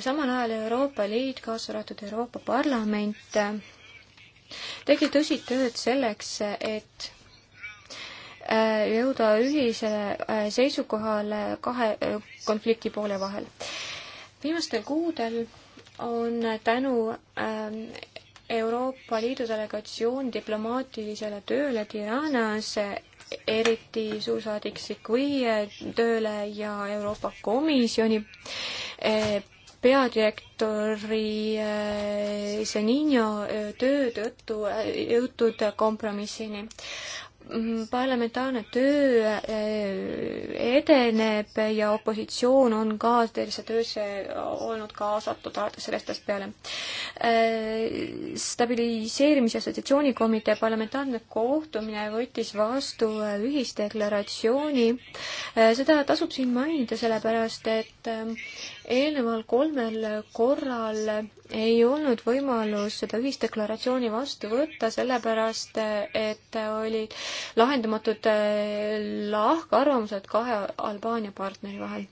samal ajal Euroopa Liit, kaasa arvatud Euroopa Parlament, tegi tõsist tööd selleks, et äh, jõuda ühisele äh, seisukohale kahe äh, konflikti poole vahel. viimastel kuudel on tänu ähm, Euroopa Liidu delegatsiooni diplomaatilisele tööle Tiranas eriti suursaadik Sikui eh, tööle ja Euroopa Komisjoni eh, peadirektori eh, Senino töö tõttu jõutud kompromissini parlamentaarne töö eh, edeneb ja opositsioon on ka sellesse töösse olnud kaasatud alates sellest ajast peale. Eh, stabiliseerimise assotsiatsioonikomitee parlamentaarne kohtumine võttis vastu eh, ühisdeklaratsiooni. seda tasub siin mainida, sellepärast et eelneval kolmel korral ei olnud võimalus seda ühisdeklaratsiooni vastu võtta, sellepärast et olid lahendamatud äh, lahkarvamused kahe Albaania partneri vahel.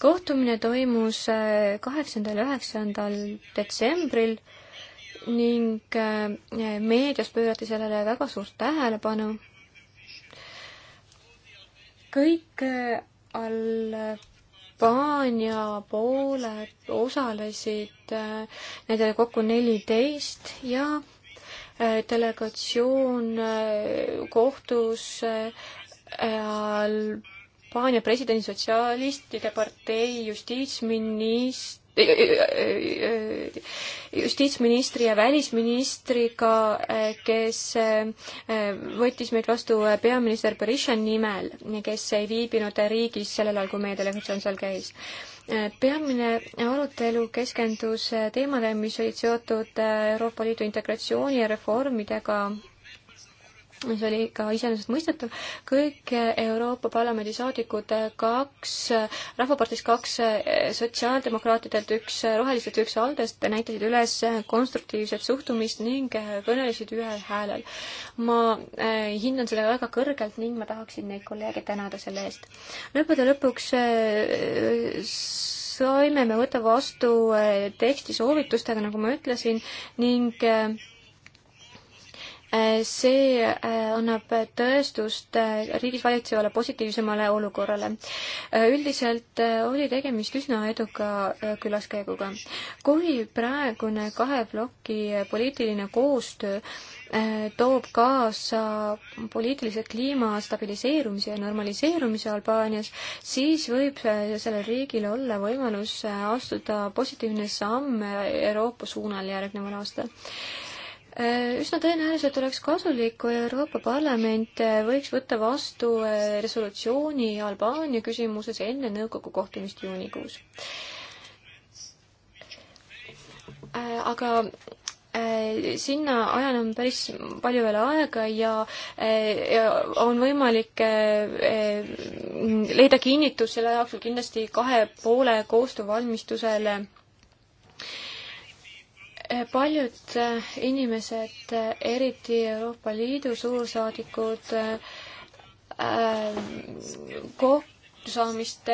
kohtumine toimus äh, kaheksandal ja üheksandal detsembril ning äh, meedias pöörati sellele väga suurt tähelepanu kõik eh, Albaania pooled osalesid, eh, neid oli kokku neliteist ja eh, delegatsioon kohtus Albaania presidendi sotsialistide partei justiitsminist-, justiitsministri ja välisministriga, kes eh, võttis meid vastu eh, peaminister Berishan nimel, kes ei viibinud riigis sellel ajal, kui meie delegatsioon seal käis eh, peamine arutelu keskendus teemadele, mis olid seotud Euroopa Liidu integratsiooni ja reformidega mis oli ka iseenesestmõistetav, kõik Euroopa Parlamendi saadikud, kaks, Rahvapartist kaks sotsiaaldemokraatidelt, üks rohelistelt, üks aldest, näitasid üles konstruktiivset suhtumist ning kõnelesid ühel häälel. ma eh, hindan seda väga kõrgelt ning ma tahaksin neid kolleege tänada selle eest. lõppude lõpuks eh, saime me võtta vastu eh, teksti soovitustega, nagu ma ütlesin, ning Äh, see äh, annab tõestust äh, riigis valitsevale positiivsemale olukorrale. üldiselt oli tegemist üsna eduka külaskäiguga. kui praegune kahe ploki poliitiline koostöö toob kaasa poliitilise kliima stabiliseerumise ja normaliseerumise Albaanias, siis võib sellel riigil olla võimalus astuda positiivne samm Euroopa suunal järgneval aastal Äh, üsna tõenäoliselt oleks kasulik, kui Euroopa Parlament äh, võiks võtta vastu äh, resolutsiooni Albaania küsimuses enne nõukogu kohtumist juunikuus. aga sinna ajan on päris palju veel aega ja, ja on võimalik leida kinnitus selle jaoks kindlasti kahe poole koostöövalmistusele paljud eh, inimesed, eh, eriti Euroopa Liidu suursaadikud, eh, kohtusaamiste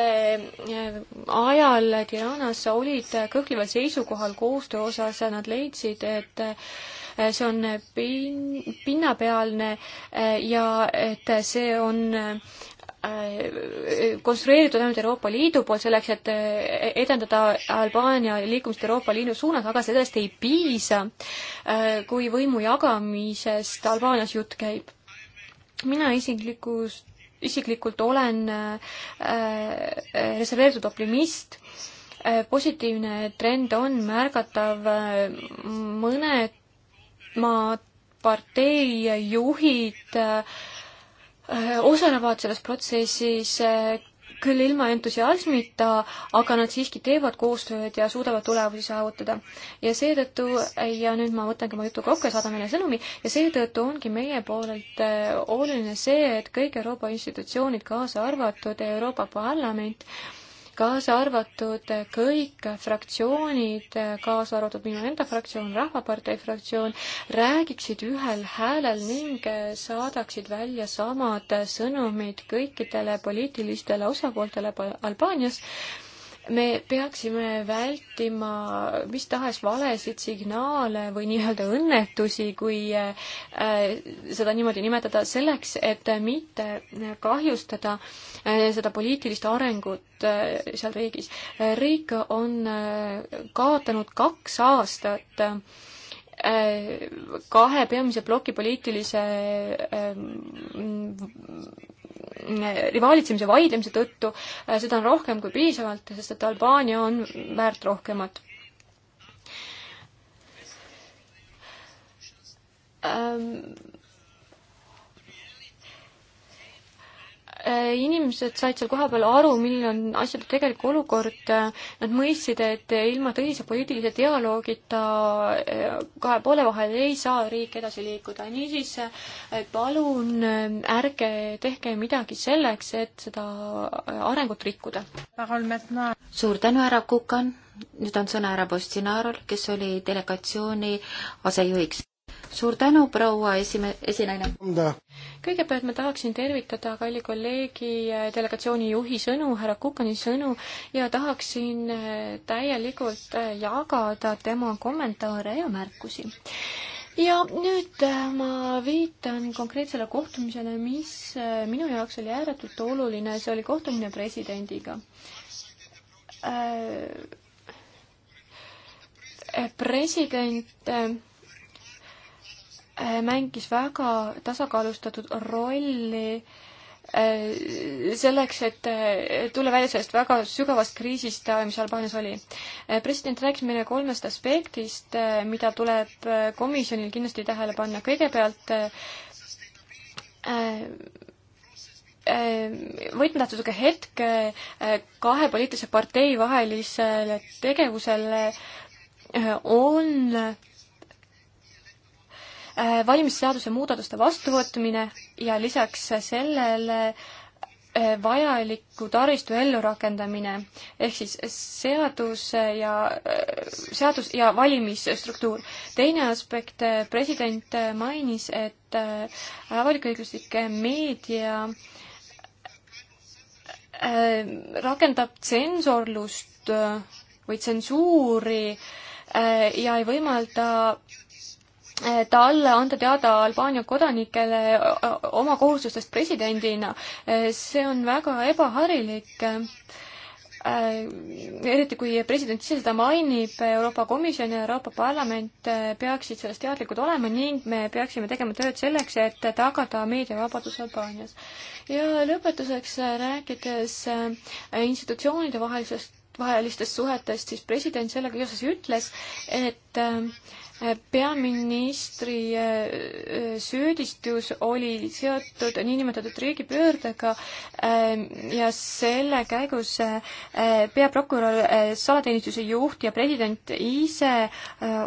ajal Tiranas olid kõhkleval seisukohal koostöö osas, nad leidsid, et see on pin-, pinnapealne ja et see on Äh, konstrueeritud ainult Euroopa Liidu poolt selleks, et äh, edendada Albaania liikumist Euroopa Liidu suunas, aga sellest ei piisa, äh, kui võimu jagamisest Albaanias jutt käib. mina isiklikus, isiklikult olen reserveeritud optimist, positiivne trend on märgatav, mõned maad partei juhid äh, Äh, osalevad selles protsessis äh, küll ilma entusiasmita, aga nad siiski teevad koostööd ja suudavad tulemusi saavutada. ja seetõttu, äh, ja nüüd ma võtangi oma jutu kokku ja saadan meile sõnumi, ja seetõttu ongi meie poolelt oluline see, et kõik Euroopa institutsioonid, kaasa arvatud Euroopa Parlament, kaasa arvatud kõik fraktsioonid, kaasa arvatud minu enda fraktsioon, Rahvapartei fraktsioon, räägiksid ühel häälel ning saadaksid välja samad sõnumid kõikidele poliitilistele osapooltele Albaanias me peaksime vältima mis tahes valesid signaale või nii-öelda õnnetusi, kui äh, seda niimoodi nimetada, selleks, et mitte kahjustada äh, seda poliitilist arengut äh, seal riigis. riik on kaotanud kaks aastat kahe peamise ploki poliitilise rivaalitsemise, vaidlemise tõttu, äh, seda on rohkem kui piisavalt, sest et Albaania on väärt rohkemat. Ähm, Äh, inimesed said seal kohapeal aru, milline on asjade tegelik olukord, nad mõistsid, et ilma tõsise poliitilise dialoogita äh, kahe poole vahel ei saa riik edasi liikuda, niisiis äh, palun ärge tehke midagi selleks, et seda arengut rikkuda. suur tänu, härra Kukan, nüüd on sõna härra Postinaarol, kes oli delegatsiooni asejuhiks suur tänu, proua esime-, esinaine! kõigepealt ma tahaksin tervitada kalli kolleegi äh, delegatsiooni juhi sõnu, härra Kukani sõnu, ja tahaksin äh, täielikult äh, jagada tema kommentaare ja märkusi. ja nüüd ma viitan konkreetsele kohtumisele, mis minu jaoks oli ääretult oluline, see oli kohtumine presidendiga president Äh, mängis väga tasakaalustatud rolli äh, selleks, et äh, tulla välja sellest väga sügavast kriisist, mis Albaanias oli. president rääkis meile kolmest aspektist, mida tuleb komisjonil kindlasti tähele panna. kõigepealt võtmetähtsusega hetk kahe poliitilise partei vahelisele tegevusele on Äh, valimisseaduse muudatuste vastuvõtmine ja lisaks sellele äh, vajaliku taristu ellurakendamine ehk siis seadus äh, ja, seadus ja valimisstruktuur. teine aspekt, president mainis, et avalik-õiguslik meedia rakendab tsensorlust või tsensuuri ja ei võimalda talle anda teada Albaania kodanikele oma kohustustest presidendina, see on väga ebaharilik eriti kui president ise seda mainib, Euroopa Komisjon ja Euroopa Parlament peaksid sellest teadlikud olema ning me peaksime tegema tööd selleks, et tagada meediavabadus Albaanias. ja lõpetuseks rääkides institutsioonide vahelisest vahelistest suhetest, siis president sellega seoses ütles, et peaministri eh, eh, süüdistus oli seotud niinimetatud riigipöördega eh, ja selle käigus peaprokurör, salateenistuse juht ja president ise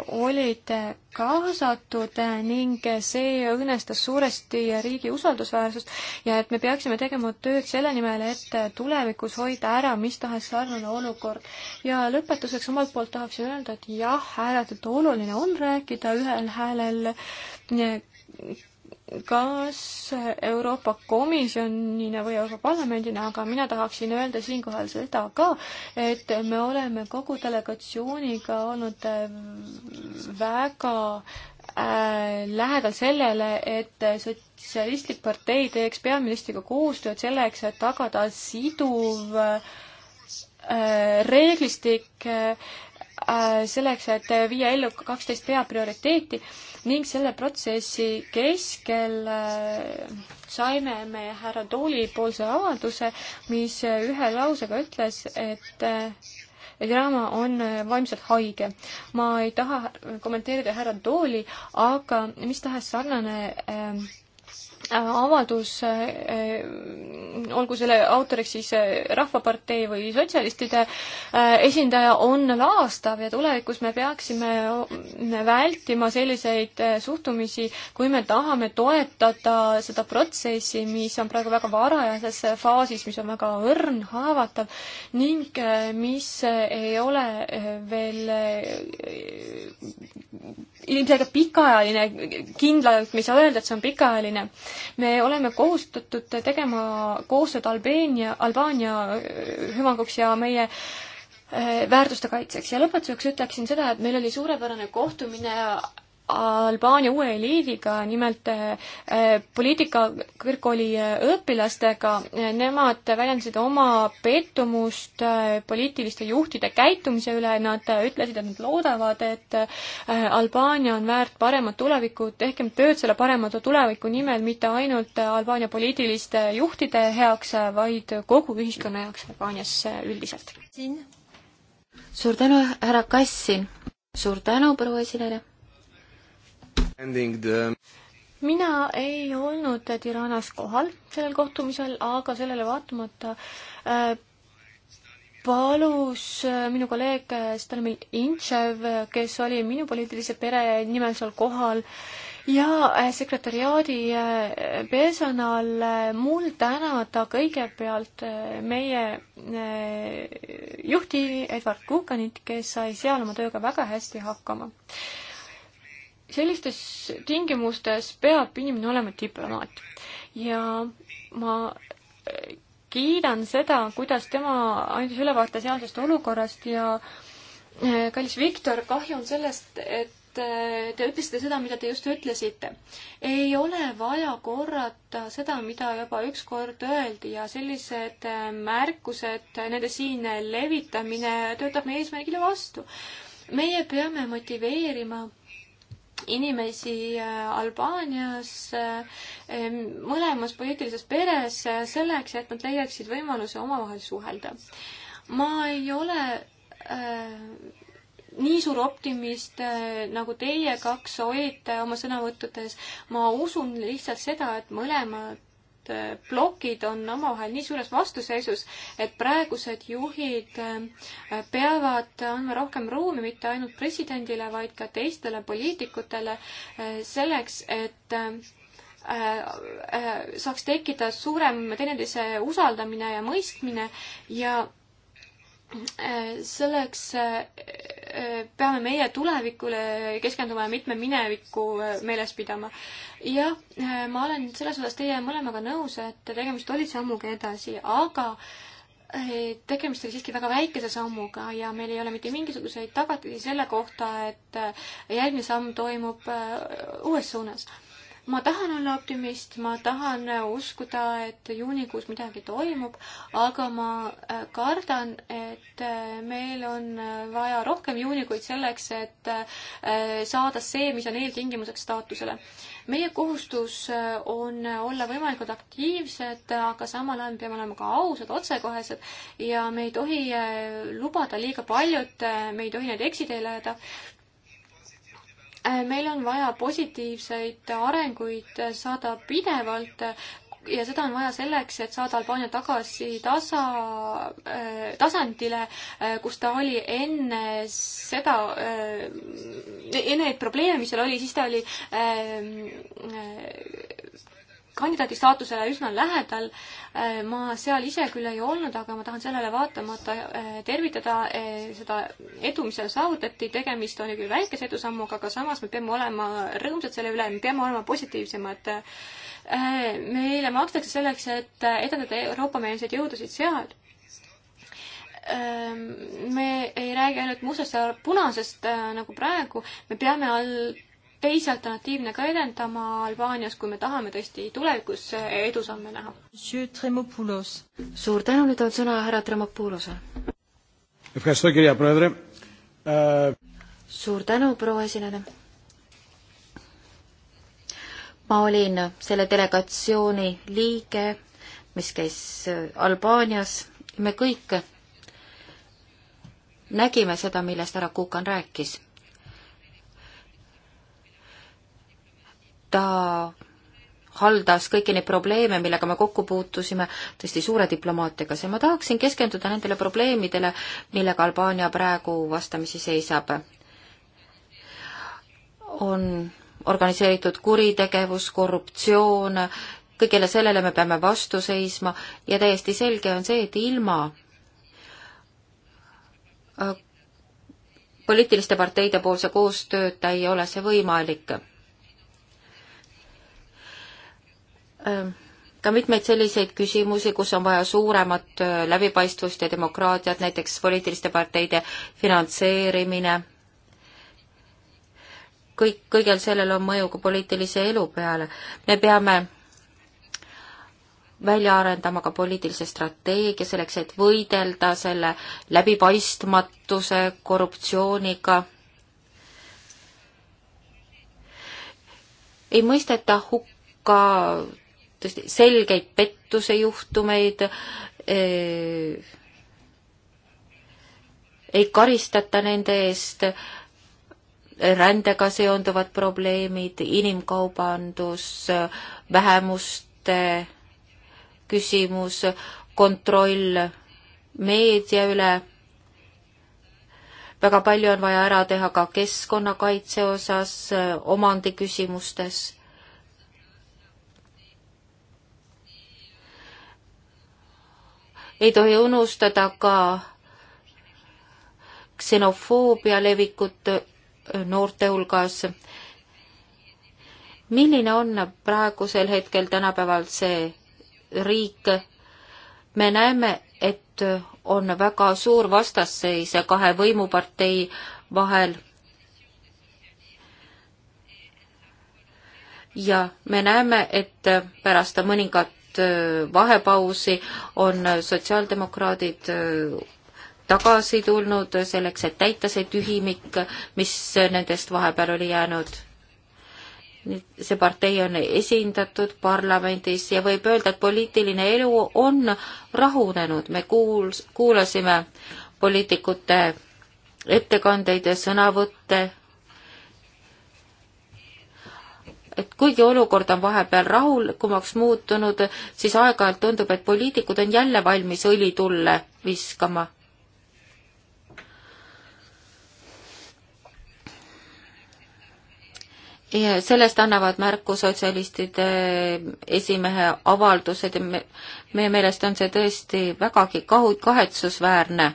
olid kaasatud eh, ning see õõnestas suuresti riigi usaldusväärsust ja et me peaksime tegema tööd selle nimel, et tulevikus hoida ära mis tahes sarnane olukord. ja lõpetuseks omalt poolt tahaksin öelda, et jah, ääretult oluline on rääkida ühel häälel eh, kas Euroopa Komisjonina või Euroopa Parlamendina, aga mina tahaksin öelda siinkohal seda ka, et me oleme kogu delegatsiooniga olnud väga äh, lähedal sellele, et Sotsialistlik partei teeks peaministriga koostööd selleks, et tagada siduv äh, reeglistik äh, Äh, selleks, et viia ellu kaksteist peaprioriteeti ning selle protsessi keskel äh, saime me härra Tooli poolse avalduse, mis ühe lausega ütles, et Draama äh, on vaimselt haige. ma ei taha kommenteerida härra Tooli, aga mis tahes sarnane äh, avaldus, äh, olgu selle autoriks siis äh, Rahvapartei või sotsialistide äh, esindaja, on laastav ja tulevikus me peaksime vältima selliseid suhtumisi, kui me tahame toetada seda protsessi, mis on praegu väga varajases faasis, mis on väga õrn, haavatav ning mis ei ole veel ilmselgelt pikaajaline, kindlalt me ei saa öelda, et see on pikaajaline. me oleme kohustatud tegema koostööd Albeenia, Albaania äh, hüvanguks ja meie äh, väärtuste kaitseks ja lõpetuseks ütleksin seda, et meil oli suurepärane kohtumine Albaania uue eliidiga, nimelt äh, äh, poliitika kõrgkooli äh, õpilastega, nemad väljendasid oma pettumust poliitiliste juhtide käitumise üle, nad ütlesid, et nad loodavad, et Albaania on väärt paremat tulevikku, tehkem tööd selle parema tuleviku nimel, mitte ainult Albaania poliitiliste juhtide heaks, vaid kogu ühiskonna jaoks Albaanias üldiselt. suur tänu, härra Kassin! suur tänu, proua esineja! mina ei olnud Tiranas kohal sellel kohtumisel, aga sellele vaatamata äh, palus äh, minu kolleeg äh, Stanimir Intšev, kes oli minu poliitilise pere nimel seal kohal, ja äh, sekretäriaadi äh, personal äh, mul tänada kõigepealt meie juhti Edward Kukanit, kes sai seal oma tööga väga hästi hakkama sellistes tingimustes peab inimene olema diplomaat ja ma äh, kiidan seda, kuidas tema andis ülevaate sealsest olukorrast ja äh, kallis Viktor, kahju on sellest, et äh, te ütlesite seda, mida te just ütlesite. ei ole vaja korrata seda, mida juba ükskord öeldi ja sellised märkused, nende siin levitamine töötab meie eesmärgile vastu. meie peame motiveerima inimesi äh, Albaanias äh, mõlemas poliitilises peres äh, selleks, et nad leiaksid võimaluse omavahel suhelda. ma ei ole äh, nii suur optimist nagu teie kaks olite oma sõnavõttudes. ma usun lihtsalt seda, et mõlemad Äh, plokid on omavahel nii suures vastuseisus, et praegused juhid äh, peavad andma rohkem ruumi mitte ainult presidendile, vaid ka teistele poliitikutele äh, selleks, et saaks tekkida suurem teineteise usaldamine ja mõistmine ja selleks peame meie tulevikule keskenduma ja mitme minevikku äh, meeles pidama. jah, äh, ma olen selles osas teie mõlemaga nõus, et tegemist oli sammuga edasi, aga äh, tegemist oli siiski väga väikese sammuga ja meil ei ole mitte mingisuguseid tagatisi selle kohta, et järgmine samm toimub uues suunas ma tahan olla optimist, ma tahan äh, uskuda, et juunikuus midagi toimub, aga ma äh, kardan, et äh, meil on vaja rohkem juunikuid selleks, et saada see, mis on eeltingimuseks staatusele. meie kohustus on olla võimalikult aktiivsed, aga samal ajal peame olema ka ausad, otsekohesed ja me ei tohi lubada liiga paljut, me ei tohi neid eksiteele ajada Äh, meil on vaja positiivseid arenguid saada pidevalt ja seda on vaja selleks, et saada Albaania tagasi tasa, äh, tasandile, äh, kus ta oli enne seda, enne neid probleeme, mis seal oli, siis ta oli kandidaadi staatusele üsna lähedal. Äh, ma seal ise küll ei olnud, aga ma tahan sellele vaatamata äh, tervitada äh, seda edu, mis seal saavutati. tegemist oli küll väikese edusammuga, aga samas me peame olema rõõmsad selle üle, me peame olema positiivsemad. meile makstakse selleks, et edendada Euroopa-meelseid jõudusid seal me ei räägi ainult mustast ja punasest nagu praegu, me peame all teisi alternatiivne ka edendama Albaanias, kui me tahame tõesti tulevikus edusamme näha. suur tänu, nüüd on sõna härra Tremopulosel. suur tänu, proua esineja. ma olin selle delegatsiooni liige, mis käis Albaanias, me kõik nägime seda, millest härra Kukan rääkis ta haldas kõiki neid probleeme, millega me kokku puutusime, tõesti suure diplomaatiaga, see ma tahaksin keskenduda nendele probleemidele, millega Albaania praegu vastamisi seisab. on organiseeritud kuritegevus, korruptsioon, kõigele sellele me peame vastu seisma ja täiesti selge on see, et ilma äh, poliitiliste parteide poolse koostööta ei ole see võimalik Äh, ka mitmeid selliseid küsimusi, kus on vaja suuremat äh, läbipaistvust ja demokraatiat, näiteks poliitiliste parteide finantseerimine. kõik, kõigel sellel on mõju ka poliitilise elu peale. me peame välja arendama ka poliitilise strateegia selleks, et võidelda selle läbipaistmatuse, korruptsiooniga. ei mõisteta hukka tõesti selgeid pettusejuhtumeid, e, ei karistata nende eest, rändega seonduvad probleemid, inimkaubandus, vähemuste küsimus, kontroll meedia üle väga palju on vaja ära teha ka keskkonnakaitse osas, omandiküsimustes. ei tohi unustada ka ksenofoobia levikut noorte hulgas. milline on praegusel hetkel tänapäeval see riik? me näeme, et on väga suur vastasseis kahe võimupartei vahel. ja me näeme, et pärast mõningat Äh, vahepausi, on sotsiaaldemokraadid äh, tagasi tulnud selleks, et täita see tühimik, mis nendest vahepeal oli jäänud. see partei on esindatud parlamendis ja võib öelda, et poliitiline elu on rahunenud, me kuuls-, kuulasime poliitikute ettekandeid ja sõnavõtte et kuigi olukord on vahepeal rahulikumaks muutunud, siis aeg-ajalt tundub, et poliitikud on jälle valmis õli tulle viskama. ja sellest annavad märku sotsialistide esimehe avaldused ja me, meie meelest on see tõesti vägagi kahu-, kahetsusväärne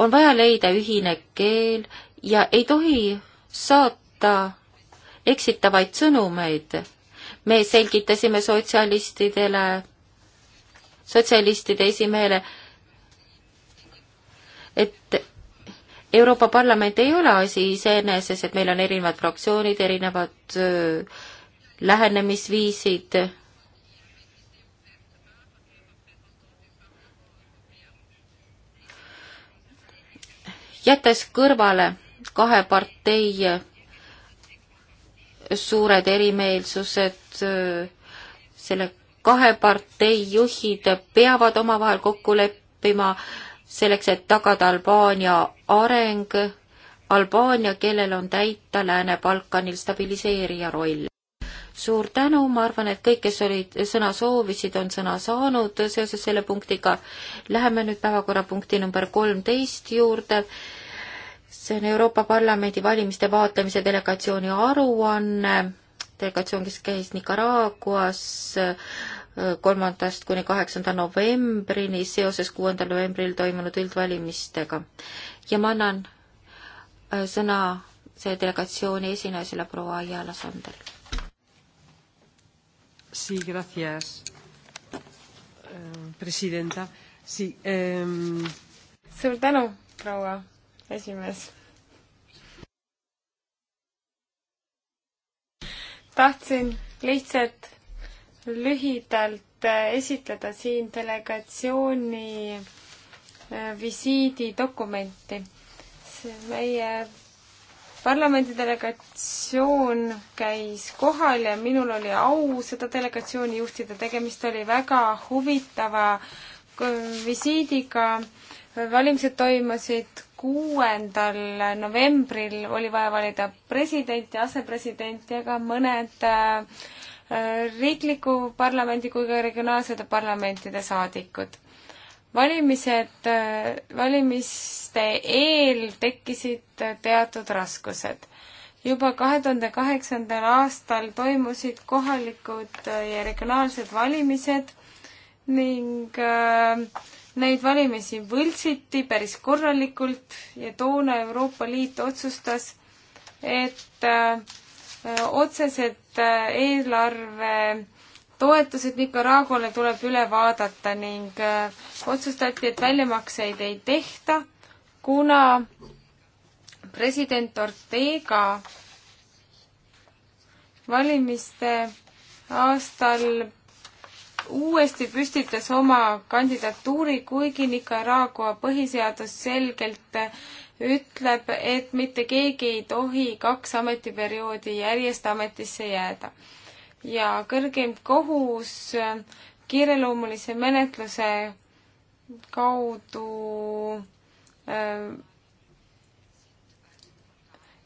on vaja leida ühine keel ja ei tohi saata eksitavaid sõnumeid. me selgitasime sotsialistidele, sotsialistide esimehele, et Euroopa Parlament ei ole asi iseeneses, et meil on erinevad fraktsioonid, erinevad öö, lähenemisviisid jättes kõrvale kahe partei suured erimeelsused, selle kahe partei juhid peavad omavahel kokku leppima selleks, et tagada Albaania areng, Albaania, kellel on täita Lääne-Balkanil stabiliseerija roll suur tänu, ma arvan, et kõik, kes olid, sõna soovisid, on sõna saanud seoses selle punktiga. Läheme nüüd päevakorrapunkti number kolmteist juurde see on Euroopa Parlamendi valimiste vaatlemise delegatsiooni aruanne, delegatsioon, kes käis Nicaraguas äh, kolmandast kuni kaheksanda novembrini seoses kuuendal novembril toimunud üldvalimistega. ja ma annan äh, sõna selle delegatsiooni esinaisele proua Ayala Sander. Sí, gracias, eh, presidenta. Sí, eh... Suur tänu, proua esimees. tahtsin lihtsalt lühidalt äh, esitleda siin delegatsiooni äh, visiididokumenti. meie parlamendi delegatsioon käis kohal ja minul oli au seda delegatsiooni juhtida, tegemist oli väga huvitava äh, visiidiga, valimised toimusid kuuendal novembril oli vaja valida president ja asepresident ja ka mõned äh, riikliku parlamendi kui ka regionaalsete parlamentide saadikud. valimised, äh, valimiste eel tekkisid teatud raskused. juba kahe tuhande kaheksandal aastal toimusid kohalikud ja regionaalsed valimised ning äh, Neid valimisi võltsiti päris korralikult ja toona Euroopa Liit otsustas, et äh, otsesed äh, eelarve toetused Nicaraguale tuleb üle vaadata ning äh, otsustati, et väljamakseid ei tehta, kuna president Ortega valimiste aastal uuesti püstitas oma kandidatuuri, kuigi Nicaragua põhiseadus selgelt ütleb, et mitte keegi ei tohi kaks ametiperioodi järjest ametisse jääda. ja kõrgem kohus kiireloomulise menetluse kaudu äh,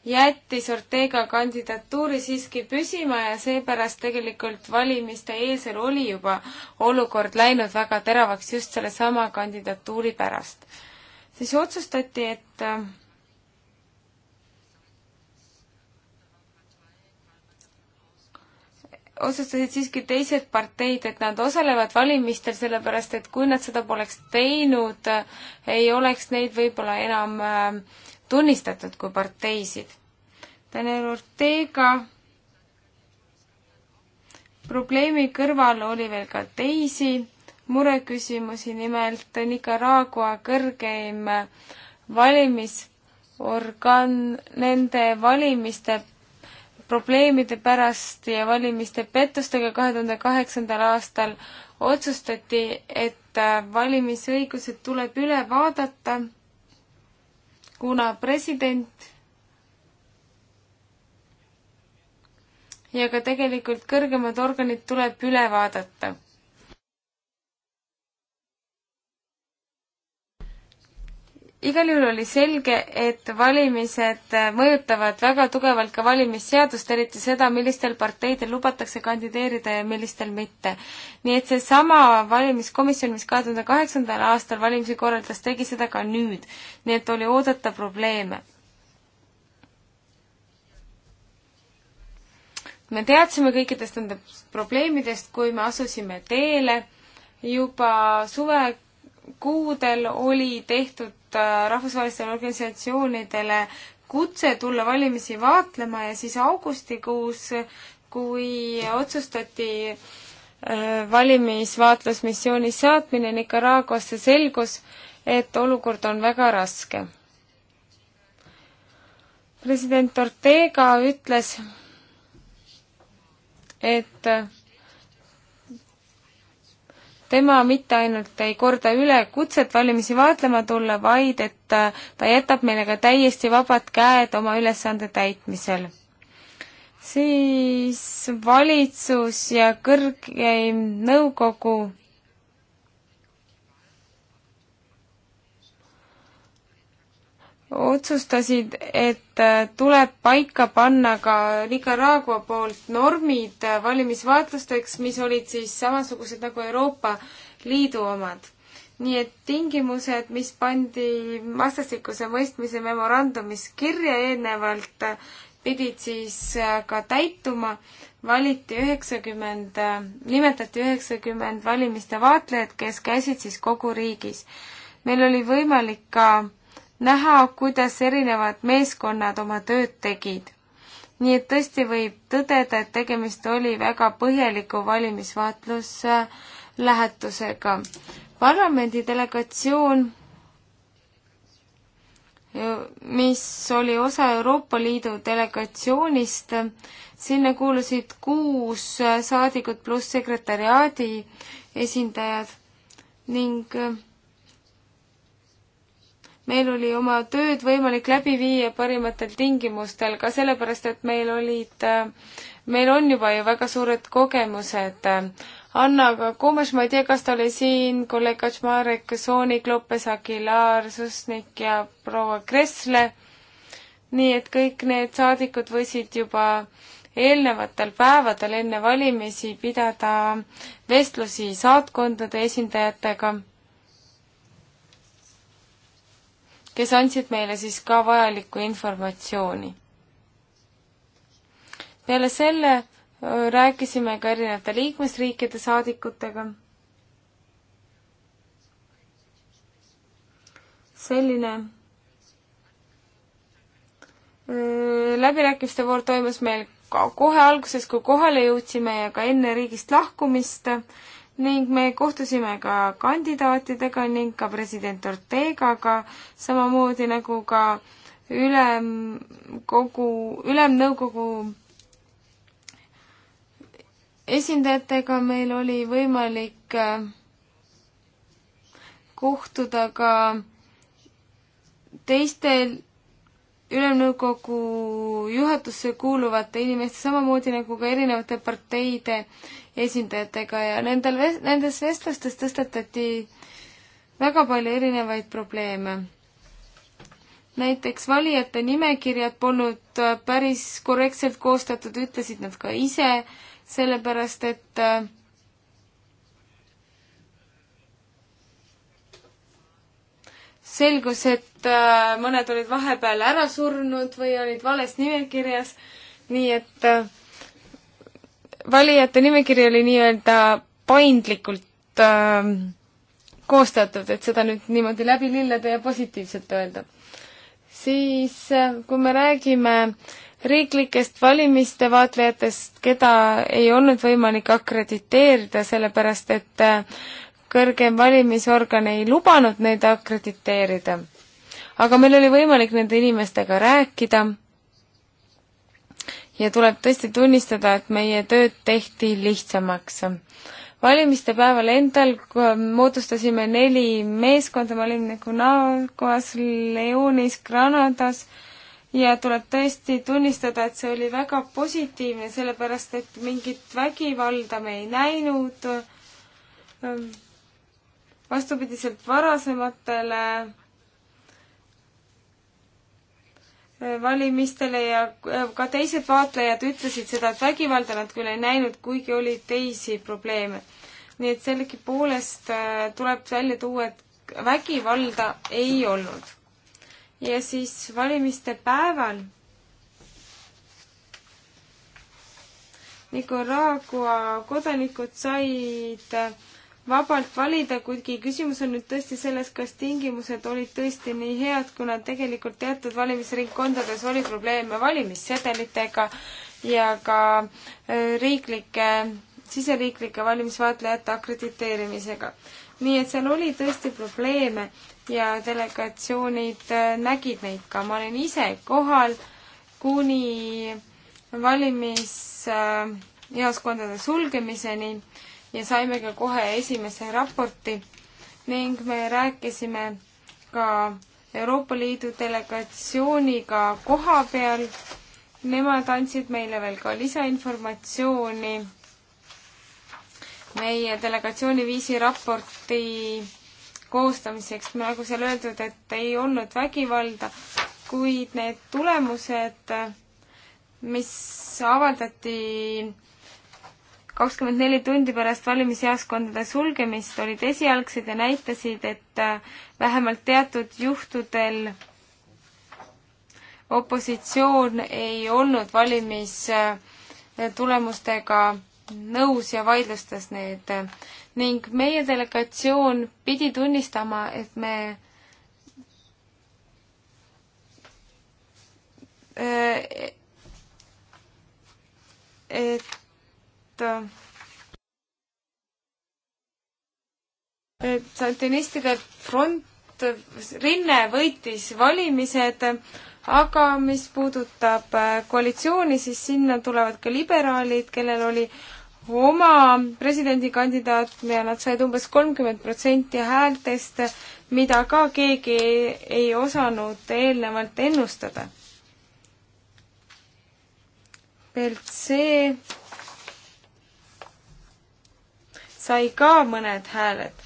jättis Ortega kandidatuuri siiski püsima ja seepärast tegelikult valimiste eelsel oli juba olukord läinud väga teravaks just sellesama kandidatuuri pärast. siis otsustati, et äh, otsustasid siiski teised parteid, et nad osalevad valimistel, sellepärast et kui nad seda poleks teinud, ei oleks neid võib-olla enam äh, tunnistatud kui parteisid. Daniel Ortega probleemi kõrval oli veel ka teisi mureküsimusi, nimelt Nicaragua kõrgeim valimisorgan, nende valimiste probleemide pärast ja valimiste pettustega kahe tuhande kaheksandal aastal otsustati, et valimisõigused tuleb üle vaadata kuna president ja ka tegelikult kõrgemad organid tuleb üle vaadata igal juhul oli selge, et valimised äh, mõjutavad väga tugevalt ka valimisseadust, eriti seda, millistel parteidel lubatakse kandideerida ja millistel mitte. nii et seesama valimiskomisjon, mis kahe tuhande kaheksandal aastal valimisi korraldas, tegi seda ka nüüd. nii et oli oodata probleeme. me teadsime kõikidest nendest probleemidest, kui me asusime teele juba suve kuudel oli tehtud äh, rahvusvahelistele organisatsioonidele kutse tulla valimisi vaatlema ja siis augustikuus, kui otsustati äh, valimisvaatlusmissiooni saatmine Nicaraguasse, selgus, et olukord on väga raske. president Ortega ütles, et tema mitte ainult ei korda üle kutset valimisi vaatlema tulla, vaid et äh, ta jätab meile ka täiesti vabad käed oma ülesande täitmisel. siis valitsus ja kõrgeim nõukogu otsustasid, et äh, tuleb paika panna ka Nicaragua poolt normid äh, valimisvaatlusteks, mis olid siis samasugused nagu Euroopa Liidu omad. nii et tingimused, mis pandi vastastikuse mõistmise memorandumis kirja eelnevalt, pidid siis äh, ka täituma, valiti üheksakümmend, nimetati üheksakümmend valimiste vaatlejat, kes käisid siis kogu riigis. meil oli võimalik ka näha, kuidas erinevad meeskonnad oma tööd tegid. nii et tõesti võib tõdeda, et tegemist oli väga põhjaliku valimisvaatluslähetusega. parlamendi delegatsioon, mis oli osa Euroopa Liidu delegatsioonist, sinna kuulusid kuus saadikut pluss sekretäriaadi esindajad ning meil oli oma tööd võimalik läbi viia parimatel tingimustel ka sellepärast, et meil olid, äh, meil on juba ju väga suured kogemused. Anna Kumes, ma ei tea, kas ta oli siin, kolleeg Kaczmarek, Soonik, Lopes, Aguilar, Susnik ja proua Kressle. nii et kõik need saadikud võisid juba eelnevatel päevadel enne valimisi pidada vestlusi saatkondade esindajatega kes andsid meile siis ka vajalikku informatsiooni. peale selle rääkisime ka erinevate liikmesriikide saadikutega. selline läbirääkimiste voor toimus meil kohe alguses, kui kohale jõudsime ja ka enne riigist lahkumist ning me kohtusime ka kandidaatidega ning ka president Ortegaga, samamoodi nagu ka ülemkogu, ülemnõukogu esindajatega meil oli võimalik äh, kohtuda ka teistel ülemnõukogu juhatusse kuuluvate inimeste, samamoodi nagu ka erinevate parteide esindajatega ja nendel, nendes vestlustes tõstatati väga palju erinevaid probleeme. näiteks valijate nimekirjad polnud äh, päris korrektselt koostatud, ütlesid nad ka ise, sellepärast et äh, selgus, et äh, mõned olid vahepeal ära surnud või olid vales nimekirjas, nii et äh, valijate nimekiri oli nii-öelda paindlikult äh, koostatud, et seda nüüd niimoodi läbi lillede ja positiivselt öelda. siis äh, kui me räägime riiklikest valimiste vaatlejatest, keda ei olnud võimalik akrediteerida, sellepärast et äh, kõrgem valimisorgan ei lubanud neid akrediteerida. aga meil oli võimalik nende inimestega rääkida ja tuleb tõesti tunnistada, et meie tööd tehti lihtsamaks. valimiste päeval endal moodustasime neli meeskonda, ma olin nagu Narvas, Leonis, Granadas ja tuleb tõesti tunnistada, et see oli väga positiivne, sellepärast et mingit vägivalda me ei näinud. vastupidiselt varasematele valimistele ja äh, ka teised vaatlejad ütlesid seda, et vägivalda nad küll ei näinud, kuigi oli teisi probleeme. nii et sellegipoolest äh, tuleb välja tuua, et vägivalda ei olnud. ja siis valimiste päeval Nicaragua kodanikud said äh, vabalt valida, kuigi küsimus on nüüd tõesti selles, kas tingimused olid tõesti nii head, kuna tegelikult teatud valimisringkondades oli probleeme valimissedelitega ja ka äh, riiklike, siseriiklike valimisvaatlejate akrediteerimisega. nii et seal oli tõesti probleeme ja delegatsioonid äh, nägid neid ka, ma olin ise kohal kuni valimisjaoskondade äh, sulgemiseni ja saime ka kohe esimese raporti ning me rääkisime ka Euroopa Liidu delegatsiooniga koha peal. Nemad andsid meile veel ka lisainformatsiooni meie delegatsiooni viisi raporti koostamiseks, nagu seal öeldud, et ei olnud vägivalda, kuid need tulemused, mis avaldati kakskümmend neli tundi pärast valimisjaoskondade sulgemist olid esialgsed ja näitasid, et äh, vähemalt teatud juhtudel opositsioon ei olnud valimistulemustega äh, nõus ja vaidlustas need. ning meie delegatsioon pidi tunnistama, et me äh, e-, et et santinistide front, rinne võitis valimised, aga mis puudutab äh, koalitsiooni, siis sinna tulevad ka liberaalid, kellel oli oma presidendikandidaat ja nad said umbes kolmkümmend protsenti häältest, mida ka keegi ei osanud eelnevalt ennustada. Belt C sai ka mõned hääled.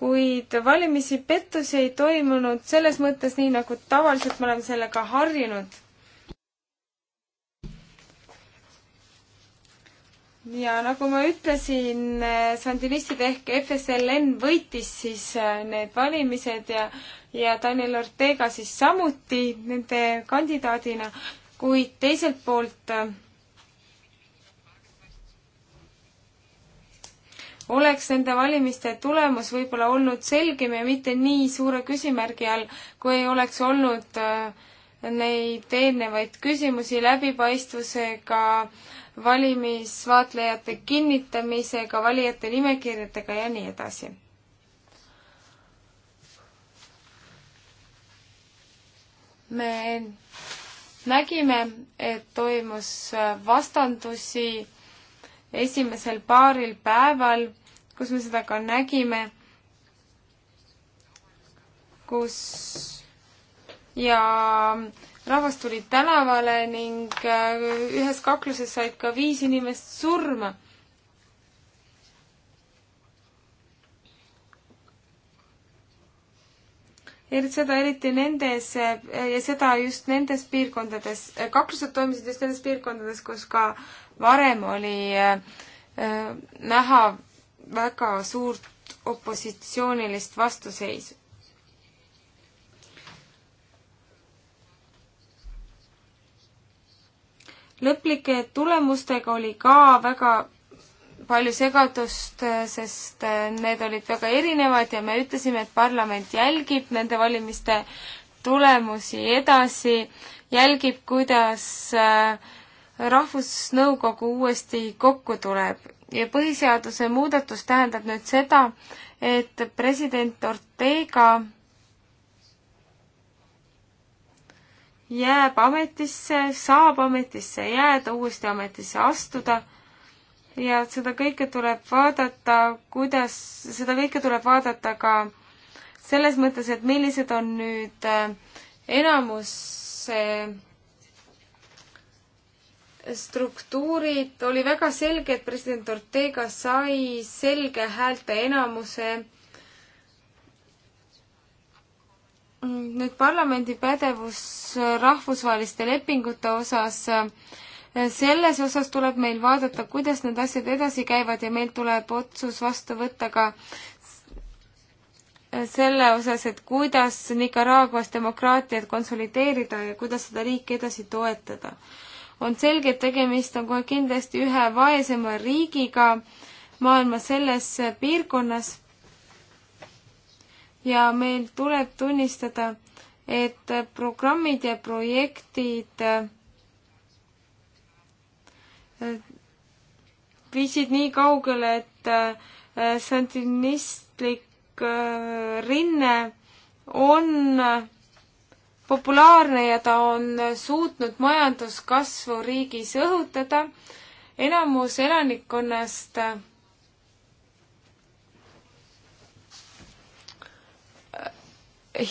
kuid valimisi pettusi ei toimunud selles mõttes nii, nagu tavaliselt me oleme sellega harjunud. ja nagu ma ütlesin, sandinistid ehk FSLN võitis siis äh, need valimised ja, ja Daniel Ortega siis samuti nende kandidaadina, kuid teiselt poolt äh, oleks nende valimiste tulemus võib-olla olnud selgem ja mitte nii suure küsimärgi all, kui oleks olnud äh, neid eelnevaid küsimusi läbipaistvusega, valimisvaatlejate kinnitamisega, valijate nimekirjadega ja nii edasi me nägime, et toimus äh, vastandusi esimesel paaril päeval kus me seda ka nägime, kus ja rahvas tuli tänavale ning äh, ühes kakluses said ka viis inimest surma seda eriti nendes äh, ja seda just nendes piirkondades, äh, kaklused toimusid just nendes piirkondades, kus ka varem oli näha väga suurt opositsioonilist vastuseisu. lõplike tulemustega oli ka väga palju segadust, sest need olid väga erinevad ja me ütlesime, et parlament jälgib nende valimiste tulemusi edasi, jälgib, kuidas äh, rahvusnõukogu uuesti kokku tuleb ja põhiseaduse muudatus tähendab nüüd seda, et president Ortega jääb ametisse, saab ametisse jääda, uuesti ametisse astuda ja seda kõike tuleb vaadata, kuidas, seda kõike tuleb vaadata ka selles mõttes, et millised on nüüd äh, enamuse äh, struktuurid, oli väga selge, et president Ortega sai selge häälte enamuse. nüüd parlamendi pädevus rahvusvaheliste lepingute osas, selles osas tuleb meil vaadata, kuidas need asjad edasi käivad ja meil tuleb otsus vastu võtta ka selle osas, et kuidas Nicaraguas demokraatiat konsolideerida ja kuidas seda riiki edasi toetada on selge, et tegemist on kohe kindlasti ühe vaesema riigiga maailmas selles piirkonnas. ja meil tuleb tunnistada, et programmid ja projektid äh, viisid nii kaugele, et äh, santinistlik äh, rinne on populaarne ja ta on suutnud majanduskasvu riigis õhutada. enamus elanikkonnast äh,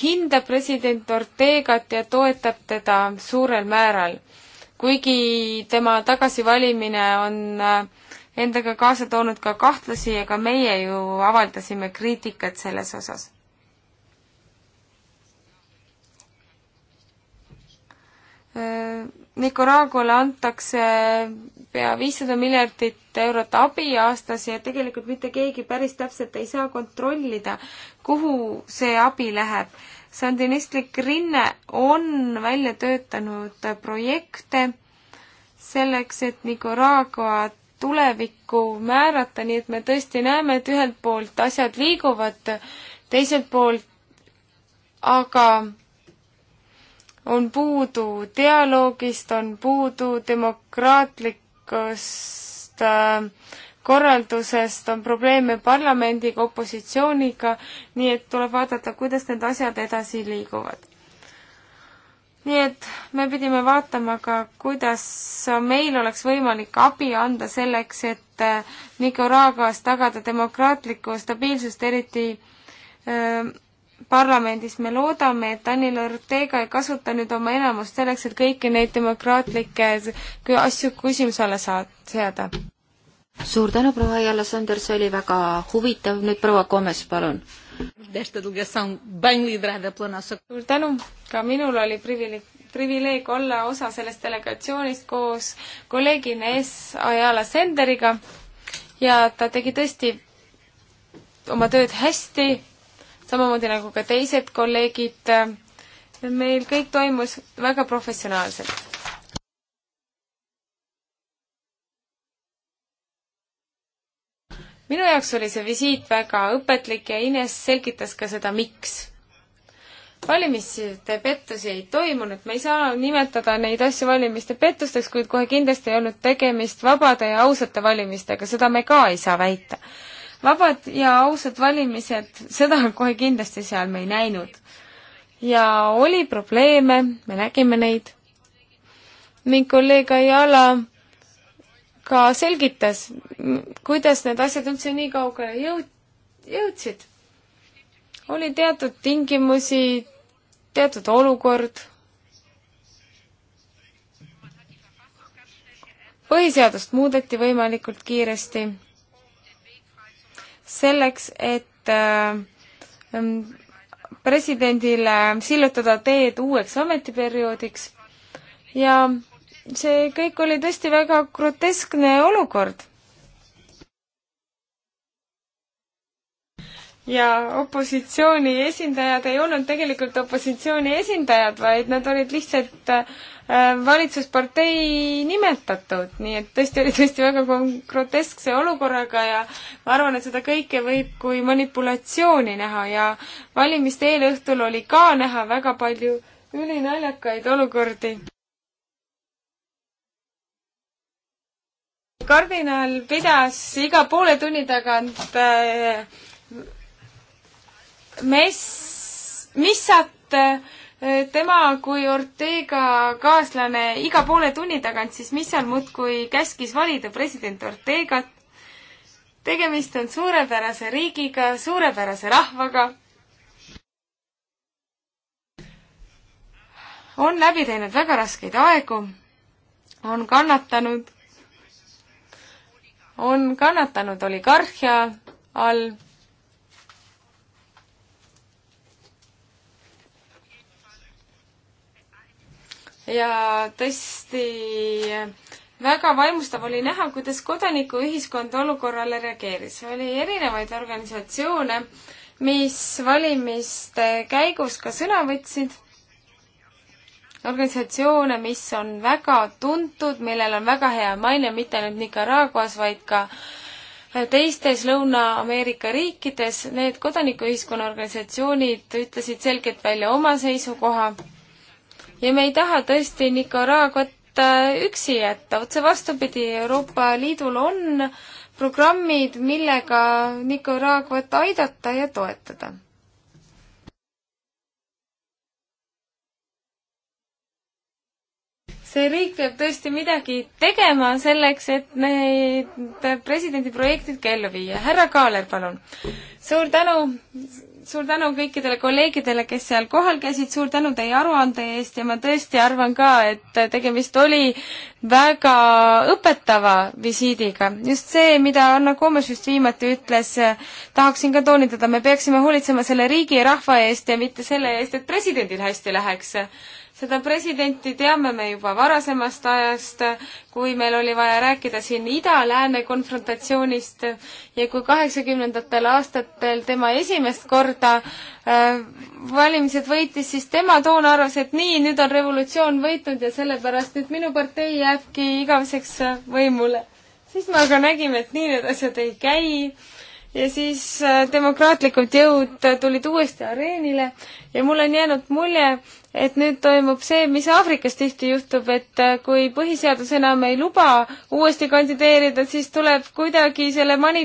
hindab president Ortegat ja toetab teda suurel määral, kuigi tema tagasivalimine on äh, endaga kaasa toonud ka kahtlusi ja ka meie ju avaldasime kriitikat selles osas Äh, Nicaraguale antakse pea viissada miljardit eurot abi aastas ja tegelikult mitte keegi päris täpselt ei saa kontrollida, kuhu see abi läheb. sandinistlik rinne on välja töötanud projekte selleks, et Nicaragua tulevikku määrata, nii et me tõesti näeme, et ühelt poolt asjad liiguvad, teiselt poolt aga on puudu dialoogist, on puudu demokraatlikust äh, korraldusest, on probleeme parlamendiga, opositsiooniga, nii et tuleb vaadata, kuidas need asjad edasi liiguvad. nii et me pidime vaatama ka, kuidas meil oleks võimalik abi anda selleks, et äh, Nicaraguas tagada demokraatlikku stabiilsust, eriti öö, äh, parlamendis, me loodame, et Daniel Ortega ei kasuta nüüd oma enamust selleks, et kõiki neid demokraatlikke asju küsimuse alla saad, seada. suur tänu, proua Jalla Sander, see oli väga huvitav, nüüd proua Komes, palun. suur tänu, ka minul oli privileeg privileeg olla osa sellest delegatsioonist koos kolleegi Nees Ajala Senderiga ja ta tegi tõesti oma tööd hästi samamoodi nagu ka teised kolleegid. Äh, meil kõik toimus väga professionaalselt. minu jaoks oli see visiit väga õpetlik ja Ines selgitas ka seda, miks. valimiste pettusi ei toimunud, me ei saa nimetada neid asju valimiste pettusteks, kuid kohe kindlasti ei olnud tegemist vabade ja ausate valimistega, seda me ka ei saa väita vabad ja ausad valimised, seda *laughs* kohe kindlasti seal me ei näinud. ja oli probleeme, me nägime neid ning kolleeg Ayala ka selgitas, kuidas need asjad üldse nii kaugele jõud-, jõudsid. oli teatud tingimusi, teatud olukord põhiseadust muudeti võimalikult kiiresti selleks, et äh, mm, presidendile sillutada teed uueks ametiperioodiks ja see kõik oli tõesti väga groteskne olukord. ja opositsiooni esindajad ei olnud tegelikult opositsiooni esindajad, vaid nad olid lihtsalt äh, Äh, valitsuspartei nimetatud, nii et tõesti oli tõesti väga groteskse olukorraga ja ma arvan, et seda kõike võib kui manipulatsiooni näha ja valimiste eelõhtul oli ka näha väga palju ülinaljakaid olukordi. kardinal pidas iga poole tunni tagant äh, mess, missat äh, Eh, tema kui Ortega kaaslane iga poole tunni tagant siis mis seal muudkui käskis valida president Ortegat. tegemist on suurepärase riigiga, suurepärase rahvaga. on läbi teinud väga raskeid aegu, on kannatanud, on kannatanud oligarhia all ja tõesti väga vaimustav oli näha, kuidas kodanikuühiskond olukorrale reageeris. oli erinevaid organisatsioone, mis valimiste käigus ka sõna võtsid. organisatsioone, mis on väga tuntud, millel on väga hea maine mitte ainult Nicaraguas, vaid ka teistes Lõuna-Ameerika riikides. Need kodanikuühiskonna organisatsioonid ütlesid selgelt välja oma seisukoha ja me ei taha tõesti Nicaraguat äh, üksi jätta, otse vastupidi, Euroopa Liidul on programmid, millega Nicaraguat aidata ja toetada. see riik peab tõesti midagi tegema selleks, et need presidendi projektid ka ellu viia. härra Kaaler, palun. suur tänu suur tänu kõikidele kolleegidele, kes seal kohal käisid, suur tänu teie aruande eest ja ma tõesti arvan ka, et tegemist oli väga õpetava visiidiga. just see, mida Anna Koomes just viimati ütles, tahaksin ka toonitada, me peaksime hoolitsema selle riigi ja rahva eest ja mitte selle eest, et presidendil hästi läheks seda presidenti teame me juba varasemast ajast, kui meil oli vaja rääkida siin ida-lääne konfrontatsioonist ja kui kaheksakümnendatel aastatel tema esimest korda äh, valimised võitis, siis tema toona arvas, et nii, nüüd on revolutsioon võitnud ja sellepärast nüüd minu partei jääbki igaveseks võimule. siis me aga nägime, et nii need asjad ei käi ja siis äh, demokraatlikud jõud tulid uuesti areenile ja mul on jäänud mulje, et nüüd toimub see, mis Aafrikas tihti juhtub, et äh, kui põhiseadus enam ei luba uuesti kandideerida, siis tuleb kuidagi selle mani,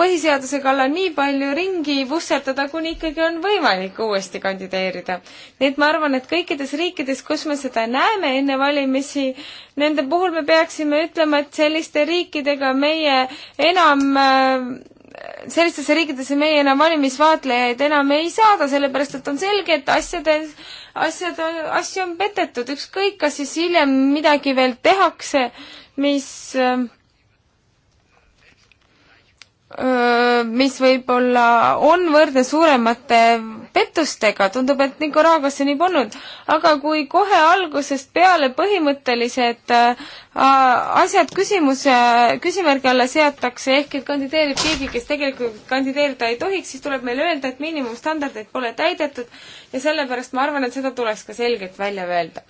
põhiseaduse kallal nii palju ringi vusserdada, kuni ikkagi on võimalik uuesti kandideerida. nii et ma arvan, et kõikides riikides, kus me seda näeme enne valimisi, nende puhul me peaksime ütlema, et selliste riikidega meie enam äh, sellistesse riikidesse meie enam valimisvaatlejaid enam ei saada, sellepärast et on selge, et asjade, asjad, asju on petetud, ükskõik, kas siis hiljem midagi veel tehakse, mis mis võib-olla on võrdne suuremate pettustega, tundub, et Nicaraguasse nii polnud, aga kui kohe algusest peale põhimõttelised äh, asjad küsimuse, äh, küsimärgi alla seatakse, ehk et kandideerib keegi, kes tegelikult kandideerida ei tohiks, siis tuleb meile öelda, et miinimumstandardeid pole täidetud ja sellepärast ma arvan, et seda tuleks ka selgelt välja öelda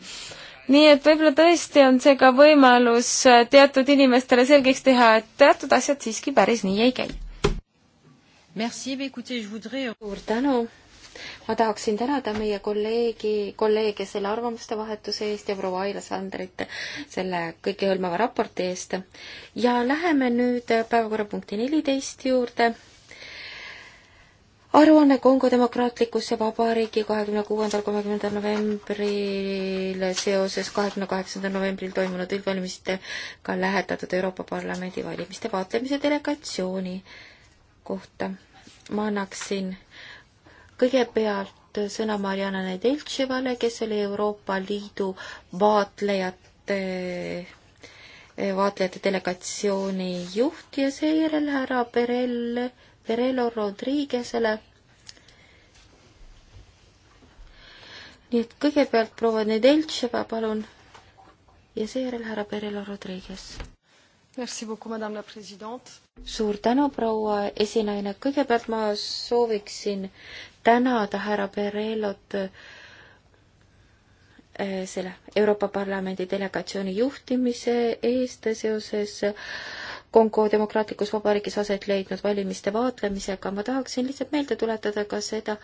nii et võib-olla tõesti on see ka võimalus äh, teatud inimestele selgeks teha, et teatud asjad siiski päris nii ei käi. suur tänu ma tahaksin tänada meie kolleegi, kolleege selle arvamuste vahetuse eest ja proua Aila Sandrit selle kõikehõlmava raporti eest. ja läheme nüüd päevakorrapunkti neliteist juurde. aruanne Kongo Demokraatlikusse Vabariigi kahekümne kuuendal, kolmekümnendal novembril seoses kahekümne kaheksandal novembril toimunud üldvalimistega lähetatud Euroopa Parlamendi valimiste vaatlemise delegatsiooni kohta. ma annaksin kõigepealt sõna Mariana Nedeltševale, kes oli Euroopa Liidu vaatlejate, vaatlejate delegatsiooni juht ja seejärel härra Perel, Perelo Rodriguez'ele. nii et kõigepealt proua Nedeltševa, palun, ja seejärel härra Perelo Rodriguez. Merci beaucoup, madame la présidente suur tänu, proua esinaine, kõigepealt ma sooviksin tänada härra Perellot eh, selle Euroopa Parlamendi delegatsiooni juhtimise eest seoses Kongo demokraatlikus vabariigis aset leidnud valimiste vaatlemisega. ma tahaksin lihtsalt meelde tuletada ka seda,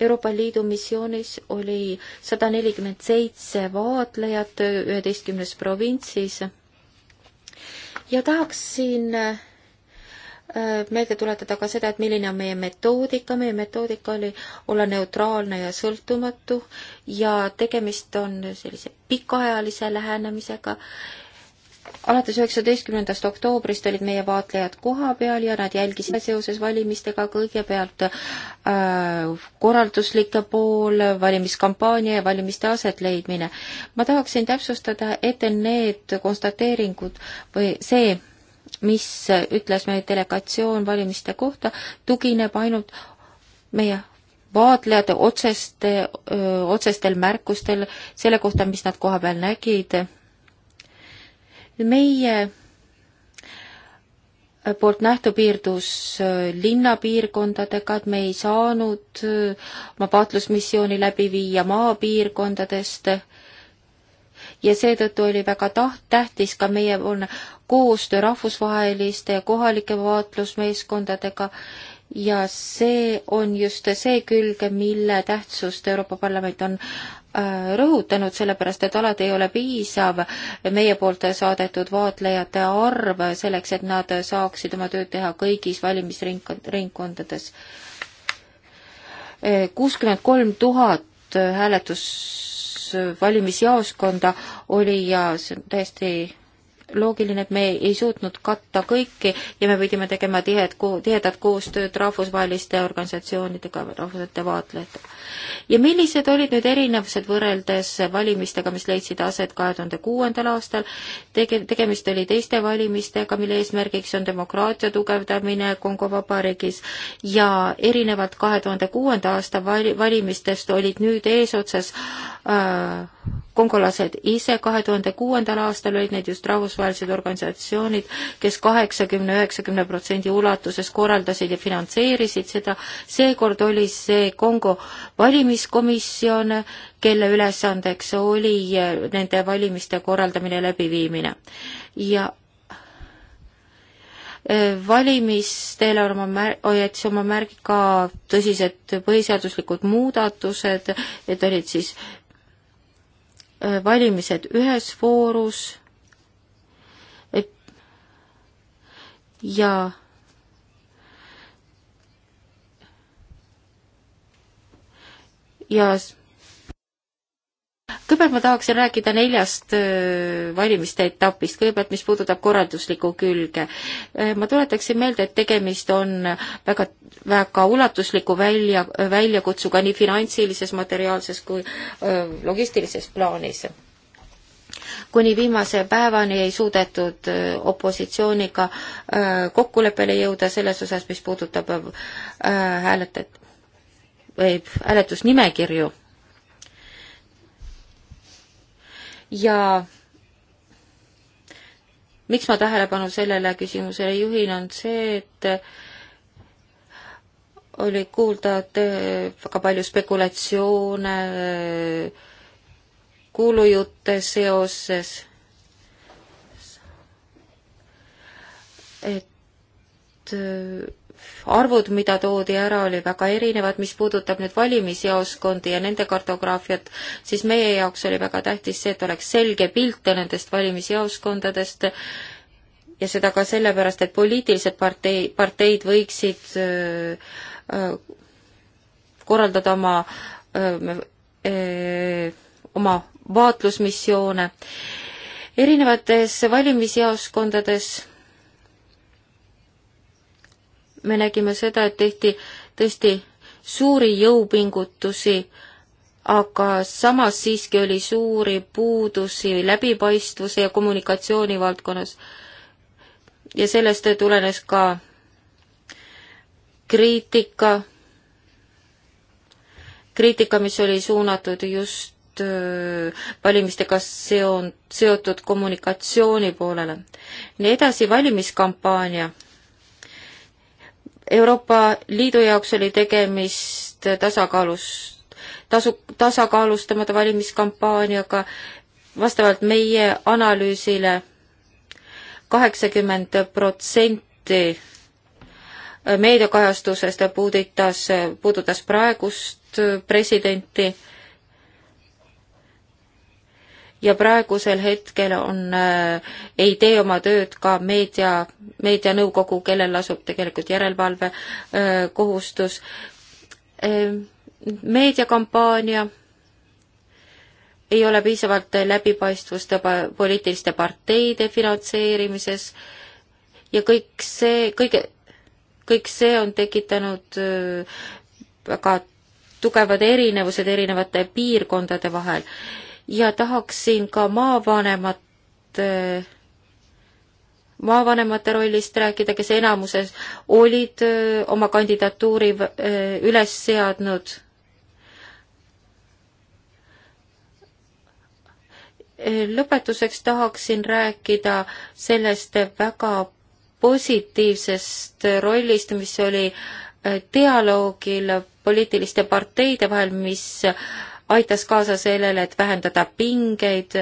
Euroopa Liidu missioonis oli sada nelikümmend seitse vaatlejat üheteistkümnes provintsis ja tahaksin äh, meelde tuletada ka seda, et milline on meie metoodika, meie metoodika oli olla neutraalne ja sõltumatu ja tegemist on sellise pikaajalise lähenemisega alates üheksateistkümnendast oktoobrist olid meie vaatlejad kohapeal ja nad jälgisid seoses valimistega kõigepealt äh, korralduslikke pool, valimiskampaania ja valimiste asetleidmine. ma tahaksin täpsustada, et need konstateeringud või see, mis ütles meie delegatsioon valimiste kohta, tugineb ainult meie vaatlejate otseste, otsestel märkustel selle kohta, mis nad kohapeal nägid meie poolt nähtu piirdus äh, linnapiirkondadega, et me ei saanud äh, oma vaatlusmissiooni läbi viia maapiirkondadest ja seetõttu oli väga taht-, tähtis ka meiepoolne koostöö rahvusvaheliste ja kohalike vaatlusmeeskondadega ja see on just see külg, mille tähtsust Euroopa Parlament on Äh, rõhutanud, sellepärast et alati ei ole piisav meie poolt saadetud vaatlejate arv selleks, et nad saaksid oma tööd teha kõigis valimisringkondades. kuuskümmend kolm tuhat hääletus valimisjaoskonda oli ja see on täiesti loogiline, et me ei suutnud katta kõiki ja me pidime tegema tihed, tihedat koostööd rahvusvaheliste organisatsioonidega, rahvusvaheliste vaatlejatega. ja millised olid nüüd erinevused võrreldes valimistega, mis leidsid aset kahe tuhande kuuendal aastal, tege-, tegemist oli teiste valimistega, mille eesmärgiks on demokraatia tugevdamine Kongo Vabariigis ja erinevalt kahe tuhande kuuenda aasta vali-, valimistest olid nüüd eesotsas äh, Äh, kongolased ise, kahe tuhande kuuendal aastal olid need just rahvusvahelised organisatsioonid kes, kes kaheksakümne, üheksakümne protsendi ulatuses korraldasid ja finantseerisid seda, seekord oli see Kongo valimiskomisjon, kelle ülesandeks oli äh, nende valimiste korraldamine ja läbiviimine. ja äh, valimistele on oma mär-, jättis oma märgi ka tõsised põhiseaduslikud muudatused, et olid siis Äh, valimised ühes voorus ja ja kõigepealt ma tahaksin rääkida neljast valimiste etapist, kõigepealt mis puudutab korralduslikku külge. ma tuletaksin meelde, et tegemist on väga, väga ulatusliku välja, väljakutsuga nii finantsilises, materiaalses kui logistilises plaanis kuni viimase päevani ei suudetud opositsiooniga kokkuleppele jõuda selles osas, mis puudutab hääletajat või hääletusnimekirju ja miks ma tähelepanu sellele küsimusele juhin, on see, et oli kuulda äh, väga palju spekulatsioone, äh, kuulujutte seoses, et äh, arvud, mida toodi ära, oli väga erinevad, mis puudutab nüüd valimisjaoskondi ja nende kartograafiat, siis meie jaoks oli väga tähtis see, et oleks selge pilt nendest valimisjaoskondadest ja seda ka sellepärast, et poliitilised partei, parteid võiksid öö, öö, korraldada oma öö, öö, oma vaatlusmissioone. erinevates valimisjaoskondades me nägime seda, et tehti tõesti suuri jõupingutusi, aga samas siiski oli suuri puudusi läbipaistvuse ja kommunikatsiooni valdkonnas. ja sellest tulenes ka kriitika, kriitika, mis oli suunatud just äh, valimistega seon-, seotud kommunikatsiooni poolele. nii edasi, valimiskampaania Euroopa Liidu jaoks oli tegemist tasakaalus, tasu, tasakaalustamata valimiskampaaniaga vastavalt meie analüüsile kaheksakümmend protsenti meediakajastusest puudutas, puudutas praegust presidenti ja praegusel hetkel on äh,, ei tee oma tööd ka meedia, meedianõukogu, kellel lasub tegelikult järelevalve äh, kohustus äh,. meediakampaania ei ole piisavalt läbipaistvust poliitiliste parteide finantseerimises ja kõik see, kõige, kõik see on tekitanud äh, väga tugevad erinevused erinevate piirkondade vahel ja tahaksin ka maavanemate, maavanemate rollist rääkida, kes enamuses olid oma kandidatuuri üles seadnud. lõpetuseks tahaksin rääkida sellest väga positiivsest rollist, mis oli dialoogil poliitiliste parteide vahel, mis aitas kaasa sellele, et vähendada pingeid,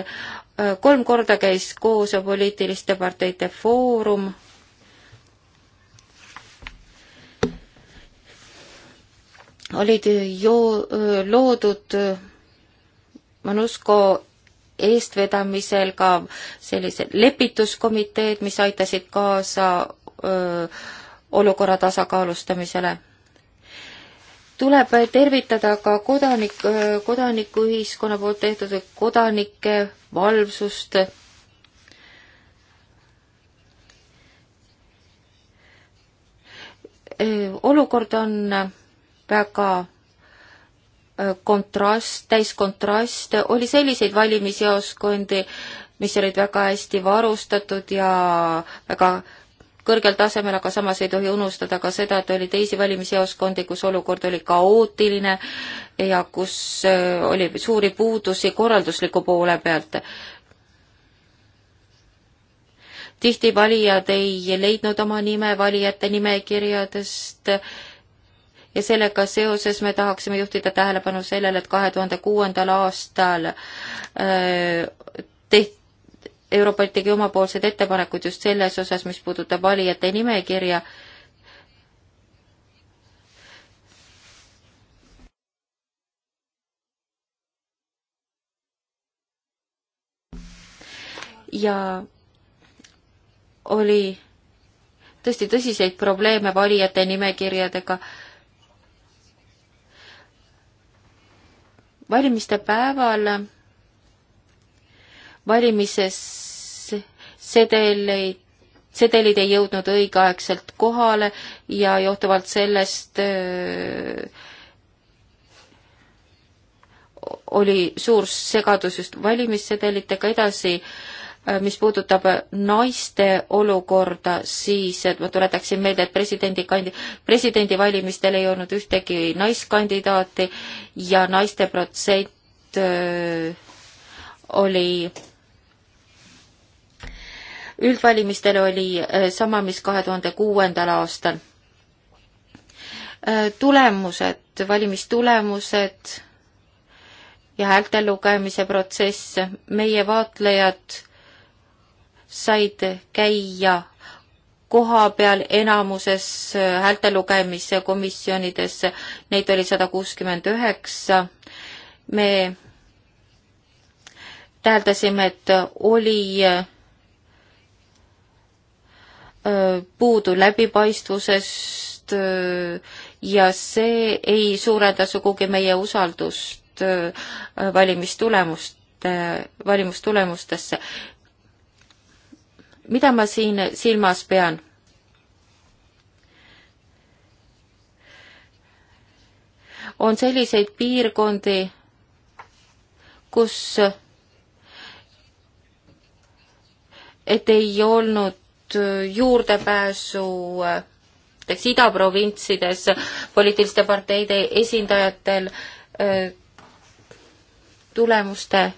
kolm korda käis koos poliitiliste parteide foorum, olid jo-, loodud Manusko eestvedamisel ka sellised lepituskomiteed, mis aitasid kaasa öö, olukorra tasakaalustamisele tuleb tervitada ka kodanik, kodanikuühiskonna poolt tehtud kodanike valvsust. olukord on väga äh, kontrast, täis kontraste, oli selliseid valimisjaoskondi, mis olid väga hästi varustatud ja väga kõrgel tasemel, aga samas ei tohi unustada ka seda, et oli teisi valimisjaoskondi, kus olukord oli kaootiline ja kus äh, oli suuri puudusi korraldusliku poole pealt. tihti valijad ei leidnud oma nime valijate nimekirjadest ja sellega seoses me tahaksime juhtida tähelepanu sellele, et kahe tuhande kuuendal aastal äh, tehti Europol tegi omapoolsed ettepanekud just selles osas, mis puudutab valijate nimekirja. ja oli tõesti tõsiseid probleeme valijate nimekirjadega. valimiste päeval valimises sedeleid, sedelid ei jõudnud õigeaegselt kohale ja johtuvalt sellest öö, oli suur segadus just valimissedelitega edasi. mis puudutab naiste olukorda, siis et ma tuletaksin meelde, et presidendi kandi-, presidendivalimistel ei olnud ühtegi naiskandidaati ja naiste protsent öö, oli üldvalimistel oli äh, sama, mis kahe tuhande kuuendal aastal. Äh, tulemused, valimistulemused ja häälte lugemise protsess, meie vaatlejad said käia koha peal enamuses äh, häälte lugemise komisjonides, neid oli sada kuuskümmend üheksa. me täheldasime, et oli puudu läbipaistvusest ja see ei suurenda sugugi meie usaldust valimistulemuste, valimistulemustesse. mida ma siin silmas pean? on selliseid piirkondi, kus et ei olnud Äh, juurdepääsu äh, näiteks idaprovintsides poliitiliste parteide esindajatel äh, tulemuste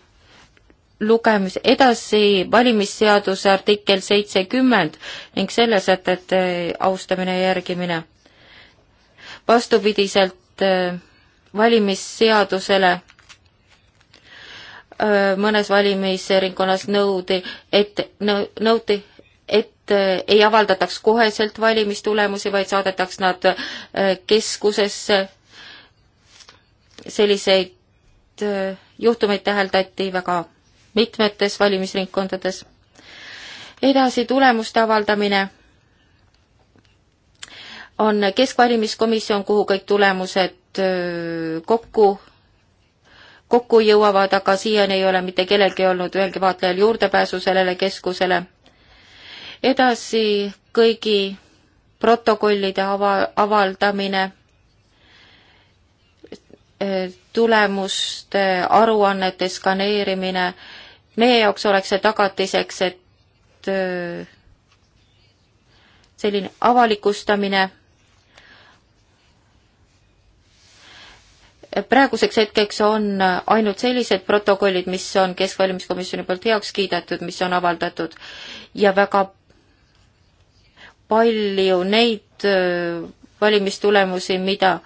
lugemis, edasi valimisseaduse artikkel seitsekümmend ning selle sätete austamine ja järgimine. vastupidiselt valimisseadusele mõnes valimisringkonnas nõudi, et nõuti, Äh, ei avaldataks koheselt valimistulemusi, vaid saadetaks nad äh, keskusesse. selliseid äh, juhtumeid täheldati väga mitmetes valimisringkondades. edasi tulemuste avaldamine on Keskvalimiskomisjon, kuhu kõik tulemused kokku, kokku jõuavad, aga siiani ei ole mitte kellelgi olnud ühelgi vaatlejal juurdepääsu sellele keskusele edasi kõigi protokollide ava, avaldamine, äh, tulemuste aruannete skaneerimine, meie jaoks oleks see tagatiseks, et äh, selline avalikustamine praeguseks hetkeks on ainult sellised protokollid, mis on Keskvalimiskomisjoni poolt heaks kiidetud, mis on avaldatud ja väga palju neid valimistulemusi, mida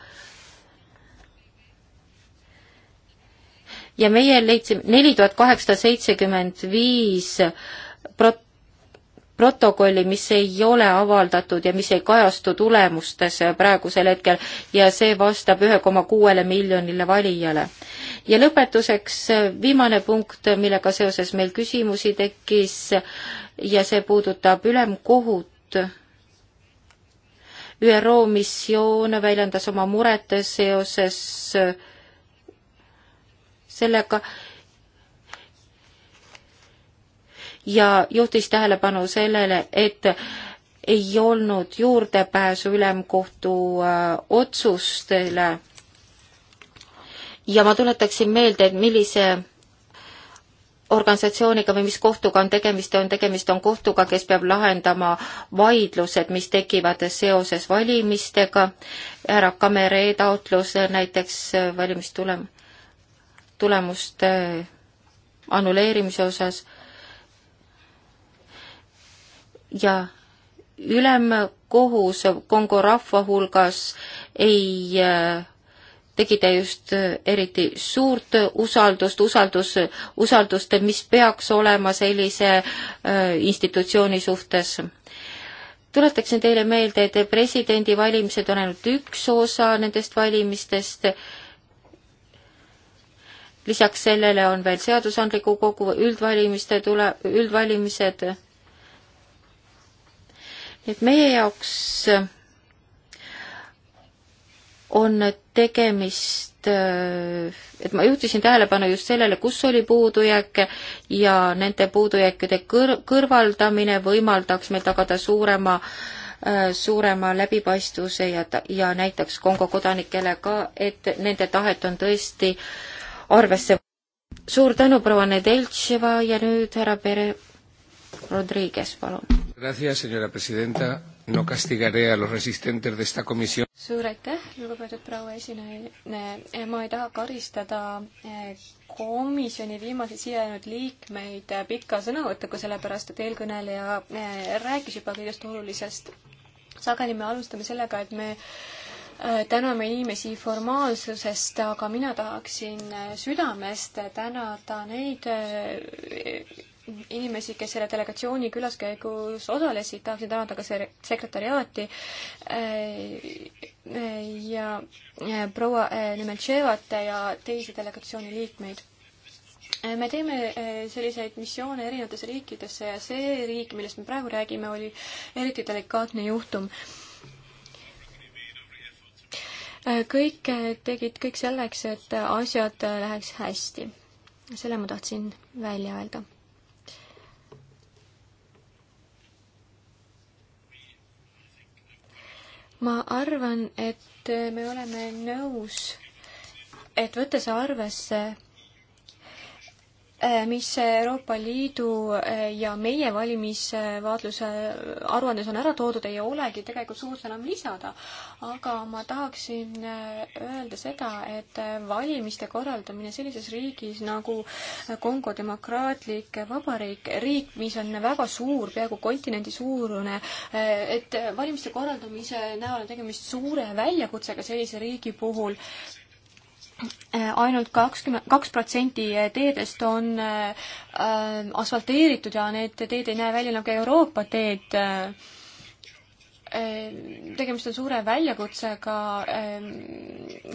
ja meie leidsime neli tuhat kaheksasada seitsekümmend viis prot-, protokolli, mis ei ole avaldatud ja mis ei kajastu tulemustes praegusel hetkel ja see vastab ühe koma kuuele miljonile valijale. ja lõpetuseks viimane punkt, millega seoses meil küsimusi tekkis ja see puudutab ülemkohut ÜRO missioon väljendas oma muret seoses äh, sellega ja juhtis tähelepanu sellele, et ei olnud juurdepääsu ülemkohtu äh, otsustele. ja ma tuletaksin meelde, et millise organisatsiooniga või mis kohtuga on tegemist, on tegemist on kohtuga, kes peab lahendama vaidlused, mis tekivad seoses valimistega, härra Kamere taotlus näiteks äh, valimistulem-, tulemuste äh, annuleerimise osas ja ülemkohus Kongo rahva hulgas ei äh, tegite just äh, eriti suurt usaldust, usaldus, usaldust, mis peaks olema sellise äh, institutsiooni suhtes. tuletaksin teile meelde, et presidendivalimised on ainult üks osa nendest valimistest, lisaks sellele on veel seadusandliku kogu üldvalimiste tule, üldvalimised. et meie jaoks on tegemist, et ma juhtisin tähelepanu just sellele, kus oli puudujääke ja nende puudujääkide kõr-, kõrvaldamine võimaldaks meil tagada suurema, suurema läbipaistvuse ja, ja näitaks Kongo kodanikele ka, et nende tahet on tõesti arvesse suur tänu, proua Nedeltševa ja nüüd härra Pere Rodriguez, palun. Gracias, señora presidenta no castigaré a los resistentes de esta comisión. suur aitäh, lugupeetud proua esineja. ma ei taha karistada eh, komisjoni viimaseid siia jäänud liikmeid eh, pika sõnavõtuga, sellepärast et eelkõneleja eh, rääkis juba kõigest olulisest. sageli me alustame sellega, et me täname inimesi formaalsusest, aga mina tahaksin südamest tänada neid inimesi, kes selle delegatsiooni külaskäigus osalesid, tahaksin tänada ka sekretariaati äh, ja äh, proua äh, Nemetševat ja teisi delegatsiooni liikmeid me teeme selliseid missioone erinevatesse riikidesse ja see riik, millest me praegu räägime, oli eriti delikaatne juhtum. kõik tegid kõik selleks, et asjad läheks hästi. selle ma tahtsin välja öelda. ma arvan, et me oleme nõus, et võttes arvesse Äh, mis Euroopa Liidu äh, ja meie valimisvaatluse aruandes on ära toodud, ei olegi tegelikult suurt enam lisada. aga ma tahaksin äh, öelda seda, et valimiste korraldamine sellises riigis nagu Kongo Demokraatlik Vabariik, riik, mis on väga suur, peaaegu kontinendi suurune, et valimiste korraldamise näol on tegemist suure väljakutsega sellise riigi puhul Äh, ainult kakskümmend, kaks protsenti teedest on äh, asfalteeritud ja need teed ei näe välja nagu Euroopa teed äh, tegemist on suure väljakutsega, äh,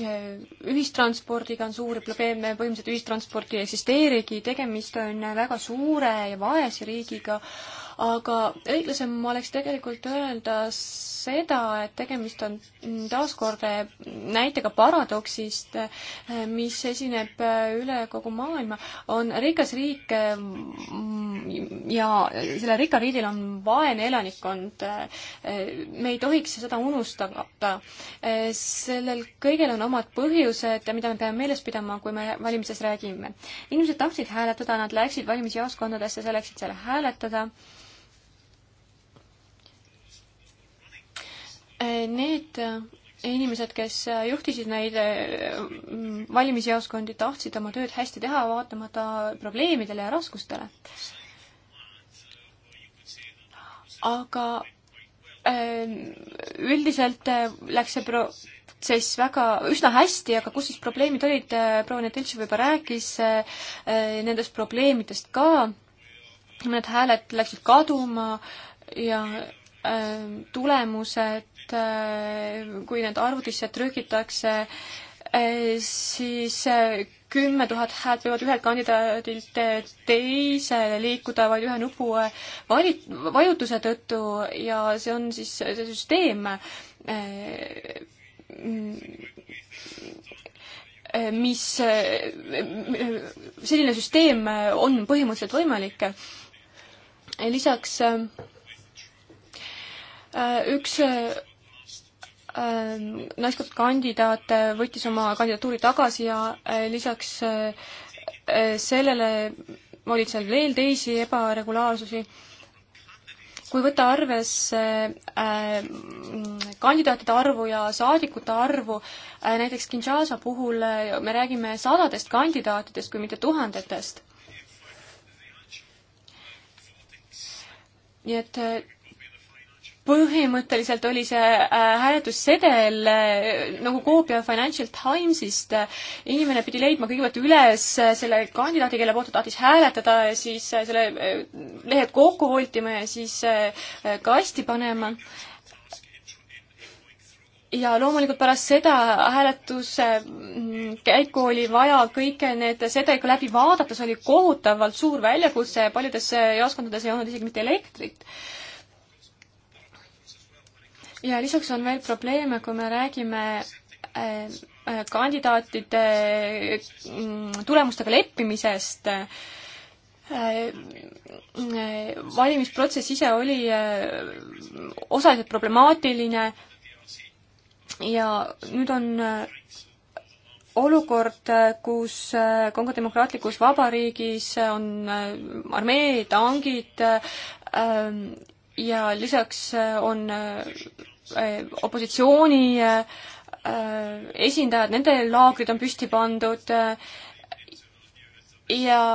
äh, ühistranspordiga on suuri probleeme, põhimõtteliselt ühistransporti ei eksisteerigi, tegemist on väga suure ja vaese riigiga, aga õiglasem oleks tegelikult öelda seda, et tegemist on taaskord näitega paradoksist, mis esineb üle kogu maailma, on rikas riik mm, ja selle rikka riigil on vaene elanikkond. me ei tohiks seda unustada. sellel kõigel on omad põhjused, mida me peame meeles pidama, kui me valimises räägime. inimesed tahtsid hääletada, nad läksid valimisjaoskondadesse selleks, et seal hääletada Äh, need äh, inimesed, kes äh, juhtisid neid valimisjaoskondi, tahtsid oma tööd hästi teha, vaatamata probleemidele ja raskustele. aga ähm, üldiselt läks see protsess väga, üsna hästi, aga kus siis probleemid olid, proua Nedeltšev juba rääkis nendest probleemidest ka, mõned hääled läksid kaduma ja Ähm, tulemused, äh, kui need arvutisse trükitakse, äh, siis äh, kümme tuhat häält võivad ühelt kandidaadilt teisele liikuda vaid ühe nupu valit-, vajutuse tõttu ja see on siis see süsteem, mm, mis, selline süsteem on põhimõtteliselt võimalik. lisaks Äh, üks äh, naiskond-kandidaat äh, võttis oma kandidatuuri tagasi ja lisaks sellele oli seal veel teisi ebaregulaarsusi. kui võtta arvesse äh, kandidaatide arvu ja saadikute arvu äh,, näiteks Kinshasa puhul äh, me räägime sadadest kandidaatidest, kui mitte tuhandetest. nii et äh, põhimõtteliselt oli see äh, hääletussedel äh, nagu koopia Financial Timesist. Äh, inimene pidi leidma kõigepealt üles selle kandidaadi, kelle poolt ta tahtis hääletada ja siis selle lehed kokku voltima ja siis kasti panema ja loomulikult pärast seda hääletuse mm, käiku oli vaja kõik need sedelikud läbi vaadata, see oli kohutavalt suur väljakutse ja paljudes jaoskondades ei olnud isegi mitte elektrit ja lisaks on veel probleeme, kui me räägime äh, äh, kandidaatide mm, tulemustega leppimisest. Äh, valimisprotsess ise oli osaliselt problemaatiline ja nüüd on olukord, kus Kongo demokraatlikus vabariigis on armee, tangid ja lisaks äh, on äh, opositsiooni äh, esindajad, nende laagrid on püsti pandud ja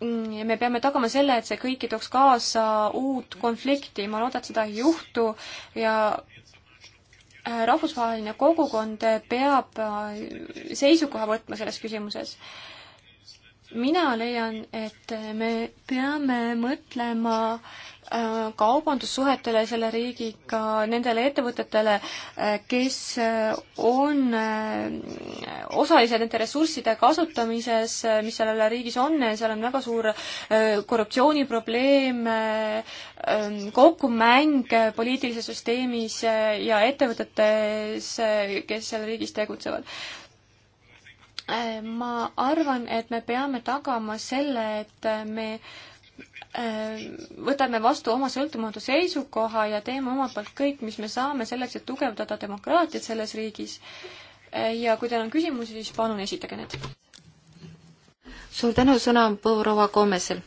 mm, ja me peame tagama selle, et see kõik ei tooks kaasa uut konflikti, ma loodan, et seda ei juhtu ja rahvusvaheline kogukond peab seisukoha võtma selles küsimuses. mina leian, et me peame mõtlema äh, kaubandussuhetele selle riigiga, nendele ettevõtetele, kes on osalised nende ressursside kasutamises, mis sellel riigis on, seal on väga suur äh, korruptsiooniprobleem, äh, kokkumäng poliitilises süsteemis ja ettevõtetes, kes seal riigis tegutsevad äh, ma arvan, et me peame tagama selle, et me äh, Äh, võtame vastu oma sõltumatu seisukoha ja teeme omalt poolt kõik, mis me saame selleks, et tugevdada demokraatiat selles riigis. Äh, ja kui teil on küsimusi, siis palun esitage need. suur tänu, sõna on proua Koomesel.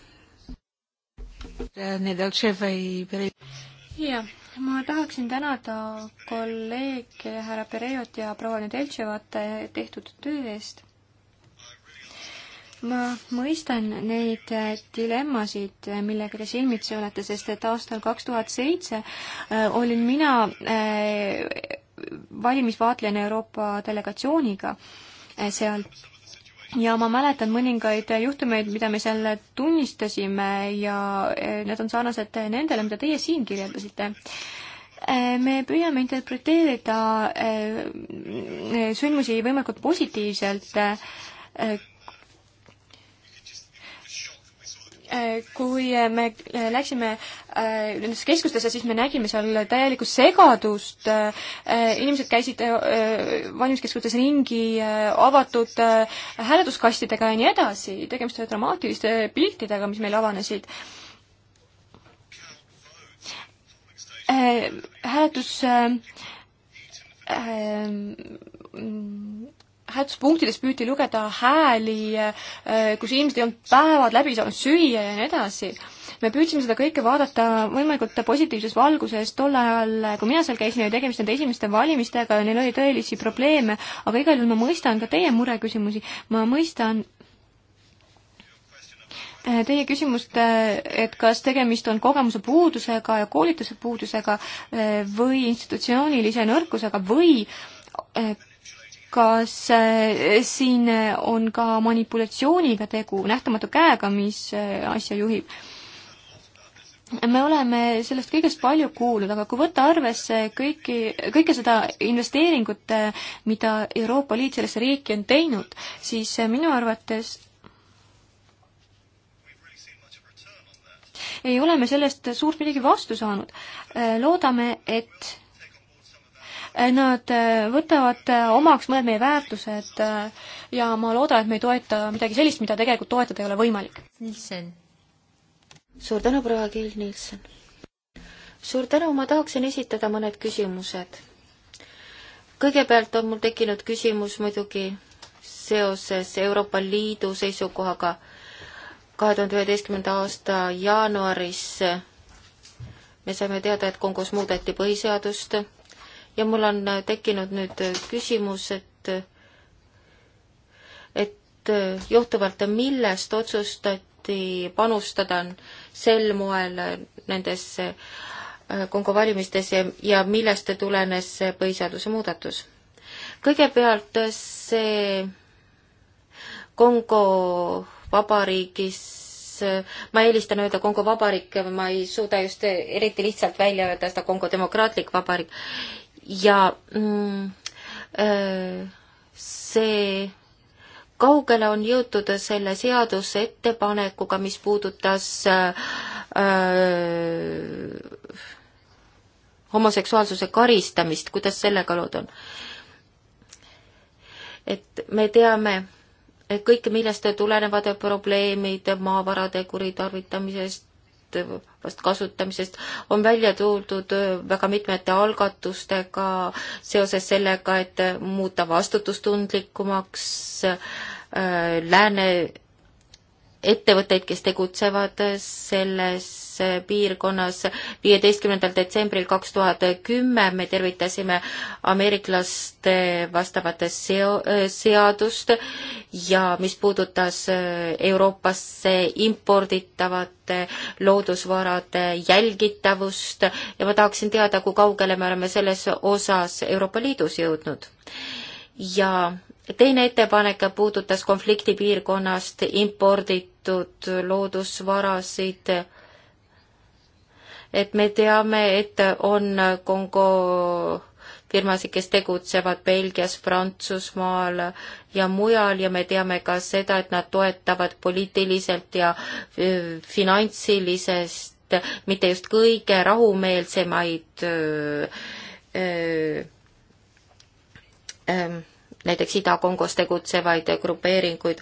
jah, ma tahaksin tänada kolleeg härra Perejot ja proua Nedeltševat äh, tehtud töö eest ma mõistan neid äh, dilemmasid, äh, millega te silmitsi olete, sest et aastal kaks tuhat seitse äh, olin mina valimisvaatlejana Euroopa delegatsiooniga seal ja ma mäletan mõningaid juhtumeid, mida me seal tunnistasime ja need on sarnased nendele, mida teie siin kirjeldasite. me püüame interpreteerida mm, sündmusi võimalikult positiivselt Äh, kui äh, me äh, läksime nendesse keskustesse, siis me nägime seal täielikku segadust, inimesed käisid valimiskeskustes ringi avatud hääletuskastidega ja nii edasi, tegemist oli dramaatiliste piltidega, mis meil avanesid hääletus äh, äh, hääletuspunktides püüti lugeda hääli, äh, kus inimesed ei olnud päevad läbi saanud süüa ja nii edasi. me püüdsime seda kõike vaadata võimalikult positiivses valguses, tol ajal, kui mina seal käisin, oli tegemist nende esimeste valimistega ja neil oli tõelisi probleeme, aga igal juhul ma mõistan ka teie mureküsimusi, ma mõistan äh, Teie küsimust, äh, et kas tegemist on kogemuse puudusega ja koolituse puudusega või institutsioonilise nõrkusega või kas eh, siin eh, on ka manipulatsiooniga tegu, nähtamatu käega, mis eh, asja juhib? me oleme sellest kõigest palju kuulnud, aga kui võtta arvesse kõiki, kõike seda investeeringut, mida Euroopa Liit sellesse riiki on teinud, siis minu arvates ei ole me sellest suurt midagi vastu saanud. loodame, et Eh, nad eh, võtavad eh, omaks mõned meie väärtused ja ma loodan, et me ei toeta midagi sellist, mida tegelikult toetada ei ole võimalik. suur tänu, proua Kiil Nilsson. suur tänu, ma tahaksin esitada mõned küsimused. kõigepealt on mul tekkinud küsimus muidugi seoses Euroopa Liidu seisukohaga kahe tuhande üheteistkümnenda aasta jaanuaris me saime teada, et Kongos muudeti põhiseadust ja mul on äh, tekkinud nüüd äh, küsimus, et, et äh, johtuvalt millest otsustati panustada sel moel nendesse Kongo valimistes ja, ja millest tulenes see põhiseaduse muudatus? kõigepealt see Kongo vabariigis, ma eelistan öelda Kongo vabariik, ma ei suuda just eriti lihtsalt välja öelda seda Kongo demokraatlik vabariik, ja mm, öö, äh, see kaugele on jõutud selle seaduse ettepanekuga, mis puudutas öö, äh, äh, homoseksuaalsuse karistamist, kuidas sellega lood on? et me teame kõike, millest tulenevad probleemid maavarade kuritarvitamisest, vast kasutamisest, on välja tuldud äh, väga mitmete algatustega seoses sellega, et muuta vastutustundlikumaks äh, lääne ettevõtteid, kes tegutsevad selles piirkonnas. viieteistkümnendal detsembril kaks tuhat kümme me tervitasime ameeriklaste vastavat seo-, seadust ja mis puudutas Euroopasse imporditavate loodusvarade jälgitavust ja ma tahaksin teada, kui kaugele me oleme selles osas Euroopa Liidus jõudnud. ja teine ettepanek puudutas konfliktipiirkonnast impordit teatud loodusvarasid. et me teame, et on Kongo firmasid, kes tegutsevad Belgias, Prantsusmaal ja mujal ja me teame ka seda, et nad toetavad poliitiliselt ja finantsilisest, mitte just kõige rahumeelsemaid öö, öö, öö näiteks Ida-Kongos tegutsevaid grupeeringuid.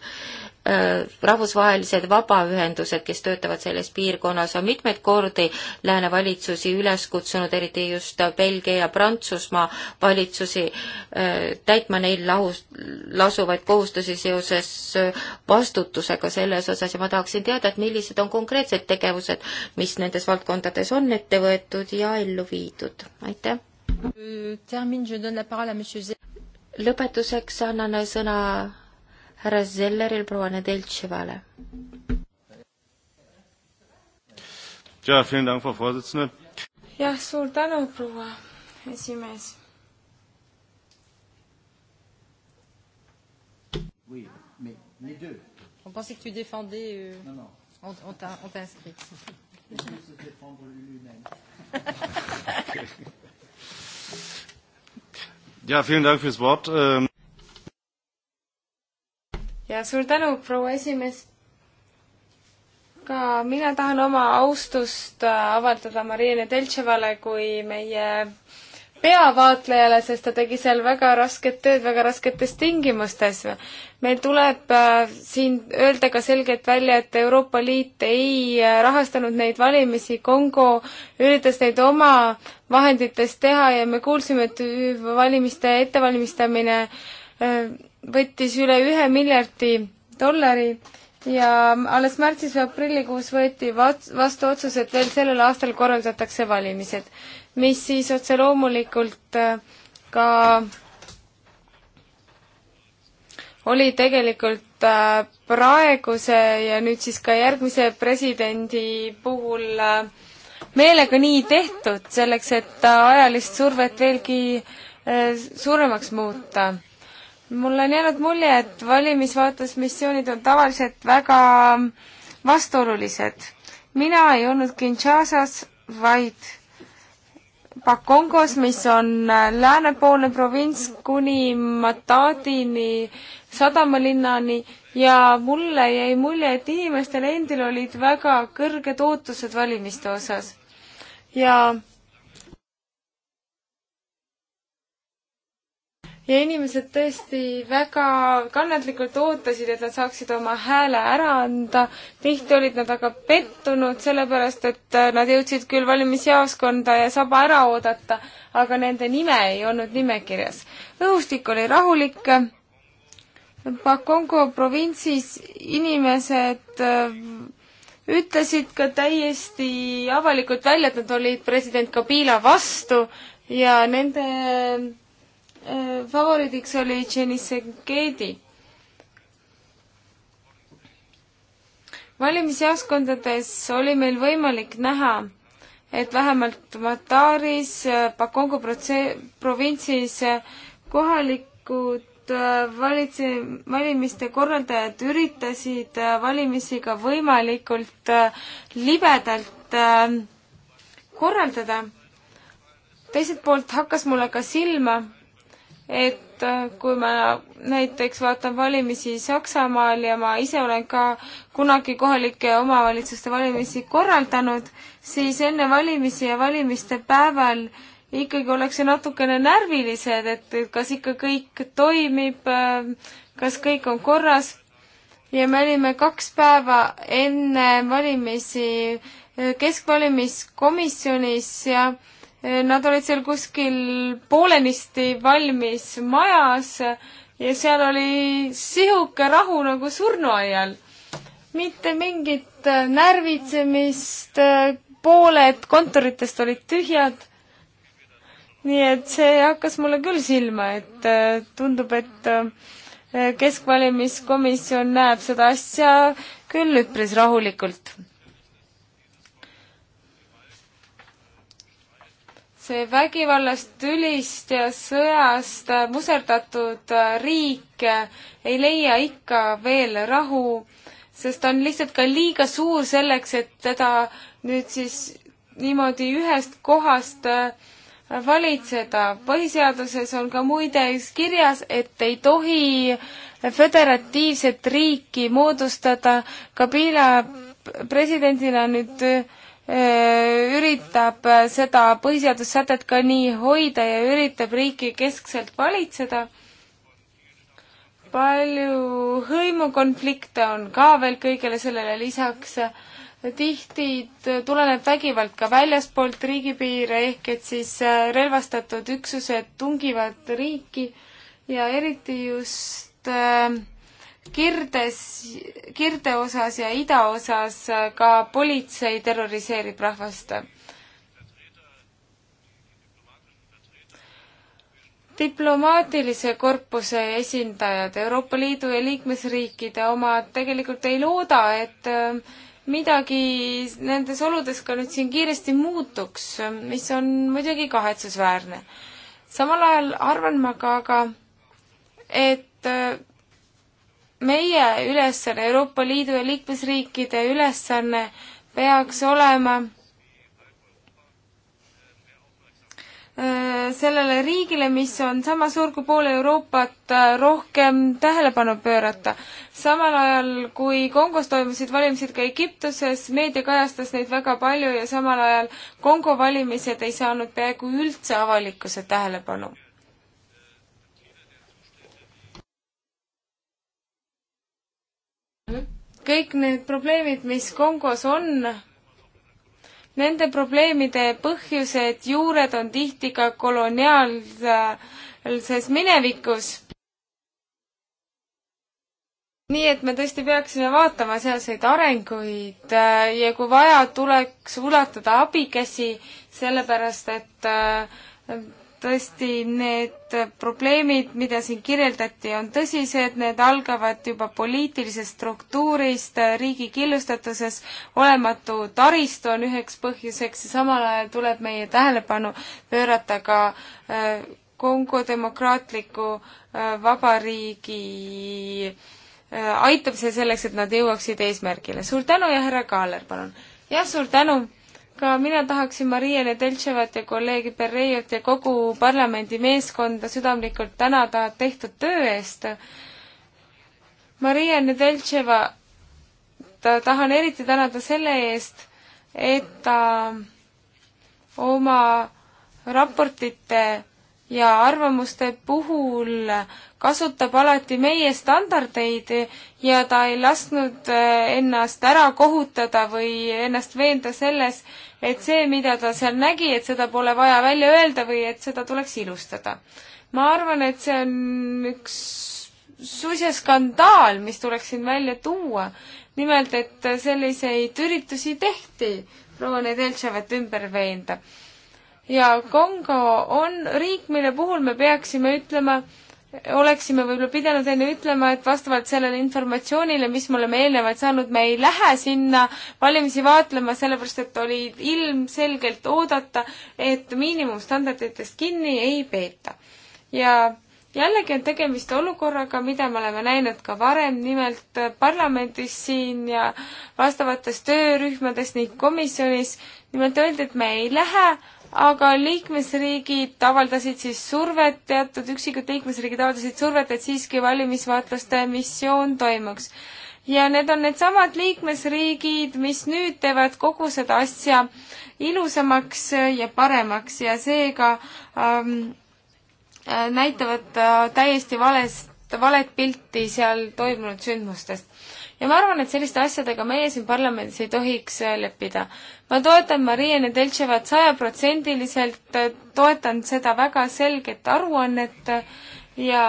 Äh, rahvusvahelised vabaühendused, kes töötavad selles piirkonnas, on mitmeid kordi lääne valitsusi üles kutsunud, eriti just Belgia ja Prantsusmaa valitsusi, äh, täitma neil lahus, lasuvaid kohustusi seoses äh, vastutusega selles osas ja ma tahaksin teada, et millised on konkreetsed tegevused, mis nendes valdkondades on ette võetud ja ellu viidud, aitäh! Euh, lõpetuseks annan sõna härra Zelleril, proua Nedeltševale. jah, suur tänu, proua esimees. Oui, mais les deux. On pensait que tu défendais. Euh... Non, non. On, on t'a inscrit. Il peut se défendre lui-même. *laughs* Ja, vielen Dank fürs Wort. Ähm ja suur tänu, proua esimees. ka mina tahan oma austust äh, avaldada Marianne Deltševale kui meie peavaatlejale, sest ta tegi seal väga rasket tööd väga rasketes tingimustes. meil tuleb äh, siin öelda ka selgelt välja, et Euroopa Liit ei äh, rahastanud neid valimisi, Kongo üritas neid oma vahenditest teha ja me kuulsime, et valimiste ettevalmistamine võttis üle ühe miljardi dollari ja alles märtsis või aprillikuus võeti vastu otsus, et veel sellel aastal korraldatakse valimised, mis siis otse loomulikult äh, ka oli tegelikult äh, praeguse ja nüüd siis ka järgmise presidendi puhul äh, meelega nii tehtud, selleks et ajalist survet veelgi suuremaks muuta mul on jäänud mulje, et valimisvaatlusmissioonid on tavaliselt väga vastuolulised. mina ei olnud Kinshasas, vaid Pakongos, mis on äh, läänepoolne provints kuni Matadini sadamalinnani ja mulle jäi mulje, et inimestel endil olid väga kõrged ootused valimiste osas. ja ja inimesed tõesti väga kannatlikult ootasid, et nad saaksid oma hääle ära anda. tihti olid nad aga pettunud, sellepärast et äh, nad jõudsid küll valimisjaoskonda ja saba ära oodata, aga nende nime ei olnud nimekirjas. õhustik oli rahulik. Bakongo provintsis inimesed äh, ütlesid ka täiesti avalikult välja, et nad olid president Kabila vastu ja nende Äh, favoriidiks oli Tšenissenkedi. valimisjaoskondades oli meil võimalik näha, et vähemalt Mataris, äh, Pakongo protse-, provintsis äh, kohalikud valitse-, valimiste korraldajad üritasid valimisi ka võimalikult libedalt korraldada. teiselt poolt hakkas mulle ka silma, et äh, kui ma näiteks vaatan valimisi Saksamaal ja ma ise olen ka kunagi kohalike omavalitsuste valimisi korraldanud, siis enne valimisi ja valimiste päeval ikkagi ollakse natukene närvilised, et kas ikka kõik toimib, äh, kas kõik on korras. ja me olime kaks päeva enne valimisi äh, keskvalimiskomisjonis ja äh, Nad olid seal kuskil poolenisti valmis majas ja seal oli sihuke rahu nagu surnuaial. mitte mingit äh, närvitsemist, äh, pooled kontoritest olid tühjad. nii et see hakkas mulle küll silma, et äh, tundub, et keskvalimiskomisjon näeb seda asja küll üpris rahulikult see vägivallast, tülist ja sõjast muserdatud riik ei leia ikka veel rahu, sest ta on lihtsalt ka liiga suur selleks, et teda nüüd siis niimoodi ühest kohast valitseda. põhiseaduses on ka muide kirjas, et ei tohi föderatiivset riiki moodustada. Kabila presidendina nüüd Äh, üritab seda põhiseadussätet ka nii hoida ja üritab riiki keskselt valitseda. palju hõimukonflikte on ka veel kõigele sellele lisaks. tihti tuleneb vägivald ka väljaspoolt riigipiire, ehk et siis relvastatud üksused tungivad riiki ja eriti just äh, kirdes, kirde osas ja ida osas ka politsei terroriseerib rahvast. diplomaatilise korpuse esindajad, Euroopa Liidu ja liikmesriikide omad tegelikult ei looda, et ähm, midagi nendes oludes ka nüüd siin kiiresti muutuks, mis on muidugi kahetsusväärne. samal ajal arvan ma ka aga, et äh, meie ülesanne, Euroopa Liidu ja liikmesriikide ülesanne peaks olema äh, sellele riigile, mis on sama suur kui pool Euroopat, äh, rohkem tähelepanu pöörata. samal ajal, kui Kongos toimusid valimised ka Egiptuses, meedia kajastas neid väga palju ja samal ajal Kongo valimised ei saanud peaaegu üldse avalikkuse tähelepanu. kõik need probleemid, mis Kongos on, nende probleemide põhjused, juured on tihti ka koloniaalses minevikus. nii et me tõesti peaksime vaatama sealseid arenguid äh, ja kui vaja, tuleks ulatada abikäsi, sellepärast et äh, tõesti need probleemid, mida siin kirjeldati, on tõsised, need algavad juba poliitilisest struktuurist, riigi killustatuses, olematu taristu on üheks põhjuseks ja samal ajal tuleb meie tähelepanu pöörata ka äh, Kongo demokraatliku äh, vabariigi äh, aitamisele selleks, et nad jõuaksid eesmärgile. suur tänu ja härra Kaaler, palun! jah, suur tänu! ka mina tahaksin Maria Nedeltševat ja kolleegi Perreiot ja kogu parlamendi meeskonda südamlikult tänada tehtud töö eest. Maria Nedeltševa, ta, tahan eriti tänada selle eest, et ta oma raportite ja arvamuste puhul kasutab alati meie standardeid ja ta ei lasknud eh, ennast ära kohutada või ennast veenda selles, et see, mida ta seal nägi, et seda pole vaja välja öelda või et seda tuleks ilustada. ma arvan, et see on üks suisa skandaal, mis tuleks siin välja tuua. nimelt, et selliseid üritusi tehti proua Nedeltševat ümber veenda ja Kongo on riik, mille puhul me peaksime ütlema, oleksime võib-olla pidanud enne ütlema, et vastavalt sellele informatsioonile, mis me oleme eelnevalt saanud, me ei lähe sinna valimisi vaatlema, sellepärast et oli ilmselgelt oodata, et miinimumstandarditest kinni ei peeta. ja jällegi on tegemist olukorraga, mida me oleme näinud ka varem, nimelt parlamendis siin ja vastavates töörühmades ning komisjonis. nimelt öeldi, et me ei lähe aga liikmesriigid avaldasid siis survet, teatud üksikud liikmesriigid avaldasid survet, et siiski valimisvaatluste missioon toimuks. ja need on needsamad liikmesriigid, mis nüüd teevad kogu seda asja ilusamaks ja paremaks ja seega ähm, äh, näitavad äh, täiesti valest, valet pilti seal toimunud sündmustest ja ma arvan, et selliste asjadega meie siin parlamendis ei tohiks äh, leppida. ma toetan Maria Nedeltševat sajaprotsendiliselt, äh, toetan seda väga selget aruannet äh, ja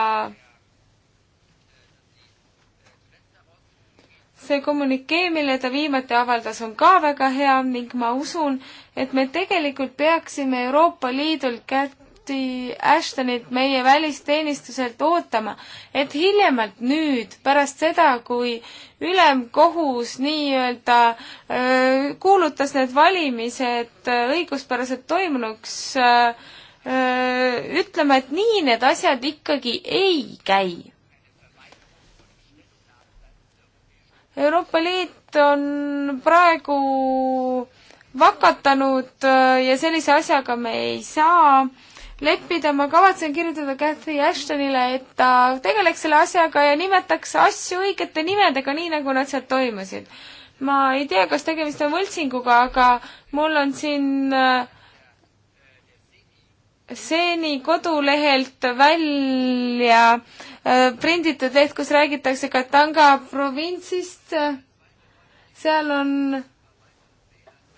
see kommünikee, mille ta viimati avaldas, on ka väga hea ning ma usun, et me tegelikult peaksime Euroopa Liidult kätt Cathy Ashtonit meie välisteenistuselt ootama, et hiljemalt nüüd, pärast seda, kui ülemkohus nii-öelda kuulutas need valimised äh, õiguspäraselt toimunuks, äh, ütlema, et nii need asjad ikkagi ei käi. Euroopa Liit on praegu vakatanud äh, ja sellise asjaga me ei saa leppida, ma kavatsen kirjutada Cathy Ashtonile, et ta tegeleks selle asjaga ja nimetaks asju õigete nimedega, nii nagu nad sealt toimusid. ma ei tea, kas tegemist on võltsinguga, aga mul on siin äh, seeni kodulehelt välja äh, prinditud leht, kus räägitakse Katanga provintsist. seal on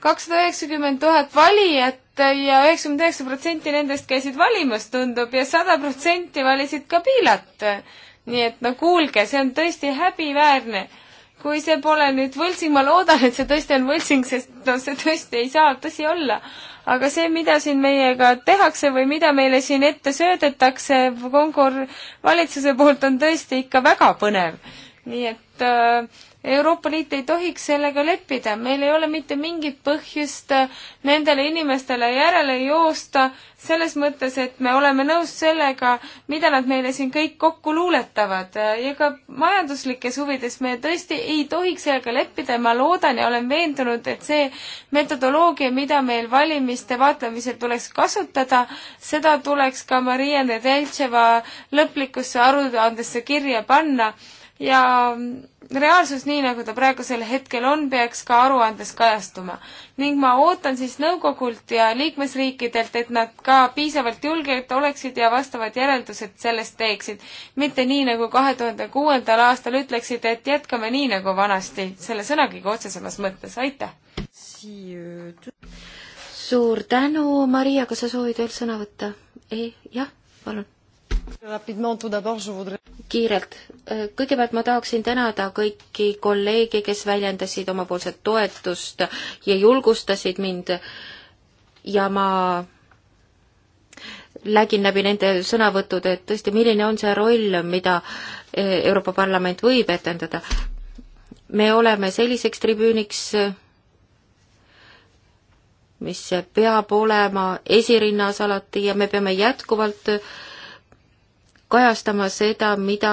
kakssada üheksakümmend tuhat valijat ja üheksakümmend üheksa protsenti nendest käisid valimas, tundub, ja sada protsenti valisid Kabilat. nii et no kuulge, see on tõesti häbiväärne. kui see pole nüüd võltsing, ma loodan, et see tõesti on võltsing, sest no see tõesti ei saa tõsi olla. aga see, mida siin meiega tehakse või mida meile siin ette söödetakse Kongo valitsuse poolt, on tõesti ikka väga põnev. nii et äh, Euroopa Liit ei tohiks sellega leppida, meil ei ole mitte mingit põhjust äh, nendele inimestele järele joosta, selles mõttes, et me oleme nõus sellega, mida nad meile siin kõik kokku luuletavad äh, ja ka majanduslikes huvides me tõesti ei tohiks sellega leppida ja ma loodan ja olen veendunud, et see metodoloogia, mida meil valimiste vaatlemisel tuleks kasutada, seda tuleks ka Maria Nedeltševa lõplikusse aruandesse kirja panna ja reaalsus, nii nagu ta praegusel hetkel on, peaks ka aruandes kajastuma. ning ma ootan siis nõukogult ja liikmesriikidelt, et nad ka piisavalt julged oleksid ja vastavad järeldused sellest teeksid. mitte nii, nagu kahe tuhande kuuendal aastal ütleksid, et jätkame nii nagu vanasti, selle sõnagagi otsesemas mõttes, aitäh! suur tänu, Maria, kas sa soovid veel sõna võtta? ei, jah, palun kiirelt, äh, kõigepealt ma tahaksin tänada kõiki kolleege, kes väljendasid omapoolset toetust ja julgustasid mind ja ma lägin läbi nende sõnavõttude, et tõesti, milline on see roll, mida äh, Euroopa Parlament võib etendada. me oleme selliseks tribüüniks, mis peab olema esirinnas alati ja me peame jätkuvalt äh, kajastama seda, mida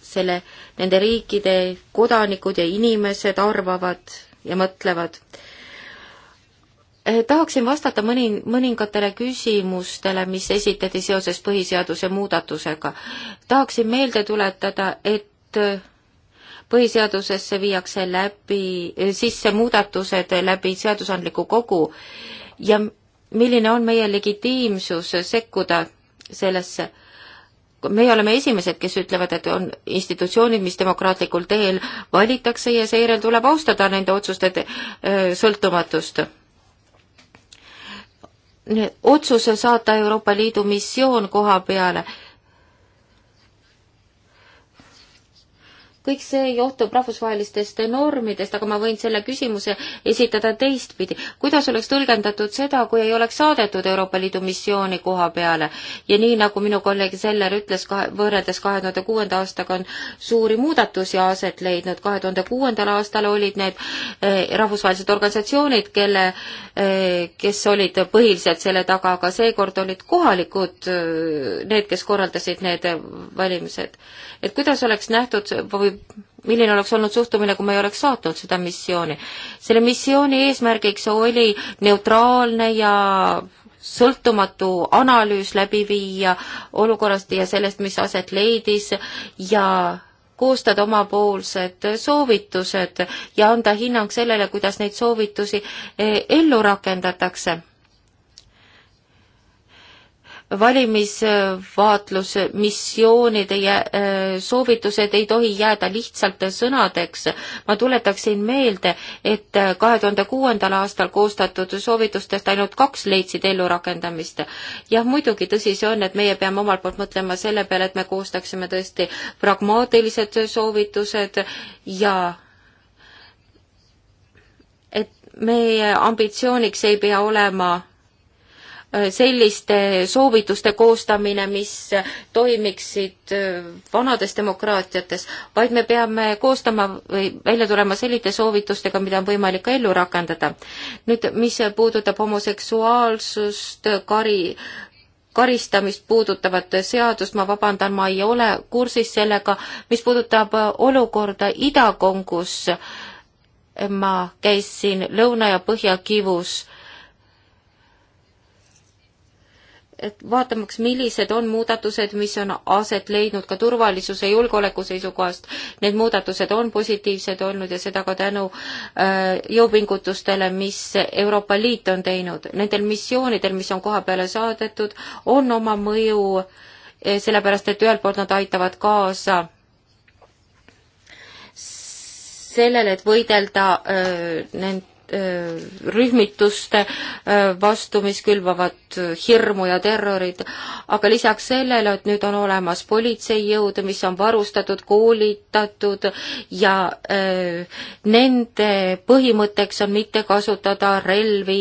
selle, nende riikide kodanikud ja inimesed arvavad ja mõtlevad. Eh, tahaksin vastata mõni, mõningatele küsimustele, mis esitati seoses põhiseaduse muudatusega. tahaksin meelde tuletada, et eh, põhiseadusesse viiakse läbi, eh, sisse muudatused läbi seadusandliku kogu ja milline on meie legitiimsus sekkuda sellesse meie oleme esimesed, kes ütlevad, et on institutsioonid, mis demokraatlikul teel valitakse ja seejärel tuleb austada nende otsuste äh, sõltumatust. otsus saata Euroopa Liidu missioon koha peale kõik see johtub rahvusvahelistest normidest, aga ma võin selle küsimuse esitada teistpidi. kuidas oleks tõlgendatud seda, kui ei oleks saadetud Euroopa Liidu missiooni koha peale ja nii, nagu minu kolleeg Seller ütles, kahe, võrreldes kahe tuhande kuuenda aastaga on suuri muudatusi aset leidnud, kahe tuhande kuuendal aastal olid need eh, rahvusvahelised organisatsioonid, kelle eh,, kes olid põhiliselt selle taga, aga seekord olid kohalikud eh, need, kes korraldasid need valimised. et kuidas oleks nähtud või milline oleks olnud suhtumine, kui me ei oleks saatnud seda missiooni. selle missiooni eesmärgiks oli neutraalne ja sõltumatu analüüs läbi viia olukorrast ja sellest, mis aset leidis ja koostada omapoolsed soovitused ja anda hinnang sellele, kuidas neid soovitusi eh, ellu rakendatakse valimisvaatlusmissioonide äh, soovitused ei tohi jääda lihtsalt sõnadeks. ma tuletaksin meelde, et äh, kahe tuhande kuuendal aastal koostatud soovitustest ainult kaks leidsid ellurakendamist. jah, muidugi tõsi see on, et meie peame omalt poolt mõtlema selle peale, et me koostaksime tõesti pragmaatilised soovitused ja et meie ambitsiooniks ei pea olema selliste soovituste koostamine, mis toimiksid äh, vanades demokraatiates, vaid me peame koostama või välja tulema selliste soovitustega, mida on võimalik ka ellu rakendada. nüüd, mis puudutab homoseksuaalsust, kari, karistamist puudutavat seadust, ma vabandan, ma ei ole kursis sellega, mis puudutab olukorda Ida-Kongus, ma käisin Lõuna- ja Põhja-Kivus äh, et vaatamaks, millised on muudatused, mis on aset leidnud ka turvalisuse, julgeoleku seisukohast, need muudatused on positiivsed olnud ja seda ka tänu äh, jõupingutustele, mis Euroopa Liit on teinud. Nendel missioonidel, mis on koha peale saadetud, on oma mõju, äh, sellepärast et ühelt poolt nad aitavad kaasa sellele, et võidelda äh, nende Äh, rühmituste äh, vastu, mis külvavad äh, hirmu ja terrorit, aga lisaks sellele, et nüüd on olemas politseijõud, mis on varustatud, koolitatud ja nende põhimõtteks on mitte kasutada relvi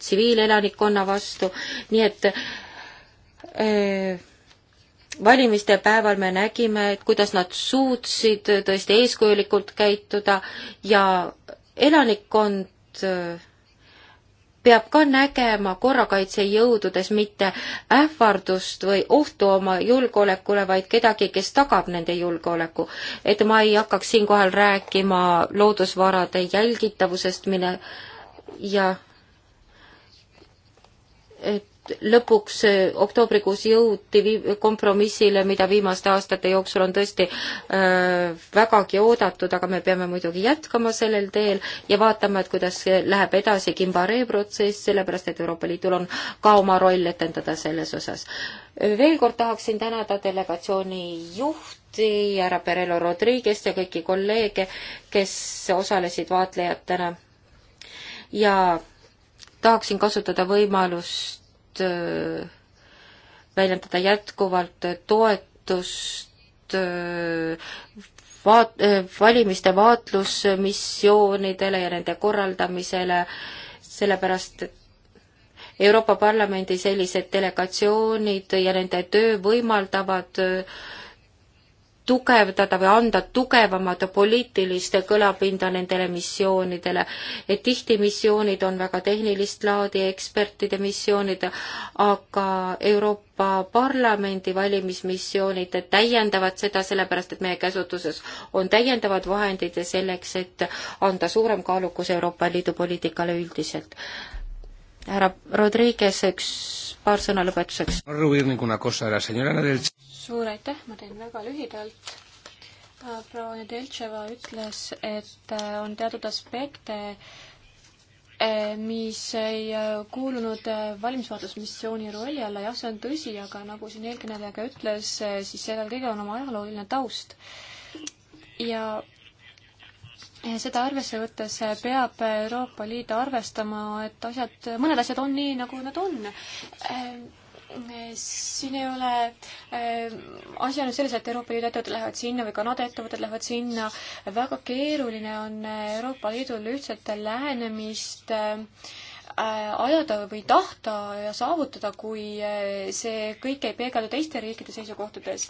tsiviilelanikkonna vastu, nii et valimiste päeval me nägime, et kuidas nad suutsid tõesti eeskujulikult käituda ja elanikkond äh, peab ka nägema korrakaitsejõududes mitte ähvardust või ohtu oma julgeolekule, vaid kedagi, kes tagab nende julgeoleku. et ma ei hakkaks siinkohal rääkima loodusvarade jälgitavusest, mille ja et lõpuks eh, oktoobrikuus jõuti vii-, kompromissile, mida viimaste aastate jooksul on tõesti öö, eh, vägagi oodatud, aga me peame muidugi jätkama sellel teel ja vaatama, et kuidas läheb edasi Gimbaree protsess, sellepärast et Euroopa Liidul on ka oma roll etendada selles osas. veel kord tahaksin tänada delegatsiooni juhti, härra Perelo Rodriguez ja kõiki kolleege, kes osalesid vaatlejatena ja tahaksin kasutada võimalust Äh, väljendada jätkuvalt toetust äh, vaat-, äh, valimiste vaatlusmissioonidele ja nende korraldamisele, sellepärast et Euroopa Parlamendi sellised delegatsioonid ja nende töö võimaldavad äh, tugevdada või anda tugevamat poliitilist kõlapinda nendele missioonidele. et tihti missioonid on väga tehnilist laadi, ekspertide missioonid, aga Euroopa Parlamendi valimismissioonid täiendavad seda, sellepärast et meie käsutuses on täiendavad vahendid ja selleks, et anda suurem kaalukus Euroopa Liidu poliitikale üldiselt. härra Rodriguez, üks paar sõna lõpetuseks. suur aitäh, ma teen väga lühidalt. Äh, proua Nedeltševa ütles, et äh, on teatud aspekte, äh, mis ei kuulunud valimisvaatlusmissiooni rolli alla, jah, see on tõsi, aga nagu siin eelkõneleja ka ütles, siis sellel kõigil on oma ajalooline taust. ja seda arvesse võttes peab Euroopa Liit arvestama, et asjad, mõned asjad on nii, nagu nad on. siin ei ole eh, asi ainult selles, et Euroopa Liidu ettevõtted lähevad sinna või Kanada ettevõtted lähevad sinna. väga keeruline on Euroopa Liidul ühtset lähenemist äh, Äh, ajada või tahta ja saavutada, kui äh, see kõik ei peegeldu teiste riikide seisukohtades.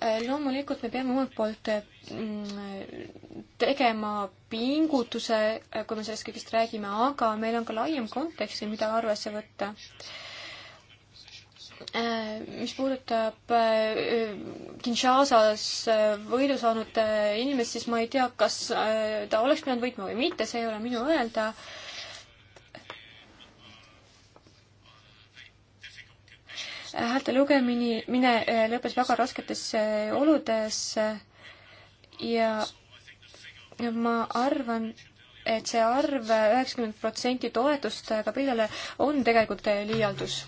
Äh, loomulikult me peame omalt poolt mm, tegema pingutuse, kui me sellest kõigest räägime, aga meil on ka laiem kontekst, mida arvesse võtta mis puudutab Kinshasas võidu saanud inimest, siis ma ei tea, kas ta oleks pidanud võitma või mitte, see ei ole minu öelda. häälte lugemine mine, eh, lõppes väga rasketes eh, oludes ja, eh, ja ma arvan, et see arv üheksakümmend protsenti toetust Gabrielale on tegelikult liialdus.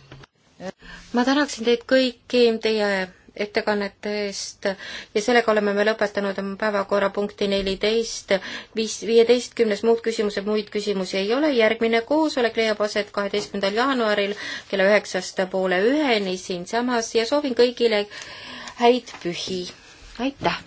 ma tänaksin teid kõiki teie ettekannete eest ja sellega oleme me lõpetanud oma päevakorrapunkti neliteist, viis, viieteistkümnes muud küsimused, muid küsimusi ei ole, järgmine koosolek leiab aset kaheteistkümnendal jaanuaril kella üheksast poole üheni siinsamas ja soovin kõigile häid pühi, aitäh!